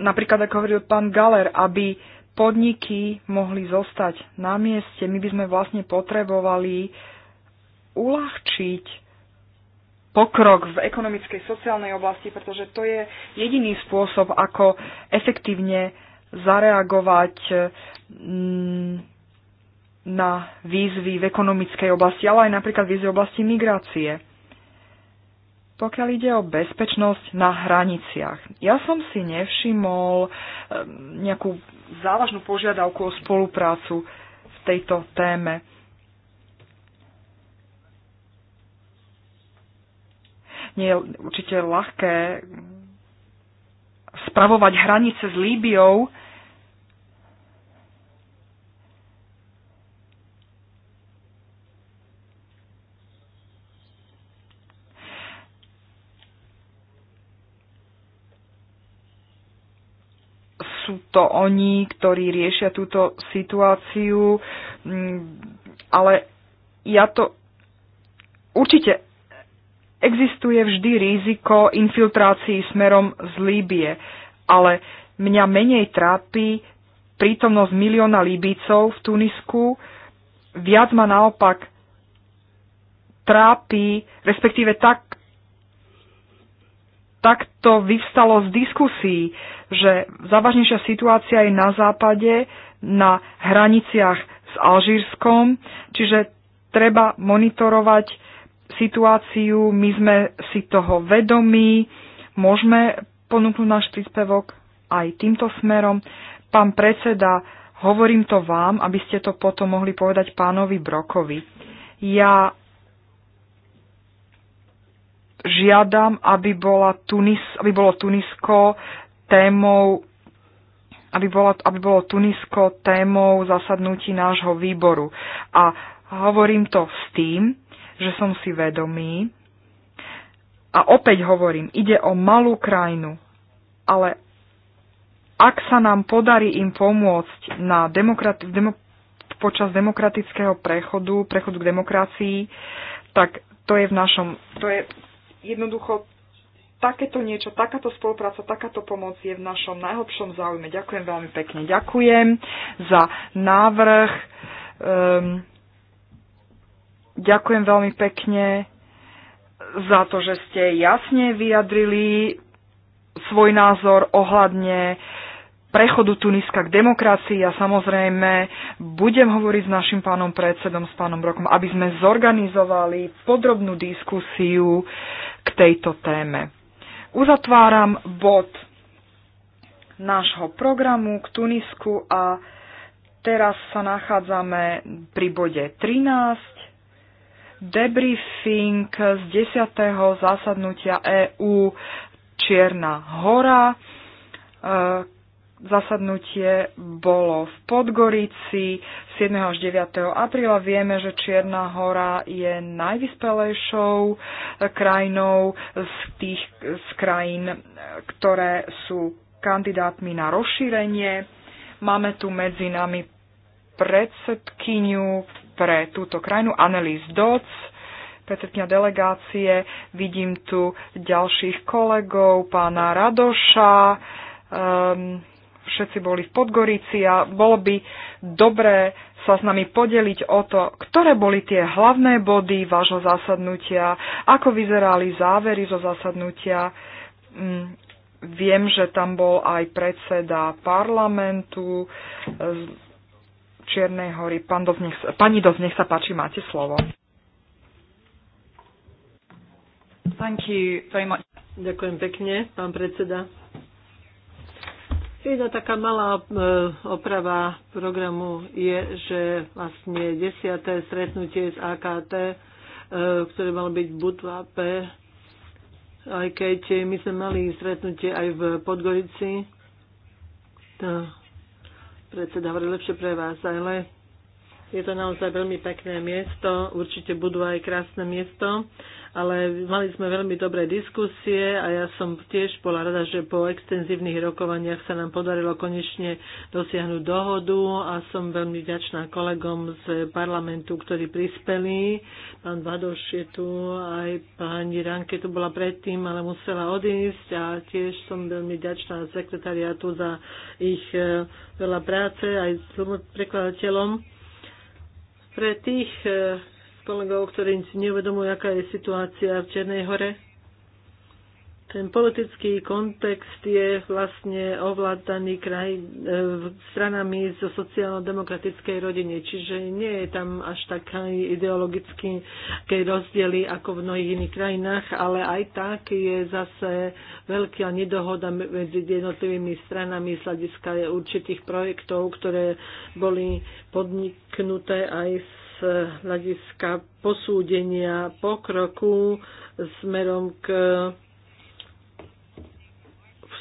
napríklad, ako hovoril pán Galer, aby podniky mohli zostať na mieste. My by sme vlastne potrebovali uh, uľahčiť pokrok v ekonomickej sociálnej oblasti, pretože to je jediný spôsob, ako efektívne zareagovať mm, na výzvy v ekonomickej oblasti, ale aj napríklad výzvy v oblasti migrácie. Pokiaľ ide o bezpečnosť na hraniciach, ja som si nevšimol nejakú závažnú požiadavku o spoluprácu v tejto téme nie je určite ľahké spravovať hranice s Líbiou. Sú to oni, ktorí riešia túto situáciu, mm, ale ja to určite existuje vždy riziko infiltrácií smerom z Líbie, ale mňa menej trápi prítomnosť milióna Líbícov v Tunisku, viac ma naopak trápi, respektíve tak, to vyvstalo z diskusí, že závažnejšia situácia je na západe, na hraniciach s Alžírskom, čiže treba monitorovať situáciu, my sme si toho vedomí, môžeme ponúknuť náš príspevok aj týmto smerom. Pán predseda, hovorím to vám, aby ste to potom mohli povedať pánovi Brokovi. Ja žiadam, aby, bola Tunis, aby bolo Tunisko témou aby, bola, aby bolo Tunisko témou zasadnutí nášho výboru. A hovorím to s tým, že som si vedomý. A opäť hovorím, ide o malú krajinu, ale ak sa nám podarí im pomôcť na demokrati- demo- počas demokratického prechodu, prechodu k demokracii, tak to je v našom, to je jednoducho takéto niečo, takáto spolupráca, takáto pomoc je v našom najhlbšom záujme. Ďakujem veľmi pekne. Ďakujem za návrh. Um, Ďakujem veľmi pekne za to, že ste jasne vyjadrili svoj názor ohľadne prechodu Tuniska k demokracii a samozrejme budem hovoriť s našim pánom predsedom, s pánom Brokom, aby sme zorganizovali podrobnú diskusiu k tejto téme. Uzatváram bod nášho programu k Tunisku a teraz sa nachádzame pri bode 13 debriefing z 10. zasadnutia EÚ Čierna hora. E, zasadnutie bolo v Podgorici 7. až 9. apríla. Vieme, že Čierna hora je najvyspelejšou e, krajinou z tých z krajín, e, ktoré sú kandidátmi na rozšírenie. Máme tu medzi nami predsedkyňu pre túto krajinu, Annelies Doc, predsedkňa delegácie. Vidím tu ďalších kolegov, pána Radoša, um, všetci boli v Podgorici a bolo by dobré sa s nami podeliť o to, ktoré boli tie hlavné body vášho zasadnutia, ako vyzerali závery zo zasadnutia. Um, viem, že tam bol aj predseda parlamentu, um, Čiernej hory. Pán Doz, nech, pani Doz, nech sa páči, máte slovo. Thank you very much. Ďakujem pekne, pán predseda. Jedna taká malá e, oprava programu je, že vlastne desiaté stretnutie z AKT, e, ktoré malo byť v Butvape, aj keď my sme mali stretnutie aj v Podgorici, predseda hovorí lepšie pre vás, ale je to naozaj veľmi pekné miesto, určite budú aj krásne miesto, ale mali sme veľmi dobré diskusie a ja som tiež bola rada, že po extenzívnych rokovaniach sa nám podarilo konečne dosiahnuť dohodu a som veľmi vďačná kolegom z parlamentu, ktorí prispeli. Pán Vadoš je tu, aj pani Ranke tu bola predtým, ale musela odísť a tiež som veľmi vďačná sekretariátu za ich eh, veľa práce aj s prekladateľom pre tých eh, kolegov, ktorí si neuvedomujú, aká je situácia v Černej hore, ten politický kontext je vlastne ovládaný kraj, e, stranami zo sociálno-demokratickej rodiny, čiže nie je tam až tak ideologický rozdiely ako v mnohých iných krajinách, ale aj tak je zase veľká nedohoda medzi jednotlivými stranami z hľadiska určitých projektov, ktoré boli podniknuté aj z hľadiska posúdenia pokroku smerom k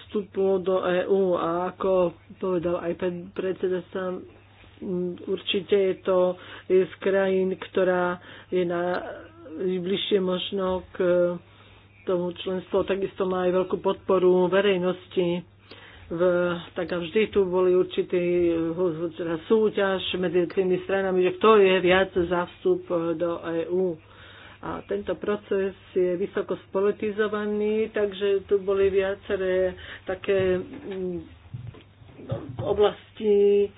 vstupu do EÚ a ako povedal aj predseda sám, určite je to z krajín, ktorá je na bližšie možno k tomu členstvu, takisto má aj veľkú podporu verejnosti. V, tak a vždy tu boli určitý teda súťaž medzi tými stranami, že kto je viac za vstup do EÚ. A tento proces je vysoko spolitizovaný, takže tu boli viaceré také mm, oblasti,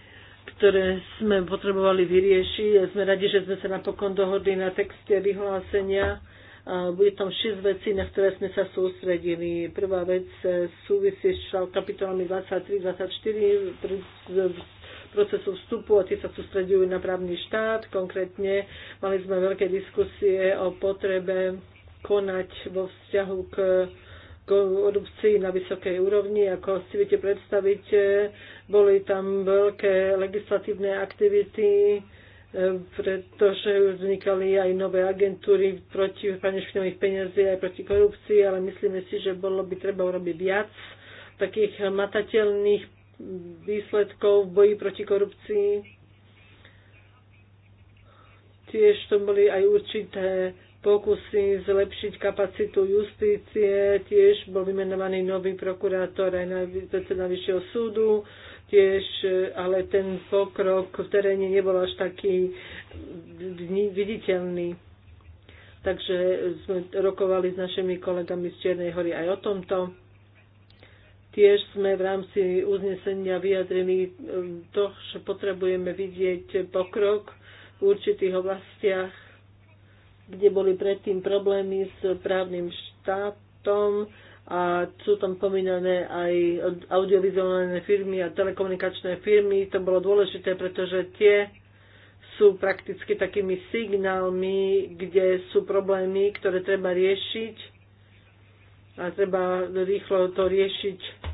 ktoré sme potrebovali vyriešiť. A sme radi, že sme sa napokon dohodli na texte vyhlásenia. A bude tam šesť vecí, na ktoré sme sa sústredili. Prvá vec e, súvisí s kapitolami 23-24 procesu vstupu a tie sa sústredujú na právny štát. Konkrétne mali sme veľké diskusie o potrebe konať vo vzťahu k korupcii na vysokej úrovni, ako si viete predstaviť, boli tam veľké legislatívne aktivity, pretože vznikali aj nové agentúry proti praniu špinavých peniazí aj proti korupcii, ale myslíme si, že bolo by treba urobiť viac takých matateľných výsledkov v boji proti korupcii. Tiež to boli aj určité pokusy zlepšiť kapacitu justície, tiež bol vymenovaný nový prokurátor aj na predseda vyššieho súdu, tiež, e, ale ten pokrok v teréne nebol až taký viditeľný. Takže sme rokovali s našimi kolegami z Čiernej hory aj o tomto. Tiež sme v rámci uznesenia vyjadrení e, to, že potrebujeme vidieť pokrok v určitých oblastiach, kde boli predtým problémy s právnym štátom a sú tam pomínané aj audiovizuálne firmy a telekomunikačné firmy. To bolo dôležité, pretože tie sú prakticky takými signálmi, kde sú problémy, ktoré treba riešiť a treba rýchlo to riešiť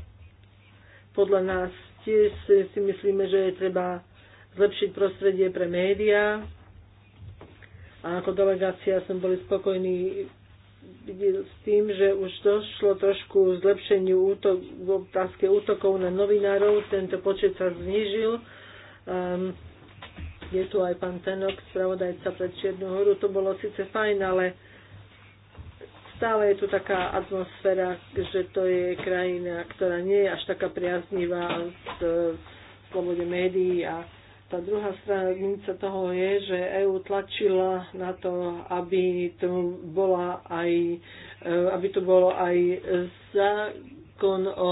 podľa nás tiež si myslíme, že je treba zlepšiť prostredie pre médiá. A ako delegácia sme boli spokojní s tým, že už došlo trošku zlepšeniu útok, v otázke útokov na novinárov. Tento počet sa znižil. Um, ehm, je tu aj pán Tenok, spravodajca pred Čiernu horu. To bolo síce fajn, ale stále je tu taká atmosféra, že to je krajina, ktorá nie je až taká priaznivá v slobode médií a tá druhá stranica toho je, že EU tlačila na to, aby to, bola aj, e, aby to bolo aj zákon o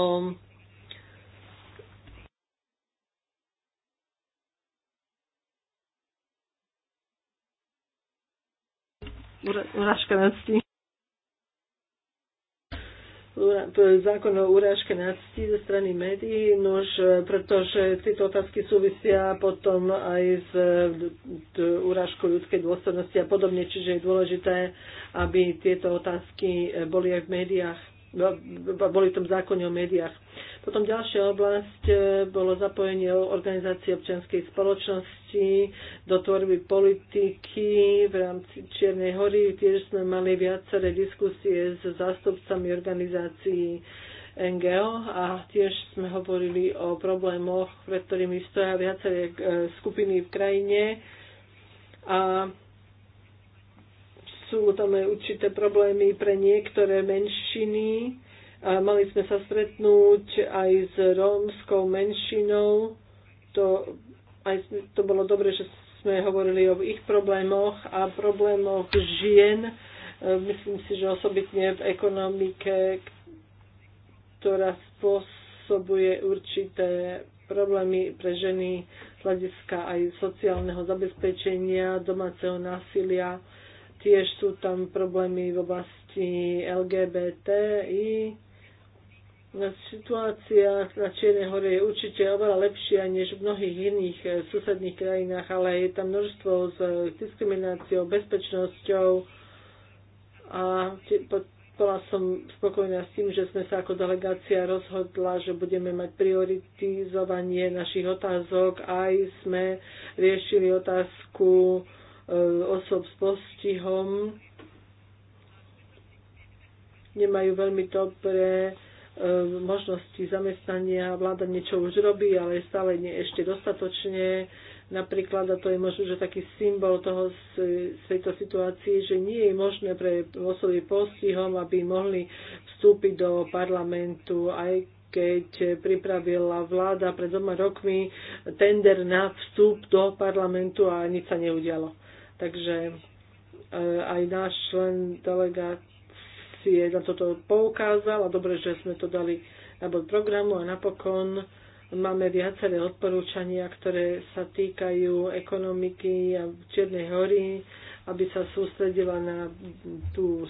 cti zákon o urážke na cti ze strany médií, nož, e, pretože tieto otázky súvisia potom aj s e, urážkou ľudskej dôstojnosti a podobne, čiže je dôležité, aby tieto otázky e, boli aj v médiách No, boli v tom zákone o médiách. Potom ďalšia oblasť e, bolo zapojenie organizácie občianskej spoločnosti do tvorby politiky v rámci Čiernej hory. Tiež sme mali viaceré diskusie s zástupcami organizácií NGO a tiež sme hovorili o problémoch, pred ktorými stoja viaceré e, skupiny v krajine. A sú tam aj určité problémy pre niektoré menšiny. Mali sme sa stretnúť aj s rómskou menšinou. To, aj, to bolo dobre, že sme hovorili o ich problémoch a problémoch žien. E, myslím si, že osobitne v ekonomike, ktorá spôsobuje určité problémy pre ženy z hľadiska aj sociálneho zabezpečenia, domáceho násilia Tiež sú tam problémy v oblasti LGBTI. Situácia na Čiernej hore je určite oveľa lepšia než v mnohých iných eh, susedných krajinách, ale je tam množstvo s eh, diskrimináciou, bezpečnosťou a bola som spokojná s tým, že sme sa ako delegácia rozhodla, že budeme mať prioritizovanie našich otázok. Aj sme riešili otázku E, osob s postihom nemajú veľmi dobré e, možnosti zamestnania. Vláda niečo už robí, ale stále nie ešte dostatočne. Napríklad, a to je možno že taký symbol toho z situácii, že nie je možné pre osoby postihom, aby mohli vstúpiť do parlamentu, aj keď pripravila vláda pred dvoma rokmi tender na vstup do parlamentu a nič sa neudialo. Takže e, aj náš člen delegácie na toto poukázal a dobre, že sme to dali na bod programu a napokon máme viaceré odporúčania, ktoré sa týkajú ekonomiky a Čiernej hory, aby sa sústredila na tú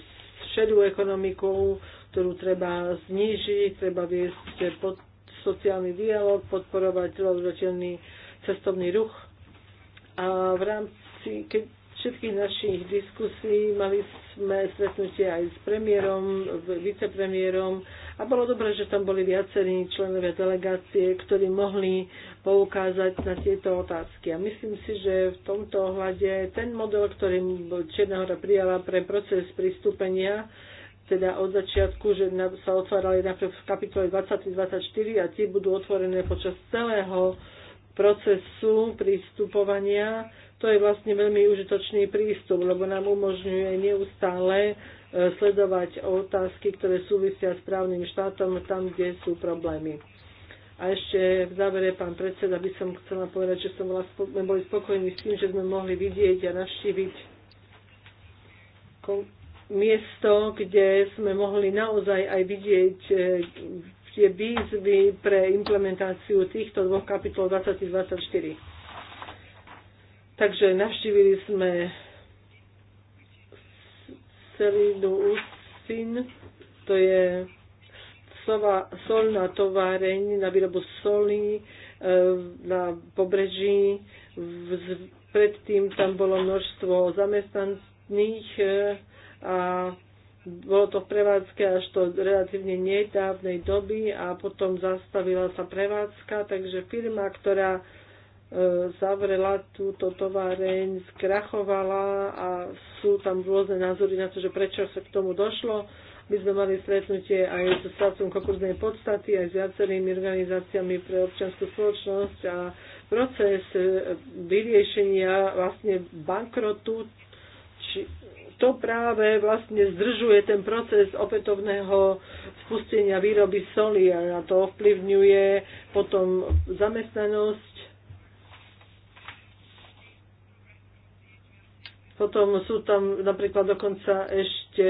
šedú ekonomiku, ktorú treba znížiť, treba viesť pod sociálny dialog, podporovať celozročený cestovný ruch. A v rámci, keď všetkých našich diskusí, mali sme stretnutie aj s premiérom, vicepremiérom a bolo dobré, že tam boli viacerí členovia delegácie, ktorí mohli poukázať na tieto otázky. A myslím si, že v tomto ohľade ten model, ktorý Čierna hora prijala pre proces pristúpenia, teda od začiatku, že sa otvárali najprv v kapitole 20.24 a tie budú otvorené počas celého procesu pristupovania to je vlastne veľmi užitočný prístup, lebo nám umožňuje neustále e, sledovať otázky, ktoré súvisia s právnym štátom tam, kde sú problémy. A ešte v závere, pán predseda, by som chcela povedať, že som bola, sme boli spokojní s tým, že sme mohli vidieť a navštíviť miesto, kde sme mohli naozaj aj vidieť e, tie výzvy pre implementáciu týchto dvoch kapitol 2024. Takže navštívili sme do Usin, to je sova, solná továreň na výrobu soli e, na pobreží. Predtým tam bolo množstvo zamestnaných e, a bolo to v prevádzke až do relatívne nedávnej doby a potom zastavila sa prevádzka, takže firma, ktorá zavrela túto továreň, skrachovala a sú tam rôzne názory na to, že prečo sa k tomu došlo. My sme mali stretnutie aj so stavcom kokurznej podstaty, aj s viacerými organizáciami pre občianskú spoločnosť a proces e, vyriešenia vlastne bankrotu, či, to práve vlastne zdržuje ten proces opätovného spustenia výroby soli a to ovplyvňuje potom zamestnanosť Potom sú tam napríklad dokonca ešte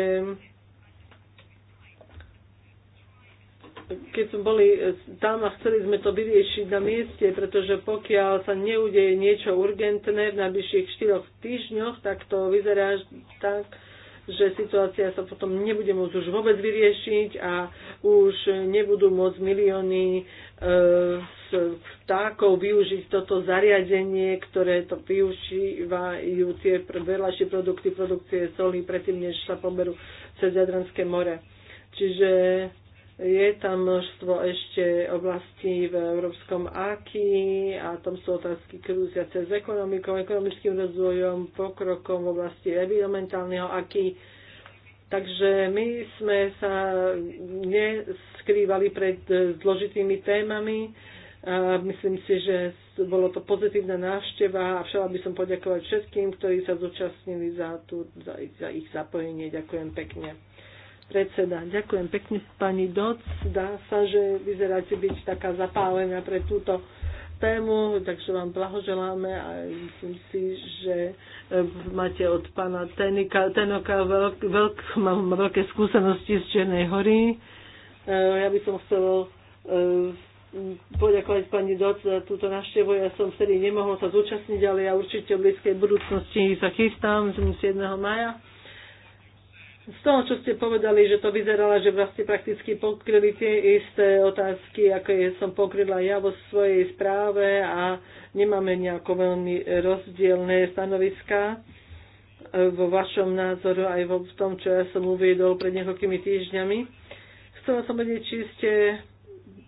keď sme boli tam a chceli sme to vyriešiť na mieste, pretože pokiaľ sa neudeje niečo urgentné v najbližších 4 týždňoch, tak to vyzerá tak, že situácia sa potom nebude môcť už vôbec vyriešiť a už nebudú môcť milióny e, vtákov využiť toto zariadenie, ktoré to využívajú tie vedľajšie produkty produkcie soli predtým, než sa poberú cez Jadranské more. Čiže je tam množstvo ešte oblastí v európskom AKI a tam sú otázky krúziace s ekonomikou, ekonomickým rozvojom, pokrokom v oblasti environmentálneho AKI. Takže my sme sa neskrývali pred zložitými témami. A myslím si, že bolo to pozitívna návšteva a všela by som poďakovať všetkým, ktorí sa zúčastnili za, tú, za, za ich zapojenie. Ďakujem pekne predseda. Ďakujem pekne pani Doc. Dá sa, že vyzeráte byť taká zapálená pre túto tému, takže vám blahoželáme a myslím si, že e, máte od pána Tenika, Tenoka veľk, veľk, mám veľké skúsenosti z Černej hory. E, ja by som chcel e, poďakovať pani Doc za túto návštevu. Ja som vtedy nemohol sa zúčastniť, ale ja určite v blízkej budúcnosti sa chystám z 7. maja z toho, čo ste povedali, že to vyzerala, že vlastne prakticky pokryli tie isté otázky, ako je, som pokryla ja vo svojej správe a nemáme nejako veľmi rozdielne stanoviská e, vo vašom názoru aj v tom, čo ja som uviedol pred niekoľkými týždňami. Chcela som vedieť, či ste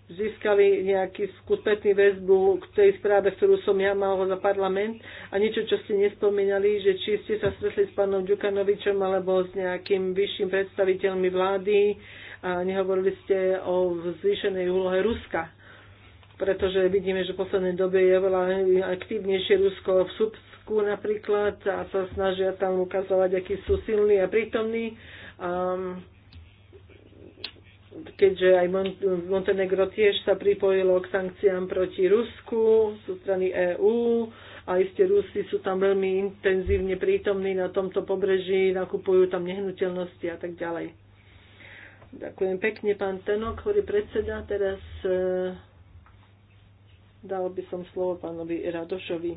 získali nejaký spätný väzbu k tej správe, ktorú som ja mal za parlament a niečo, čo ste nespomínali, že či ste sa stretli s pánom Ďukanovičom alebo s nejakým vyšším predstaviteľmi vlády a nehovorili ste o zvýšenej úlohe Ruska pretože vidíme, že v poslednej dobe je veľa aktívnejšie Rusko v Subsku napríklad a sa snažia tam ukazovať, akí sú silní a prítomní. Um, keďže aj Montenegro tiež sa pripojilo k sankciám proti Rusku zo strany EÚ a iste Rusi sú tam veľmi intenzívne prítomní na tomto pobreží, nakupujú tam nehnuteľnosti a tak ďalej. Ďakujem pekne, pán Tenok, ktorý predseda. Teraz e, dal by som slovo pánovi Radošovi.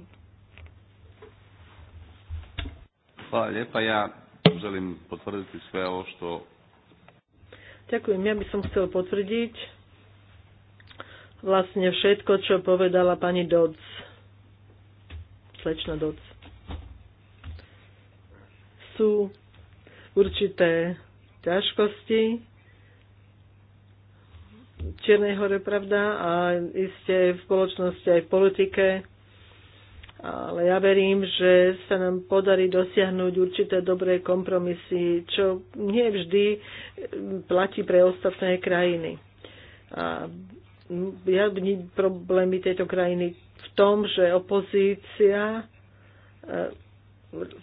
Hvala lijepa. Ja želim potvrditi sve ovo što Ďakujem. Ja by som chcel potvrdiť vlastne všetko, čo povedala pani Doc. Slečna Doc. Sú určité ťažkosti v Čiernej hore, pravda, a iste v spoločnosti aj v politike ale ja verím, že sa nám podarí dosiahnuť určité dobré kompromisy, čo nie vždy mm, platí pre ostatné krajiny. A ja problémy tejto krajiny v tom, že opozícia e,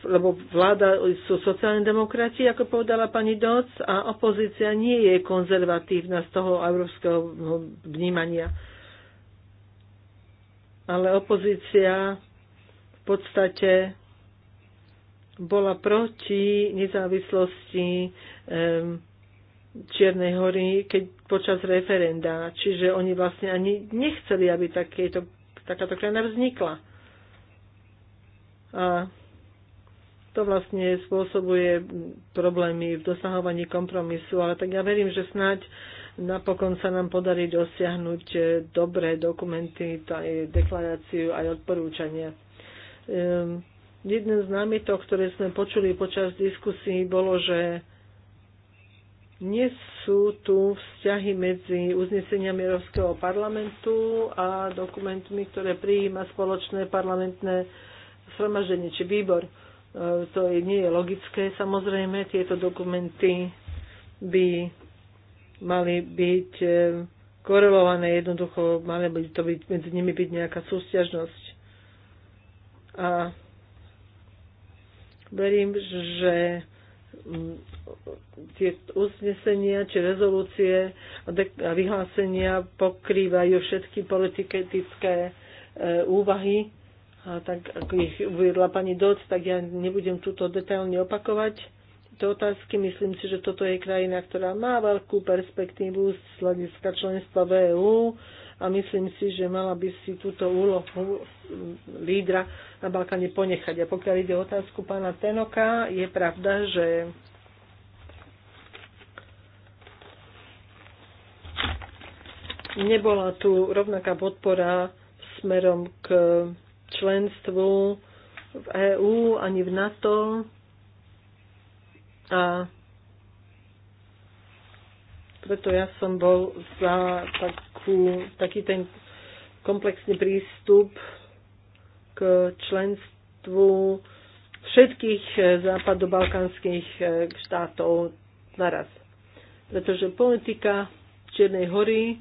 lebo vláda sú sociálne demokrati, ako povedala pani Doc, a opozícia nie je konzervatívna z toho európskeho vnímania. Ale opozícia podstate bola proti nezávislosti um, Čiernej hory keď, počas referenda. Čiže oni vlastne ani nechceli, aby takéto, takáto krajina vznikla. A to vlastne spôsobuje problémy v dosahovaní kompromisu, ale tak ja verím, že snáď napokon sa nám podarí dosiahnuť eh, dobré dokumenty, eh, deklaráciu aj odporúčania. Jeden z námietok, ktoré sme počuli počas diskusí, bolo, že nie sú tu vzťahy medzi uzneseniami Európskeho parlamentu a dokumentmi, ktoré prijíma spoločné parlamentné sromaženie či výbor. E, to nie je logické. Samozrejme, tieto dokumenty by mali byť e, korelované, jednoducho mali by to byť, medzi nimi byť nejaká súťažnosť a verím, že mm, tie uznesenia či rezolúcie a vyhlásenia pokrývajú všetky politické e, úvahy. A tak ako ich uviedla pani Doc, tak ja nebudem túto detailne opakovať tieto otázky. Myslím si, že toto je krajina, ktorá má veľkú perspektívu z hľadiska členstva v e a myslím si, že mala by si túto úlohu lídra na Balkáne ponechať. A pokiaľ ide o otázku pána Tenoka, je pravda, že nebola tu rovnaká podpora smerom k členstvu v EÚ ani v NATO. A preto ja som bol za takú, taký ten komplexný prístup k členstvu všetkých eh, západobalkánskych eh, štátov naraz. Pretože politika Čiernej hory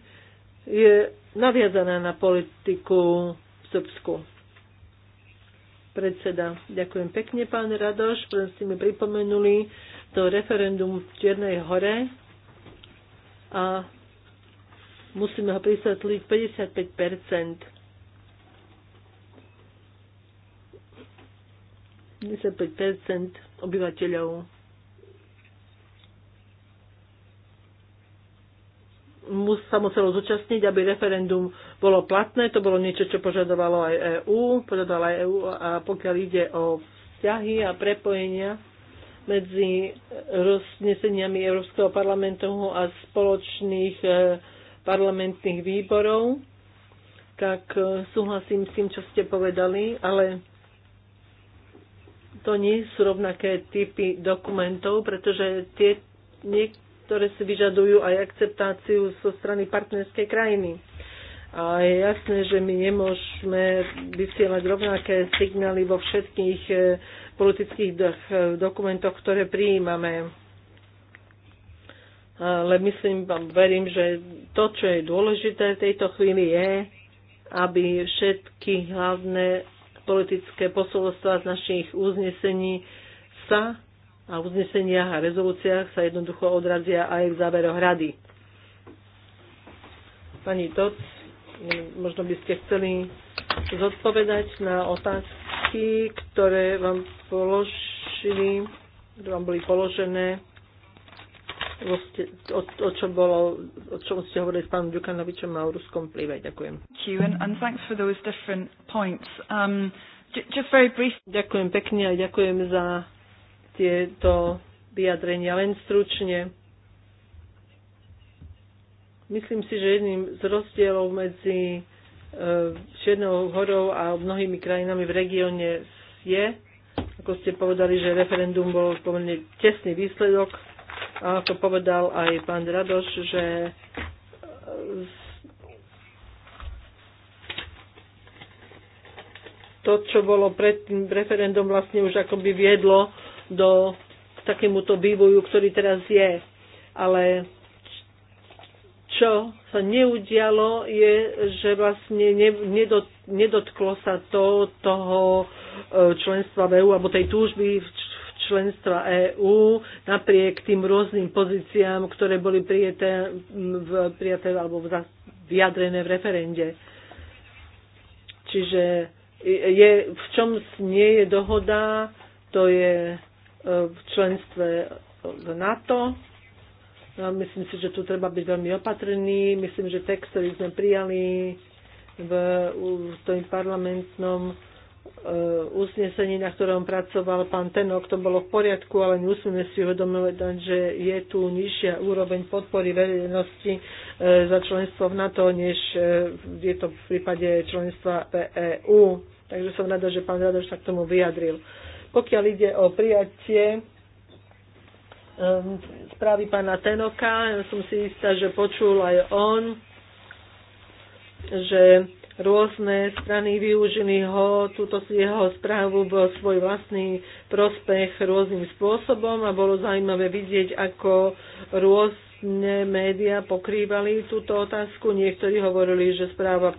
je naviazaná na politiku v Srbsku. Predseda, ďakujem pekne, pán Radoš, že ste mi pripomenuli to referendum v Čiernej hore a musíme ho prisvetliť 55 75 obyvateľov sa muselo zúčastniť, aby referendum bolo platné. To bolo niečo, čo požadovalo aj EÚ, požadovala aj EÚ a pokiaľ ide o vzťahy a prepojenia medzi rozneseniami Európskeho parlamentu a spoločných e, parlamentných výborov, tak e, súhlasím s tým, čo ste povedali, ale to nie sú rovnaké typy dokumentov, pretože tie niektoré si vyžadujú aj akceptáciu zo strany partnerskej krajiny. A je jasné, že my nemôžeme vysielať rovnaké signály vo všetkých e, politických e, dokumentoch, ktoré prijímame. Ale myslím, verím, že to, čo je dôležité v tejto chvíli, je, aby všetky hlavné politické posolstva z našich uznesení sa a uzneseniach a rezolúciách sa jednoducho odrazia aj v záveroch rady. Pani Toc, možno by ste chceli zodpovedať na otázky, ktoré vám položili, ktoré vám boli položené. Vlastne o, o, čom bolo, o čom ste hovorili s pánom Ďukanovičom a o ruskom plive. Ďakujem. Um, ďakujem pekne a ďakujem za tieto vyjadrenia. Len stručne. Myslím si, že jedným z rozdielov medzi e, Čiernou horou a mnohými krajinami v regióne je, ako ste povedali, že referendum bol pomerne tesný výsledok, a ako povedal aj pán Radoš, že to, čo bolo pred tým referendum, vlastne už akoby viedlo do takémuto vývoju, ktorý teraz je. Ale čo sa neudialo, je, že vlastne nedot, nedotklo sa to toho e, členstva v EU, alebo tej túžby členstva EÚ napriek tým rôznym pozíciám, ktoré boli prijaté, v, prijaté alebo vyjadrené v referende. Čiže je, v čom nie je dohoda, to je e, v členstve v NATO. No, myslím si, že tu treba byť veľmi opatrný. Myslím, že text, ktorý sme prijali v, v tom parlamentnom Eh, uznesení, na ktorom pracoval pán Tenok, to bolo v poriadku, ale musíme si uvedomovať, že je tu nižšia úroveň podpory verejnosti eh, za členstvo v NATO, než eh, je to v prípade členstva EU. Takže som rada, že pán Radoš sa k tomu vyjadril. Pokiaľ ide o prijatie správy pána Tenoka, ja som si istá, že počul aj on, že rôzne strany využili ho, túto jeho správu vo svoj vlastný prospech rôznym spôsobom a bolo zaujímavé vidieť, ako rôzne médiá pokrývali túto otázku. Niektorí hovorili, že správa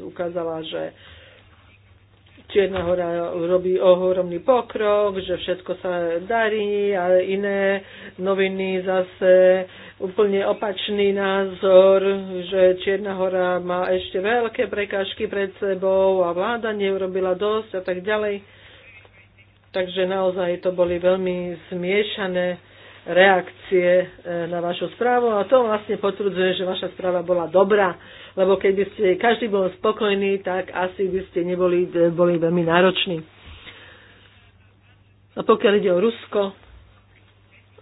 ukázala, že Čierna hora robí ohromný pokrok, že všetko sa darí a iné noviny zase úplne opačný názor, že Čierna hora má ešte veľké prekážky pred sebou a vláda neurobila dosť a tak ďalej. Takže naozaj to boli veľmi zmiešané reakcie eh, na vašu správu a to vlastne potvrdzuje, že vaša správa bola dobrá lebo keby ste každý bol spokojný, tak asi by ste neboli boli veľmi nároční. A pokiaľ ide o Rusko,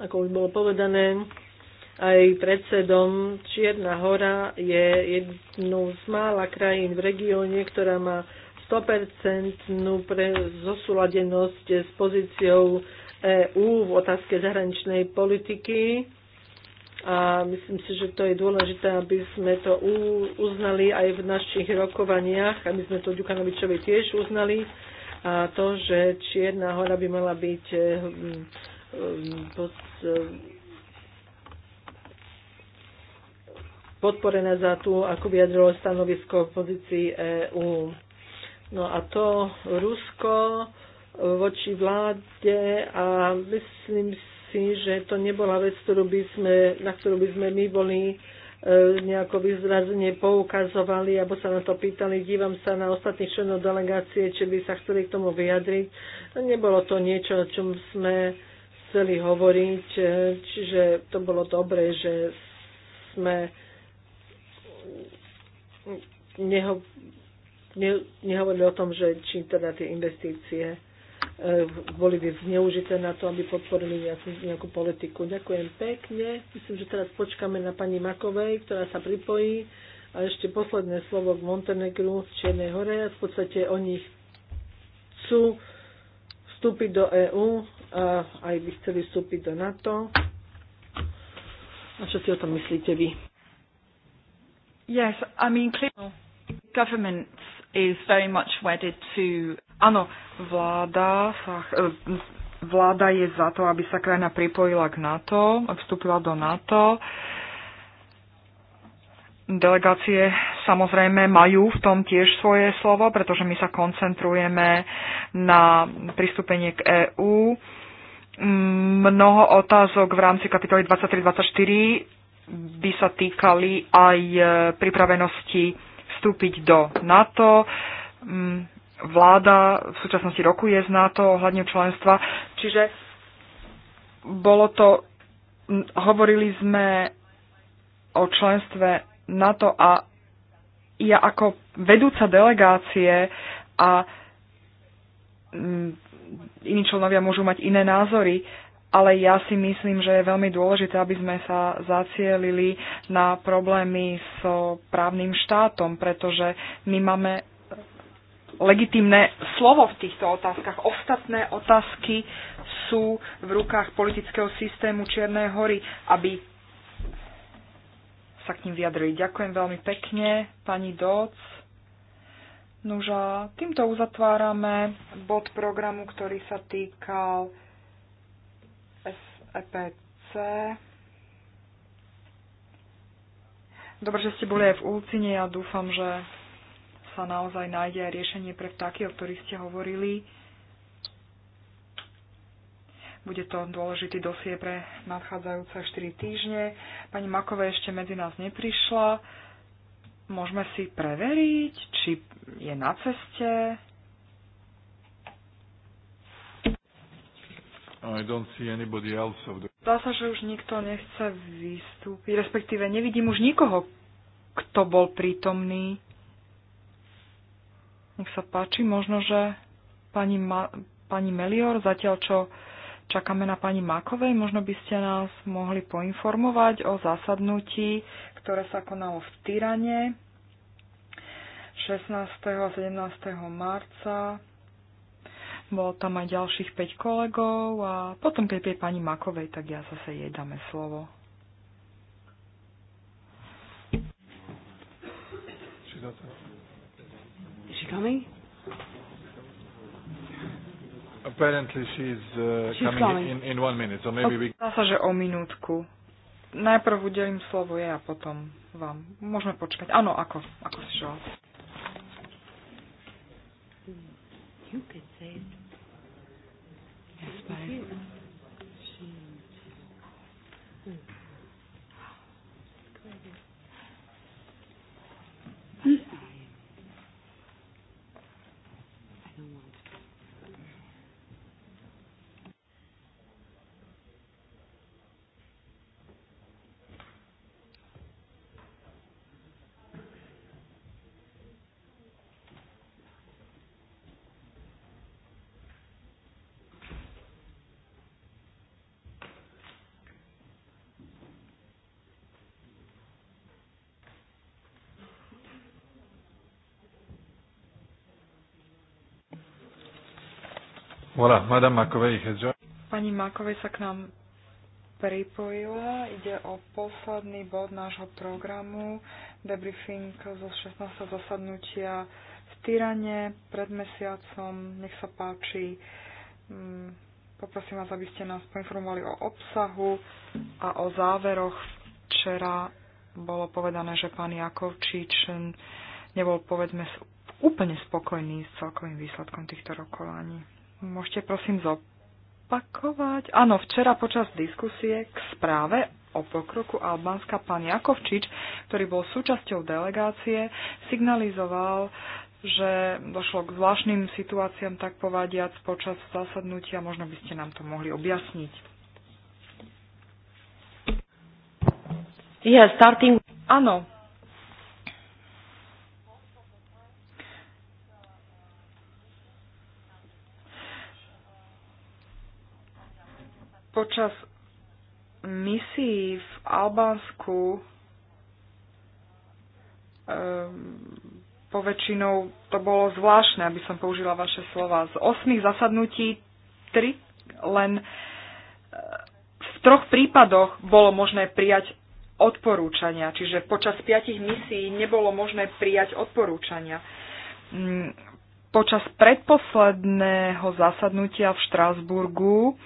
ako už bolo povedané, aj predsedom Čierna hora je jednou z mála krajín v regióne, ktorá má 100% pre zosúladenosť s pozíciou EÚ v otázke zahraničnej politiky a myslím si, že to je dôležité, aby sme to uznali aj v našich rokovaniach, aby sme to Ďukanovičovi tiež uznali a to, že Čierna hora by mala byť eh, hm, hm, eh, podporená za tú, ako vyjadrilo stanovisko v pozícii EÚ. No a to Rusko eh, voči vláde a myslím si, si, že to nebola vec, ktorú by sme, na ktorú by sme my boli e, nejako vyzrazne poukazovali alebo sa na to pýtali. Dívam sa na ostatných členov delegácie, či by sa chceli k tomu vyjadriť. Nebolo to niečo, o čom sme chceli hovoriť, e, čiže to bolo dobré, že sme neho, ne, nehovorili o tom, že či teda tie investície E, boli by zneužité na to, aby podporili nejakú, nejakú politiku. Ďakujem pekne. Myslím, že teraz počkáme na pani Makovej, ktorá sa pripojí. A ešte posledné slovo k Montenegru z Čiernej hore. V podstate oni chcú vstúpiť do EÚ a aj by chceli vstúpiť do NATO. A čo si o tom myslíte vy? Yes, I mean, clearly government is very much wedded to... Áno, Vláda, sa, e, vláda je za to, aby sa krajina pripojila k NATO, vstúpila do NATO. Delegácie samozrejme majú v tom tiež svoje slovo, pretože my sa koncentrujeme na pristúpenie k EÚ. Mnoho otázok v rámci kapitoly 23-24 by sa týkali aj e, pripravenosti vstúpiť do NATO. Mm, vláda v súčasnosti rokuje z NATO ohľadne členstva. Čiže bolo to, hovorili sme o členstve NATO a ja ako vedúca delegácie a iní členovia môžu mať iné názory, ale ja si myslím, že je veľmi dôležité, aby sme sa zacielili na problémy s so právnym štátom, pretože my máme legitimné slovo v týchto otázkach. Ostatné otázky sú v rukách politického systému Čiernej hory, aby sa k ním vyjadrili. Ďakujem veľmi pekne, pani Doc. Nuža, týmto uzatvárame bod programu, ktorý sa týkal SEPC. Dobre, že ste boli aj v Ulcine. Ja dúfam, že sa naozaj nájde aj riešenie pre vtáky, o ktorých ste hovorili. Bude to dôležitý dosie pre nadchádzajúce 4 týždne. Pani Makové ešte medzi nás neprišla. Môžeme si preveriť, či je na ceste. I don't see anybody else of the... Zdá sa, že už nikto nechce vystúpiť, respektíve nevidím už nikoho, kto bol prítomný. Nech sa páči, možno, že pani, Ma- pani Melior, zatiaľ čo čakáme na pani Makovej, možno by ste nás mohli poinformovať o zasadnutí, ktoré sa konalo v Tyrane 16. a 17. marca bolo tam aj ďalších 5 kolegov a potom, keď je pani Makovej, tak ja zase jej dáme slovo. Čiže she coming? Apparently she's, uh, she's coming, coming. In, in one minute, so maybe okay. we... Zdá sa, že o minútku. Najprv udelím slovo ja a potom vám. Môžeme počkať. Áno, ako, ako si želal. You could say it. Yes, but... Voilà, Madame Makovej Hedža. Pani Makovej sa k nám pripojila. Ide o posledný bod nášho programu, debriefing zo 16. zasadnutia v Tyrane pred mesiacom. Nech sa páči. Mm, poprosím vás, aby ste nás poinformovali o obsahu a o záveroch. Včera bolo povedané, že pán Jakovčič nebol, povedzme, úplne spokojný s celkovým výsledkom týchto rokovaní. Môžete prosím zopakovať? Áno, včera počas diskusie k správe o pokroku Albánska pán Jakovčič, ktorý bol súčasťou delegácie, signalizoval, že došlo k zvláštnym situáciám, tak povadiac, počas zasadnutia. Možno by ste nám to mohli objasniť. starting... Áno, Počas misií v Albánsku um, poväčšinou to bolo zvláštne, aby som použila vaše slova. Z osmých zasadnutí tri len e, v troch prípadoch bolo možné prijať odporúčania, čiže počas piatich misií nebolo možné prijať odporúčania. Mm, počas predposledného zasadnutia v Štrásburgu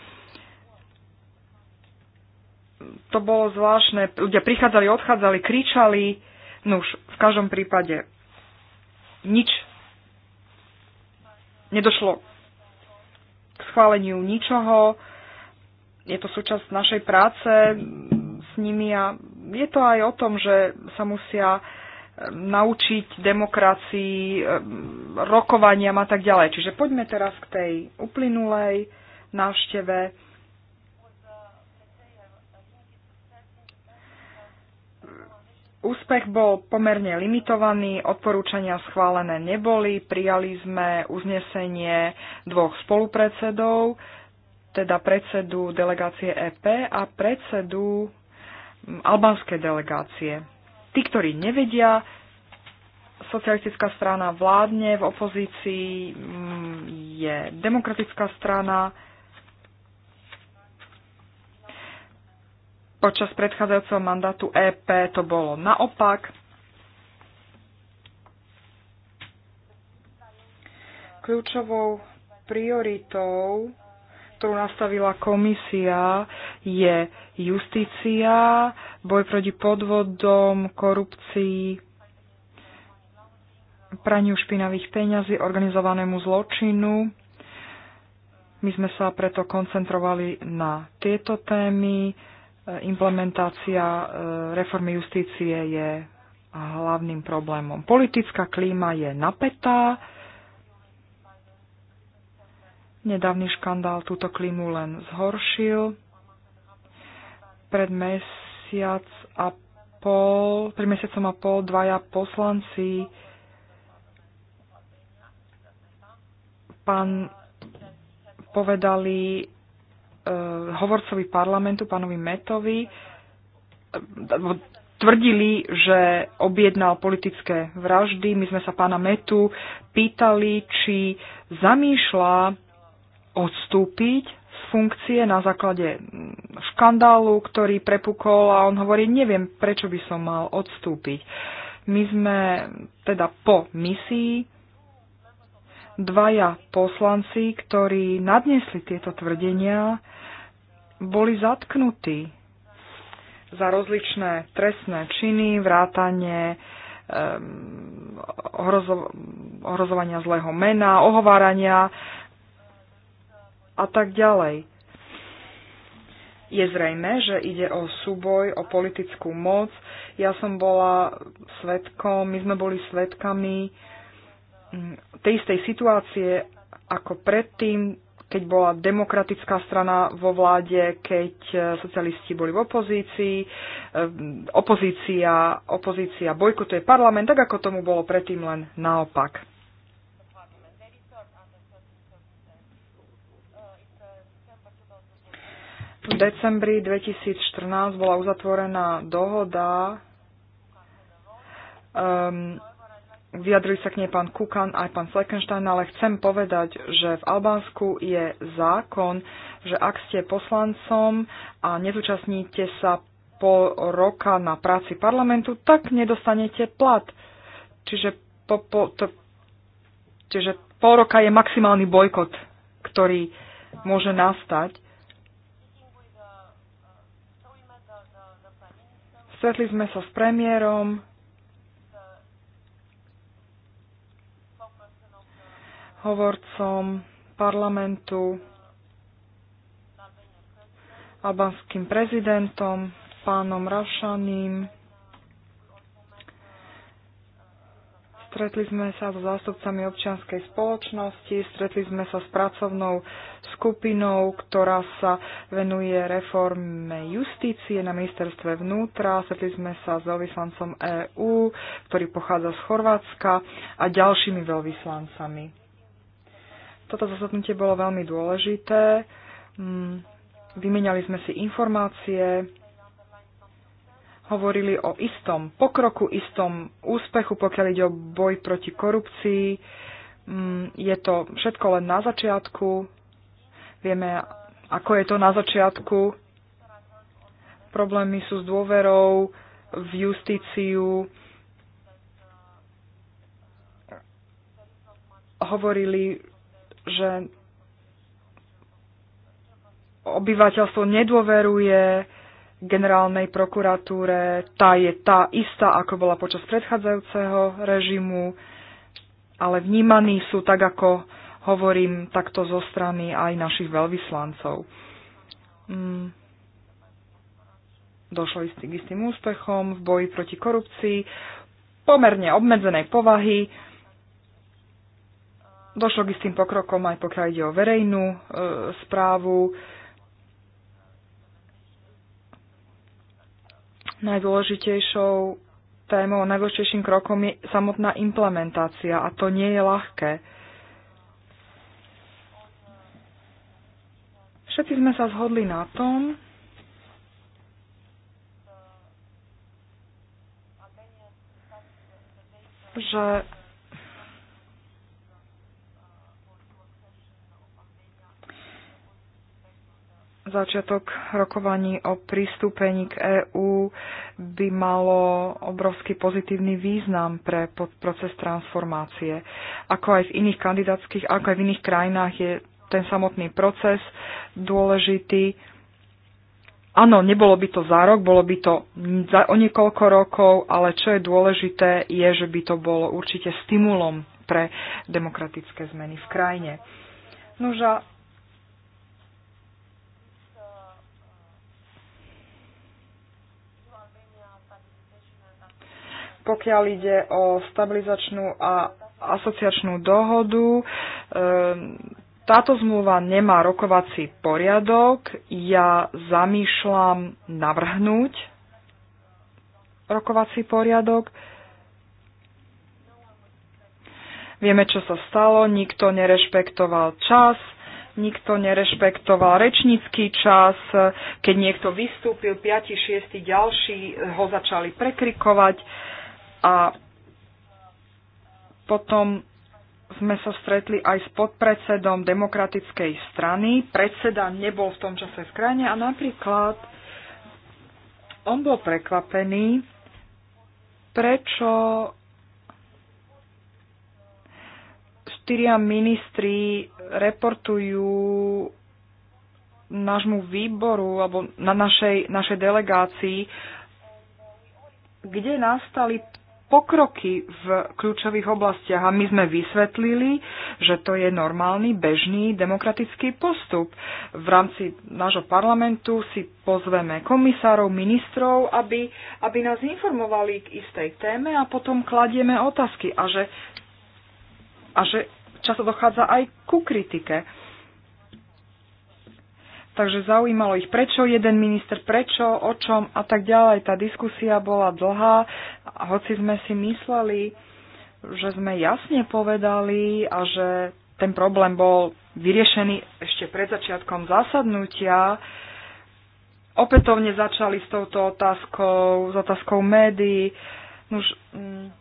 to bolo zvláštne. Ľudia prichádzali, odchádzali, kričali. No už v každom prípade nič nedošlo k schváleniu ničoho. Je to súčasť našej práce s nimi a je to aj o tom, že sa musia e, naučiť demokracii, e, rokovaniam a tak ďalej. Čiže poďme teraz k tej uplynulej návšteve Úspech bol pomerne limitovaný, odporúčania schválené neboli, prijali sme uznesenie dvoch spolupredsedov, teda predsedu delegácie EP a predsedu albanskej delegácie. Tí, ktorí nevedia, socialistická strana vládne v opozícii, je demokratická strana, Počas predchádzajúceho mandátu EP to bolo naopak. Kľúčovou prioritou, ktorú nastavila komisia, je justícia, boj proti podvodom, korupcii, praniu špinavých peňazí, organizovanému zločinu. My sme sa preto koncentrovali na tieto témy implementácia e, reformy justície je hlavným problémom. Politická klíma je napätá. Nedávny škandál túto klímu len zhoršil. Pred mesiac a pol, pred mesiacom a pol dvaja poslanci pán povedali, Eh, hovorcovi parlamentu, pánovi Metovi, eh, tvrdili, že objednal politické vraždy. My sme sa pána Metu pýtali, či zamýšľa odstúpiť z funkcie na základe mm, škandálu, ktorý prepukol a on hovorí, neviem, prečo by som mal odstúpiť. My sme teda po misii dvaja poslanci, ktorí nadnesli tieto tvrdenia, boli zatknutí za rozličné trestné činy, vrátanie ohrozo- ohrozovania zlého mena, ohovárania a tak ďalej. Je zrejme, že ide o súboj, o politickú moc. Ja som bola svetkom, my sme boli svetkami mm, tej istej situácie ako predtým, keď bola demokratická strana vo vláde, keď e, socialisti boli v opozícii, e, opozícia, opozícia bojkotuje parlament, tak ako tomu bolo predtým len naopak. V decembri 2014 bola uzatvorená dohoda um, Vyjadrili sa k nej pán Kukan aj pán Fleckenstein, ale chcem povedať, že v Albánsku je zákon, že ak ste poslancom a nezúčastníte sa pol roka na práci parlamentu, tak nedostanete plat. Čiže, po, po, to, čiže pol roka je maximálny bojkot, ktorý môže nastať. Stretli sme sa s premiérom, hovorcom parlamentu, albanským prezidentom, pánom Rašaným. Stretli sme sa so zástupcami občianskej spoločnosti, stretli sme sa s pracovnou skupinou, ktorá sa venuje reforme justície na ministerstve vnútra, stretli sme sa s veľvyslancom EÚ, ktorý pochádza z Chorvátska a ďalšími veľvyslancami. Toto zasadnutie bolo veľmi dôležité. Mm, Vymenali sme si informácie, hovorili o istom pokroku, istom úspechu, pokiaľ ide o boj proti korupcii. Mm, je to všetko len na začiatku. Vieme, ako je to na začiatku. Problémy sú s dôverou v justíciu. Hovorili že obyvateľstvo nedôveruje generálnej prokuratúre, tá je tá istá, ako bola počas predchádzajúceho režimu, ale vnímaní sú tak, ako hovorím, takto zo strany aj našich veľvyslancov. Mm. Došlo istý, k istým úspechom v boji proti korupcii, pomerne obmedzenej povahy, Došlo k istým pokrokom aj pokiaľ ide o verejnú e, správu. Najdôležitejšou témou, najdôležitejším krokom je samotná implementácia a to nie je ľahké. Všetci sme sa zhodli na tom, že začiatok rokovaní o pristúpení k EÚ by malo obrovský pozitívny význam pre proces transformácie. Ako aj v iných kandidátskych, ako aj v iných krajinách je ten samotný proces dôležitý. Áno, nebolo by to za rok, bolo by to za o niekoľko rokov, ale čo je dôležité, je, že by to bolo určite stimulom pre demokratické zmeny v krajine. Nože Pokiaľ ide o stabilizačnú a asociačnú dohodu, ehm, táto zmluva nemá rokovací poriadok. Ja zamýšľam navrhnúť rokovací poriadok. Vieme, čo sa stalo, nikto nerešpektoval čas, nikto nerešpektoval rečnícky čas, keď niekto vystúpil, 5-6 ďalší ho začali prekrikovať. A potom sme sa stretli aj s podpredsedom demokratickej strany. Predseda nebol v tom čase v krajine a napríklad on bol prekvapený, prečo štyria ministri reportujú nášmu výboru alebo na našej, našej delegácii, kde nastali pokroky v kľúčových oblastiach a my sme vysvetlili, že to je normálny, bežný demokratický postup. V rámci nášho parlamentu si pozveme komisárov, ministrov, aby, aby nás informovali k istej téme a potom kladieme otázky a že, a že často dochádza aj ku kritike. Takže zaujímalo ich, prečo jeden minister, prečo, o čom a tak ďalej. Tá diskusia bola dlhá, a hoci sme si mysleli, že sme jasne povedali a že ten problém bol vyriešený ešte pred začiatkom zasadnutia. Opätovne začali s touto otázkou, s otázkou médií. Už, mm,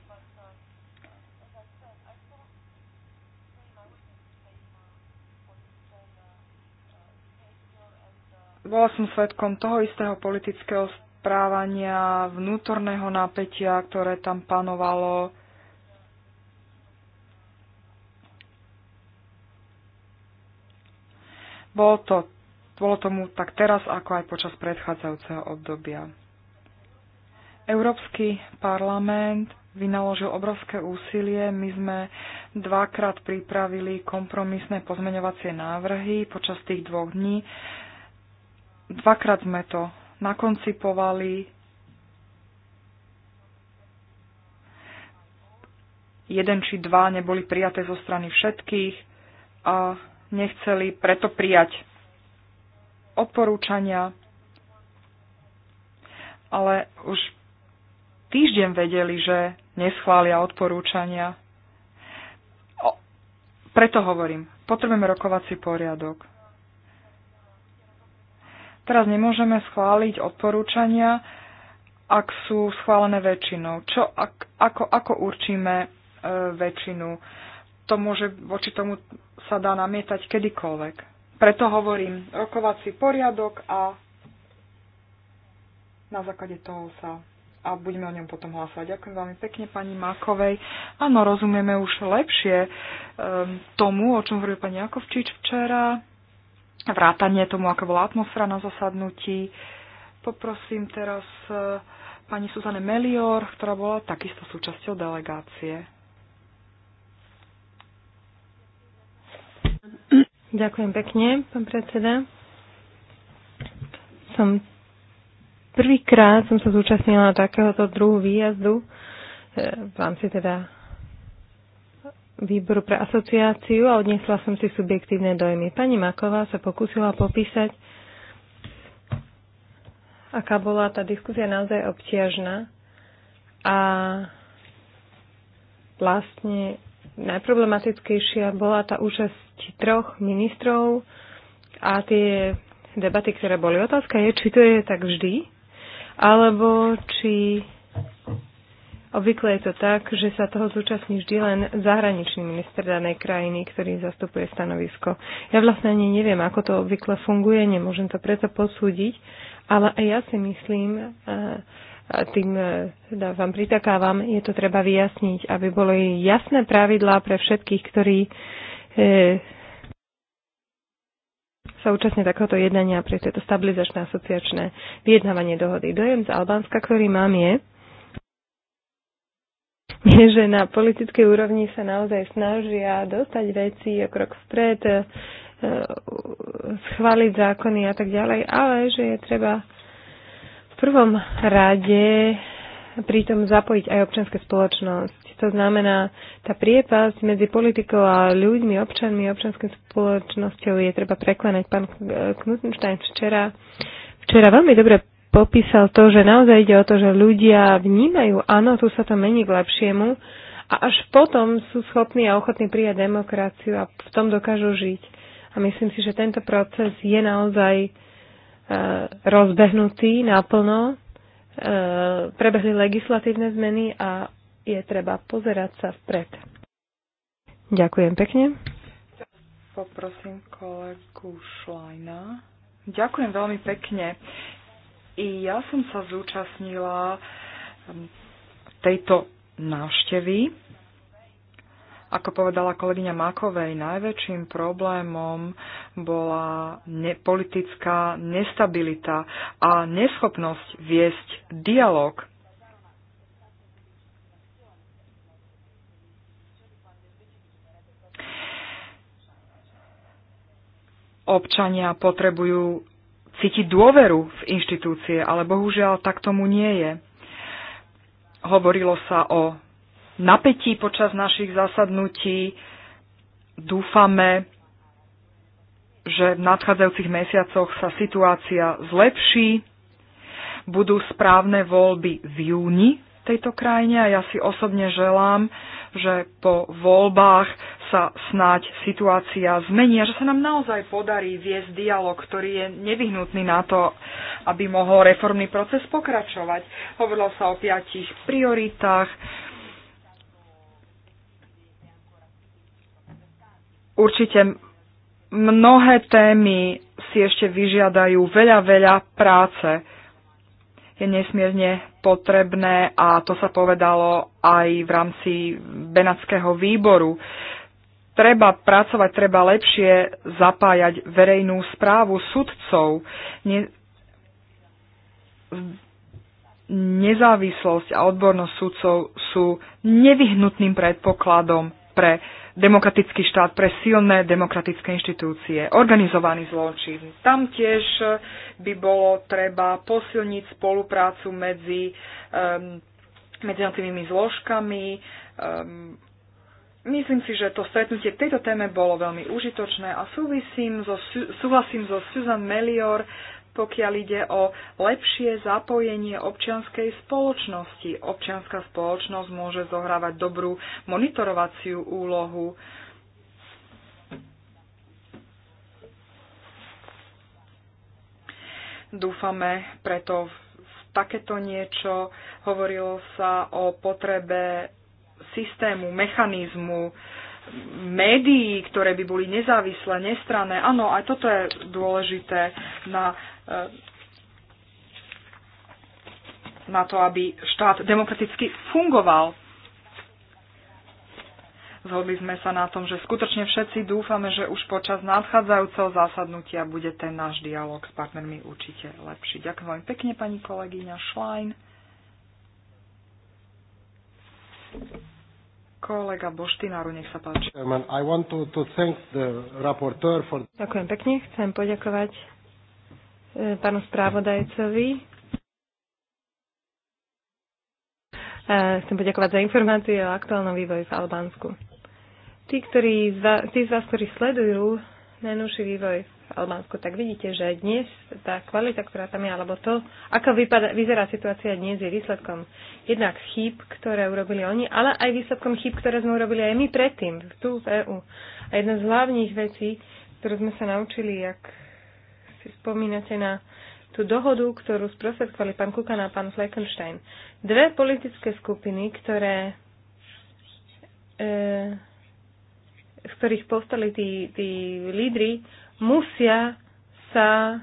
bola som svetkom toho istého politického správania, vnútorného napätia, ktoré tam panovalo. Bolo, to, bolo tomu tak teraz, ako aj počas predchádzajúceho obdobia. Európsky parlament vynaložil obrovské úsilie. My sme dvakrát pripravili kompromisné pozmeňovacie návrhy počas tých dvoch dní. Dvakrát sme to nakoncipovali. Jeden či dva neboli prijaté zo strany všetkých a nechceli preto prijať odporúčania, ale už týždeň vedeli, že neschvália odporúčania. O, preto hovorím, potrebujeme rokovací poriadok. Teraz nemôžeme schváliť odporúčania, ak sú schválené väčšinou. Čo, ak, ako, ako určíme e, väčšinu? To môže, voči tomu sa dá namietať kedykoľvek. Preto hovorím rokovací poriadok a na základe toho sa a budeme o ňom potom hlasovať. Ďakujem veľmi pekne pani Mákovej. Áno, rozumieme už lepšie e, tomu, o čom hovoril pani Jakovčič včera vrátanie tomu, aká bola atmosféra na zasadnutí. Poprosím teraz e, pani Suzane Melior, ktorá bola takisto súčasťou delegácie. Ďakujem pekne, pán predseda. Som prvýkrát som sa zúčastnila takéhoto druhu výjazdu e, v rámci teda výboru pre asociáciu a odniesla som si subjektívne dojmy. Pani Maková sa pokúsila popísať, aká bola tá diskusia naozaj obtiažná a vlastne najproblematickejšia bola tá účasť troch ministrov a tie debaty, ktoré boli. Otázka je, či to je tak vždy, alebo či Obvykle je to tak, že sa toho zúčastní vždy len zahraničný minister danej krajiny, ktorý zastupuje stanovisko. Ja vlastne ani neviem, ako to obvykle funguje, nemôžem to preto posúdiť, ale aj ja si myslím, a e, e, tým e, teda vám pritakávam, je to treba vyjasniť, aby boli jasné pravidlá pre všetkých, ktorí e, sa účastne takéhoto jednania pre tieto stabilizačné asociačné vyjednávanie dohody. Dojem z Albánska, ktorý mám je, je, že na politickej úrovni sa naozaj snažia dostať veci o krok vpred, e, schváliť zákony a tak ďalej, ale že je treba v prvom rade pritom zapojiť aj občianske spoločnosť. To znamená, tá priepasť medzi politikou a ľuďmi, občanmi a spoločnosťou je treba preklenať. Pán Knutenstein včera, včera veľmi dobre popísal to, že naozaj ide o to, že ľudia vnímajú, áno, tu sa to mení k lepšiemu a až potom sú schopní a ochotní prijať demokraciu a v tom dokážu žiť. A myslím si, že tento proces je naozaj e, rozbehnutý naplno. E, prebehli legislatívne zmeny a je treba pozerať sa vpred. Ďakujem pekne. Poprosím kolegu Šlajna. Ďakujem veľmi pekne. I ja som sa zúčastnila um, tejto návštevy. Ako povedala kolegyňa Makovej, najväčším problémom bola ne, politická nestabilita a neschopnosť viesť dialog. Občania potrebujú cítiť dôveru v inštitúcie, ale bohužiaľ tak tomu nie je. Hovorilo sa o napätí počas našich zasadnutí. Dúfame, že v nadchádzajúcich mesiacoch sa situácia zlepší. Budú správne voľby v júni v tejto krajine a ja si osobne želám, že po voľbách sa snáď situácia zmení a že sa nám naozaj podarí viesť dialog, ktorý je nevyhnutný na to, aby mohol reformný proces pokračovať. Hovorilo sa o piatich prioritách. Určite mnohé témy si ešte vyžiadajú veľa, veľa práce. Je nesmierne potrebné a to sa povedalo aj v rámci Benackého výboru treba pracovať, treba lepšie zapájať verejnú správu sudcov, ne, nezávislosť a odbornosť sudcov sú nevyhnutným predpokladom pre demokratický štát, pre silné demokratické inštitúcie, organizovaný zločin. Tam tiež eh, by bolo treba posilniť spoluprácu medzi um, medzi zložkami, um, Myslím si, že to stretnutie k tejto téme bolo veľmi užitočné a súvisím so, súhlasím so Susan Melior, pokiaľ ide o lepšie zapojenie občianskej spoločnosti. Občianská spoločnosť môže zohrávať dobrú monitorovaciu úlohu. Dúfame preto v takéto niečo. Hovorilo sa o potrebe systému, mechanizmu, médií, ktoré by boli nezávislé, nestranné. Áno, aj toto je dôležité na, eh, na to, aby štát demokraticky fungoval. Zhodli sme sa na tom, že skutočne všetci dúfame, že už počas nadchádzajúceho zásadnutia bude ten náš dialog s partnermi určite lepší. Ďakujem veľmi pekne, pani kolegyňa Schlein. Kolega Boštinaru, nech sa páči. Ďakujem pekne. Chcem poďakovať e, pánu správodajcovi. E, chcem poďakovať za informácie o aktuálnom vývoji v Albánsku. Tí, ktorí, tí z vás, ktorí sledujú najnovší vývoj v v Albánsku, tak vidíte, že dnes tá kvalita, ktorá tam je, alebo to, ako vypadá, vyzerá situácia dnes, je výsledkom jednak chýb, ktoré urobili oni, ale aj výsledkom chýb, ktoré sme urobili aj my predtým, tu v EÚ. A jedna z hlavných vecí, ktorú sme sa naučili, ak si spomínate na tú dohodu, ktorú sprostredkovali pán Kukan a pán Fleckenstein. Dve politické skupiny, ktoré e, z ktorých povstali tí, tí lídry, musia sa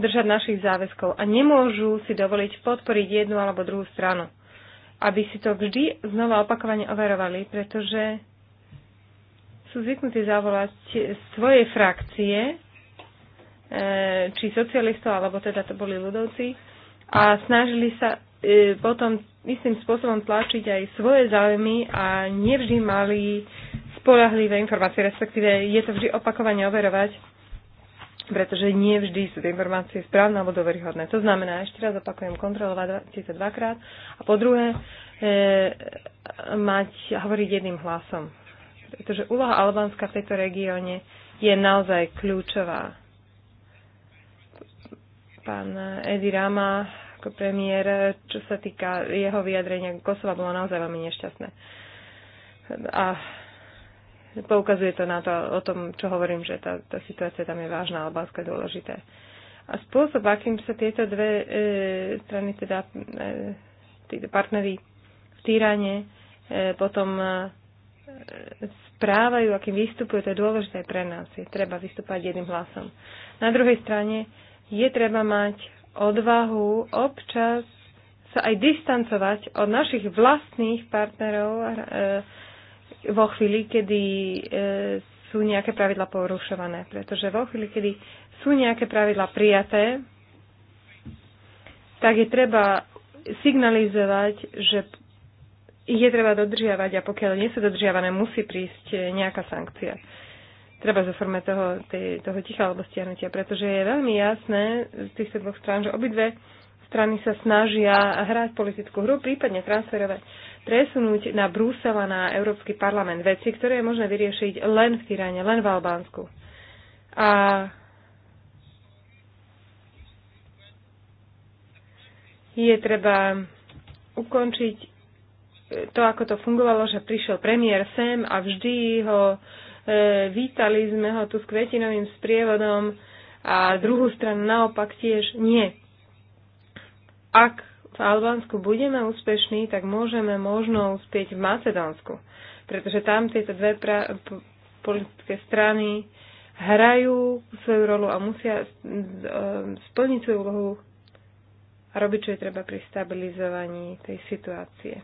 držať našich záväzkov a nemôžu si dovoliť podporiť jednu alebo druhú stranu. Aby si to vždy znova opakovane overovali, pretože sú zvyknutí zavolať svojej frakcie, e, či socialistov, alebo teda to boli ľudovci, a snažili sa e, potom istým spôsobom tlačiť aj svoje záujmy a nevždy mali spolahlivé informácie, respektíve je to vždy opakovane overovať pretože nie vždy sú tie informácie správne alebo dôveryhodné. To znamená, ešte raz opakujem, kontrolovať si to dvakrát a po druhé e, mať, hovoriť jedným hlasom. Pretože úloha Albánska v tejto regióne je naozaj kľúčová. Pán Edi Rama ako premiér, čo sa týka jeho vyjadrenia Kosova, bolo naozaj veľmi nešťastné. A poukazuje to na to, o tom, čo hovorím, že tá, tá situácia tam je vážna, alebo je dôležité. A spôsob, akým sa tieto dve e, strany, teda e, títo partnery v Týrane, e, potom e, správajú, akým vystupujú, to je dôležité pre nás. Je treba vystúpať jedným hlasom. Na druhej strane je treba mať odvahu občas sa aj distancovať od našich vlastných partnerov, e, vo chvíli, kedy e, sú nejaké pravidla porušované. Pretože vo chvíli, kedy sú nejaké pravidla prijaté, tak je treba signalizovať, že ich je treba dodržiavať a pokiaľ nie sú dodržiavané, musí prísť e, nejaká sankcia. Treba zo forme toho, tej, toho ticha alebo stiahnutia, pretože je veľmi jasné z týchto dvoch strán, že obidve strany sa snažia hrať politickú hru, prípadne transferovať presunúť na Brusel a na Európsky parlament veci, ktoré je možné vyriešiť len v Tyrane, len v Albánsku. A je treba ukončiť eh, to, ako to fungovalo, že prišiel premiér sem a vždy ho e, vítali sme ho tu s kvetinovým sprievodom a druhú stranu naopak tiež nie. Ak v Albánsku budeme úspešní, tak môžeme možno uspieť v Macedónsku. Pretože tam tieto dve pra- politické strany hrajú svoju rolu a musia splniť svoju úlohu a robiť, čo je treba pri stabilizovaní tej situácie.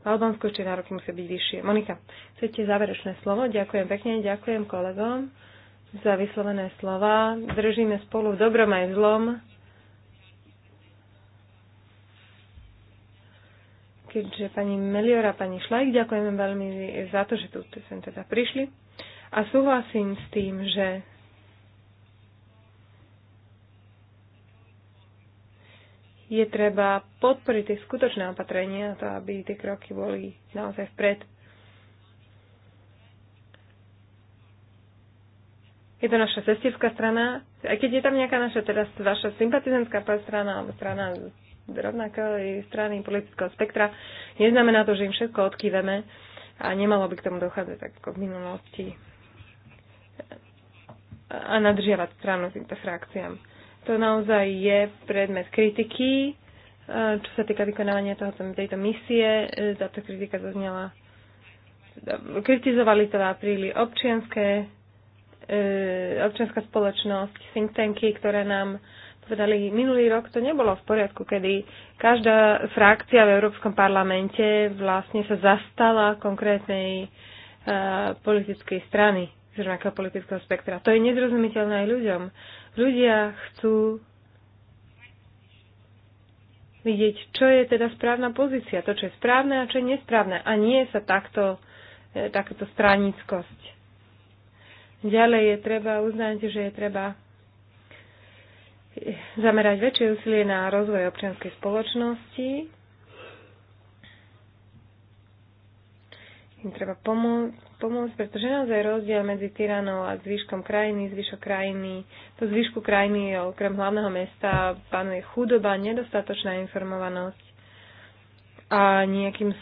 V Albánsko ešte nároky musia byť vyššie. Monika, chcete záverečné slovo? Ďakujem pekne, ďakujem kolegom za vyslovené slova. Držíme spolu v dobrom aj v zlom keďže pani Meliora, pani Šlajk, ďakujeme veľmi za to, že tu sem teda prišli. A súhlasím s tým, že je treba podporiť tie skutočné opatrenia, to aby tie kroky boli naozaj vpred. Je to naša sestierská strana, aj keď je tam nejaká naša, teda vaša sympatizentská strana alebo strana rovnakej strany politického spektra. Neznamená to, že im všetko odkýveme a nemalo by k tomu dochádzať ako v minulosti a nadržiavať stranu týmto frakciám. To naozaj je predmet kritiky, čo sa týka vykonávania tohoto, tejto misie. Táto kritika zaznela teda kritizovali to v apríli občianské, e, občianská spoločnosť, think tanky, ktoré nám povedali, minulý rok to nebolo v poriadku, kedy každá frakcia v Európskom parlamente vlastne sa zastala konkrétnej e, politickej strany z rovnakého politického spektra. To je nezrozumiteľné aj ľuďom. Ľudia chcú vidieť, čo je teda správna pozícia, to, čo je správne a čo je nesprávne. A nie sa takto, e, takáto stranickosť. Ďalej je treba uznať, že je treba zamerať väčšie úsilie na rozvoj občianskej spoločnosti. Im treba pomôcť, pomôcť, pretože naozaj rozdiel medzi Tyranou a zvyškom krajiny, zvyšok krajiny, to zvyšku krajiny okrem hlavného mesta panuje chudoba, nedostatočná informovanosť a nejakým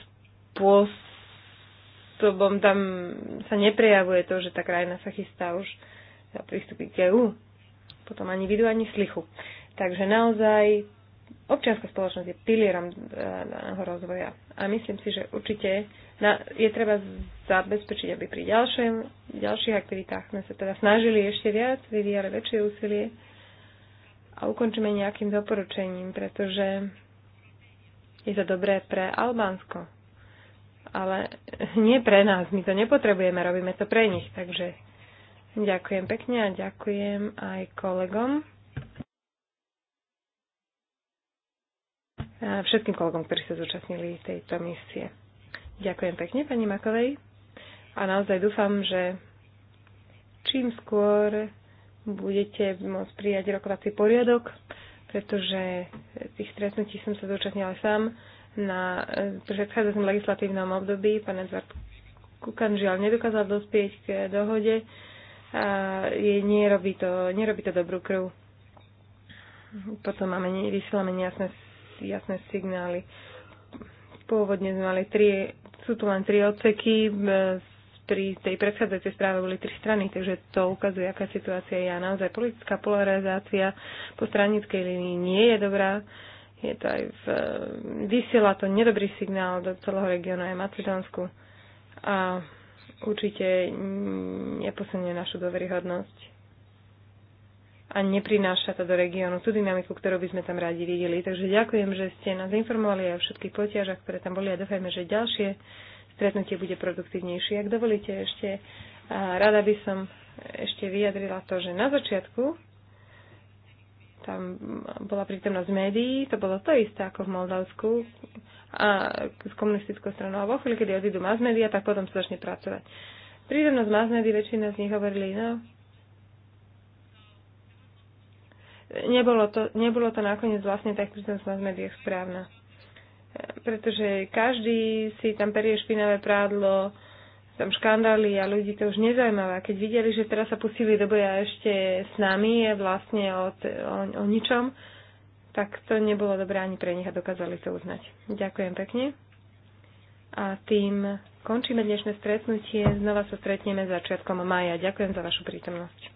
spôsobom tam sa neprejavuje to, že tá krajina sa chystá už pristúpiť k EU potom ani vidu, ani slychu. Takže naozaj občianská spoločnosť je pilierom e, daného rozvoja. A myslím si, že určite na, je treba zabezpečiť, aby pri ďalšom, ďalších aktivitách sme sa teda snažili ešte viac, vyvíjali väčšie úsilie a ukončíme nejakým doporučením, pretože je to dobré pre Albánsko. Ale nie pre nás, my to nepotrebujeme, robíme to pre nich, takže Ďakujem pekne a ďakujem aj kolegom. A všetkým kolegom, ktorí sa zúčastnili tejto misie. Ďakujem pekne pani Makovej a naozaj dúfam, že čím skôr budete môcť prijať rokovací poriadok, pretože tých stretnutí som sa zúčastnila sám na predchádzajúcom legislatívnom období. Pán Edvard Kukan žiaľ nedokázal dospieť k dohode a jej nerobí to, nerobí to dobrú krv. Potom máme, vysielame nejasné jasné signály. Pôvodne sme mali tri, sú tu len tri odseky, e, pri tej predchádzajúcej správe boli tri strany, takže to ukazuje, aká situácia je. A naozaj politická polarizácia po stranickej línii nie je dobrá. Je to aj v, vysiela to nedobrý signál do celého regiónu aj Macedónsku. A určite neposunie našu dôveryhodnosť a neprináša to do regiónu tú dynamiku, ktorú by sme tam radi videli. Takže ďakujem, že ste nás informovali aj o všetkých potiažach, ktoré tam boli a dúfajme, že ďalšie stretnutie bude produktívnejšie. Ak dovolíte ešte, rada by som ešte vyjadrila to, že na začiatku tam bola prítomnosť médií, to bolo to isté ako v Moldavsku, a s komunistickou stranou. A vo chvíli, keď odídu mass media, tak potom sa začne pracovať. Prírodnosť mass media väčšina z nich hovorili, no, nebolo to, nebolo to nakoniec vlastne tak prítomnosť z médiách správna. Pretože každý si tam perie špinavé prádlo, tam škandály a ľudí to už nezaujímavá. Keď videli, že teraz sa pustili do boja ešte s nami, je vlastne o, o, o ničom, tak to nebolo dobré ani pre nich a dokázali to uznať. Ďakujem pekne. A tým končíme dnešné stretnutie. Znova sa stretneme začiatkom maja. Ďakujem za vašu prítomnosť.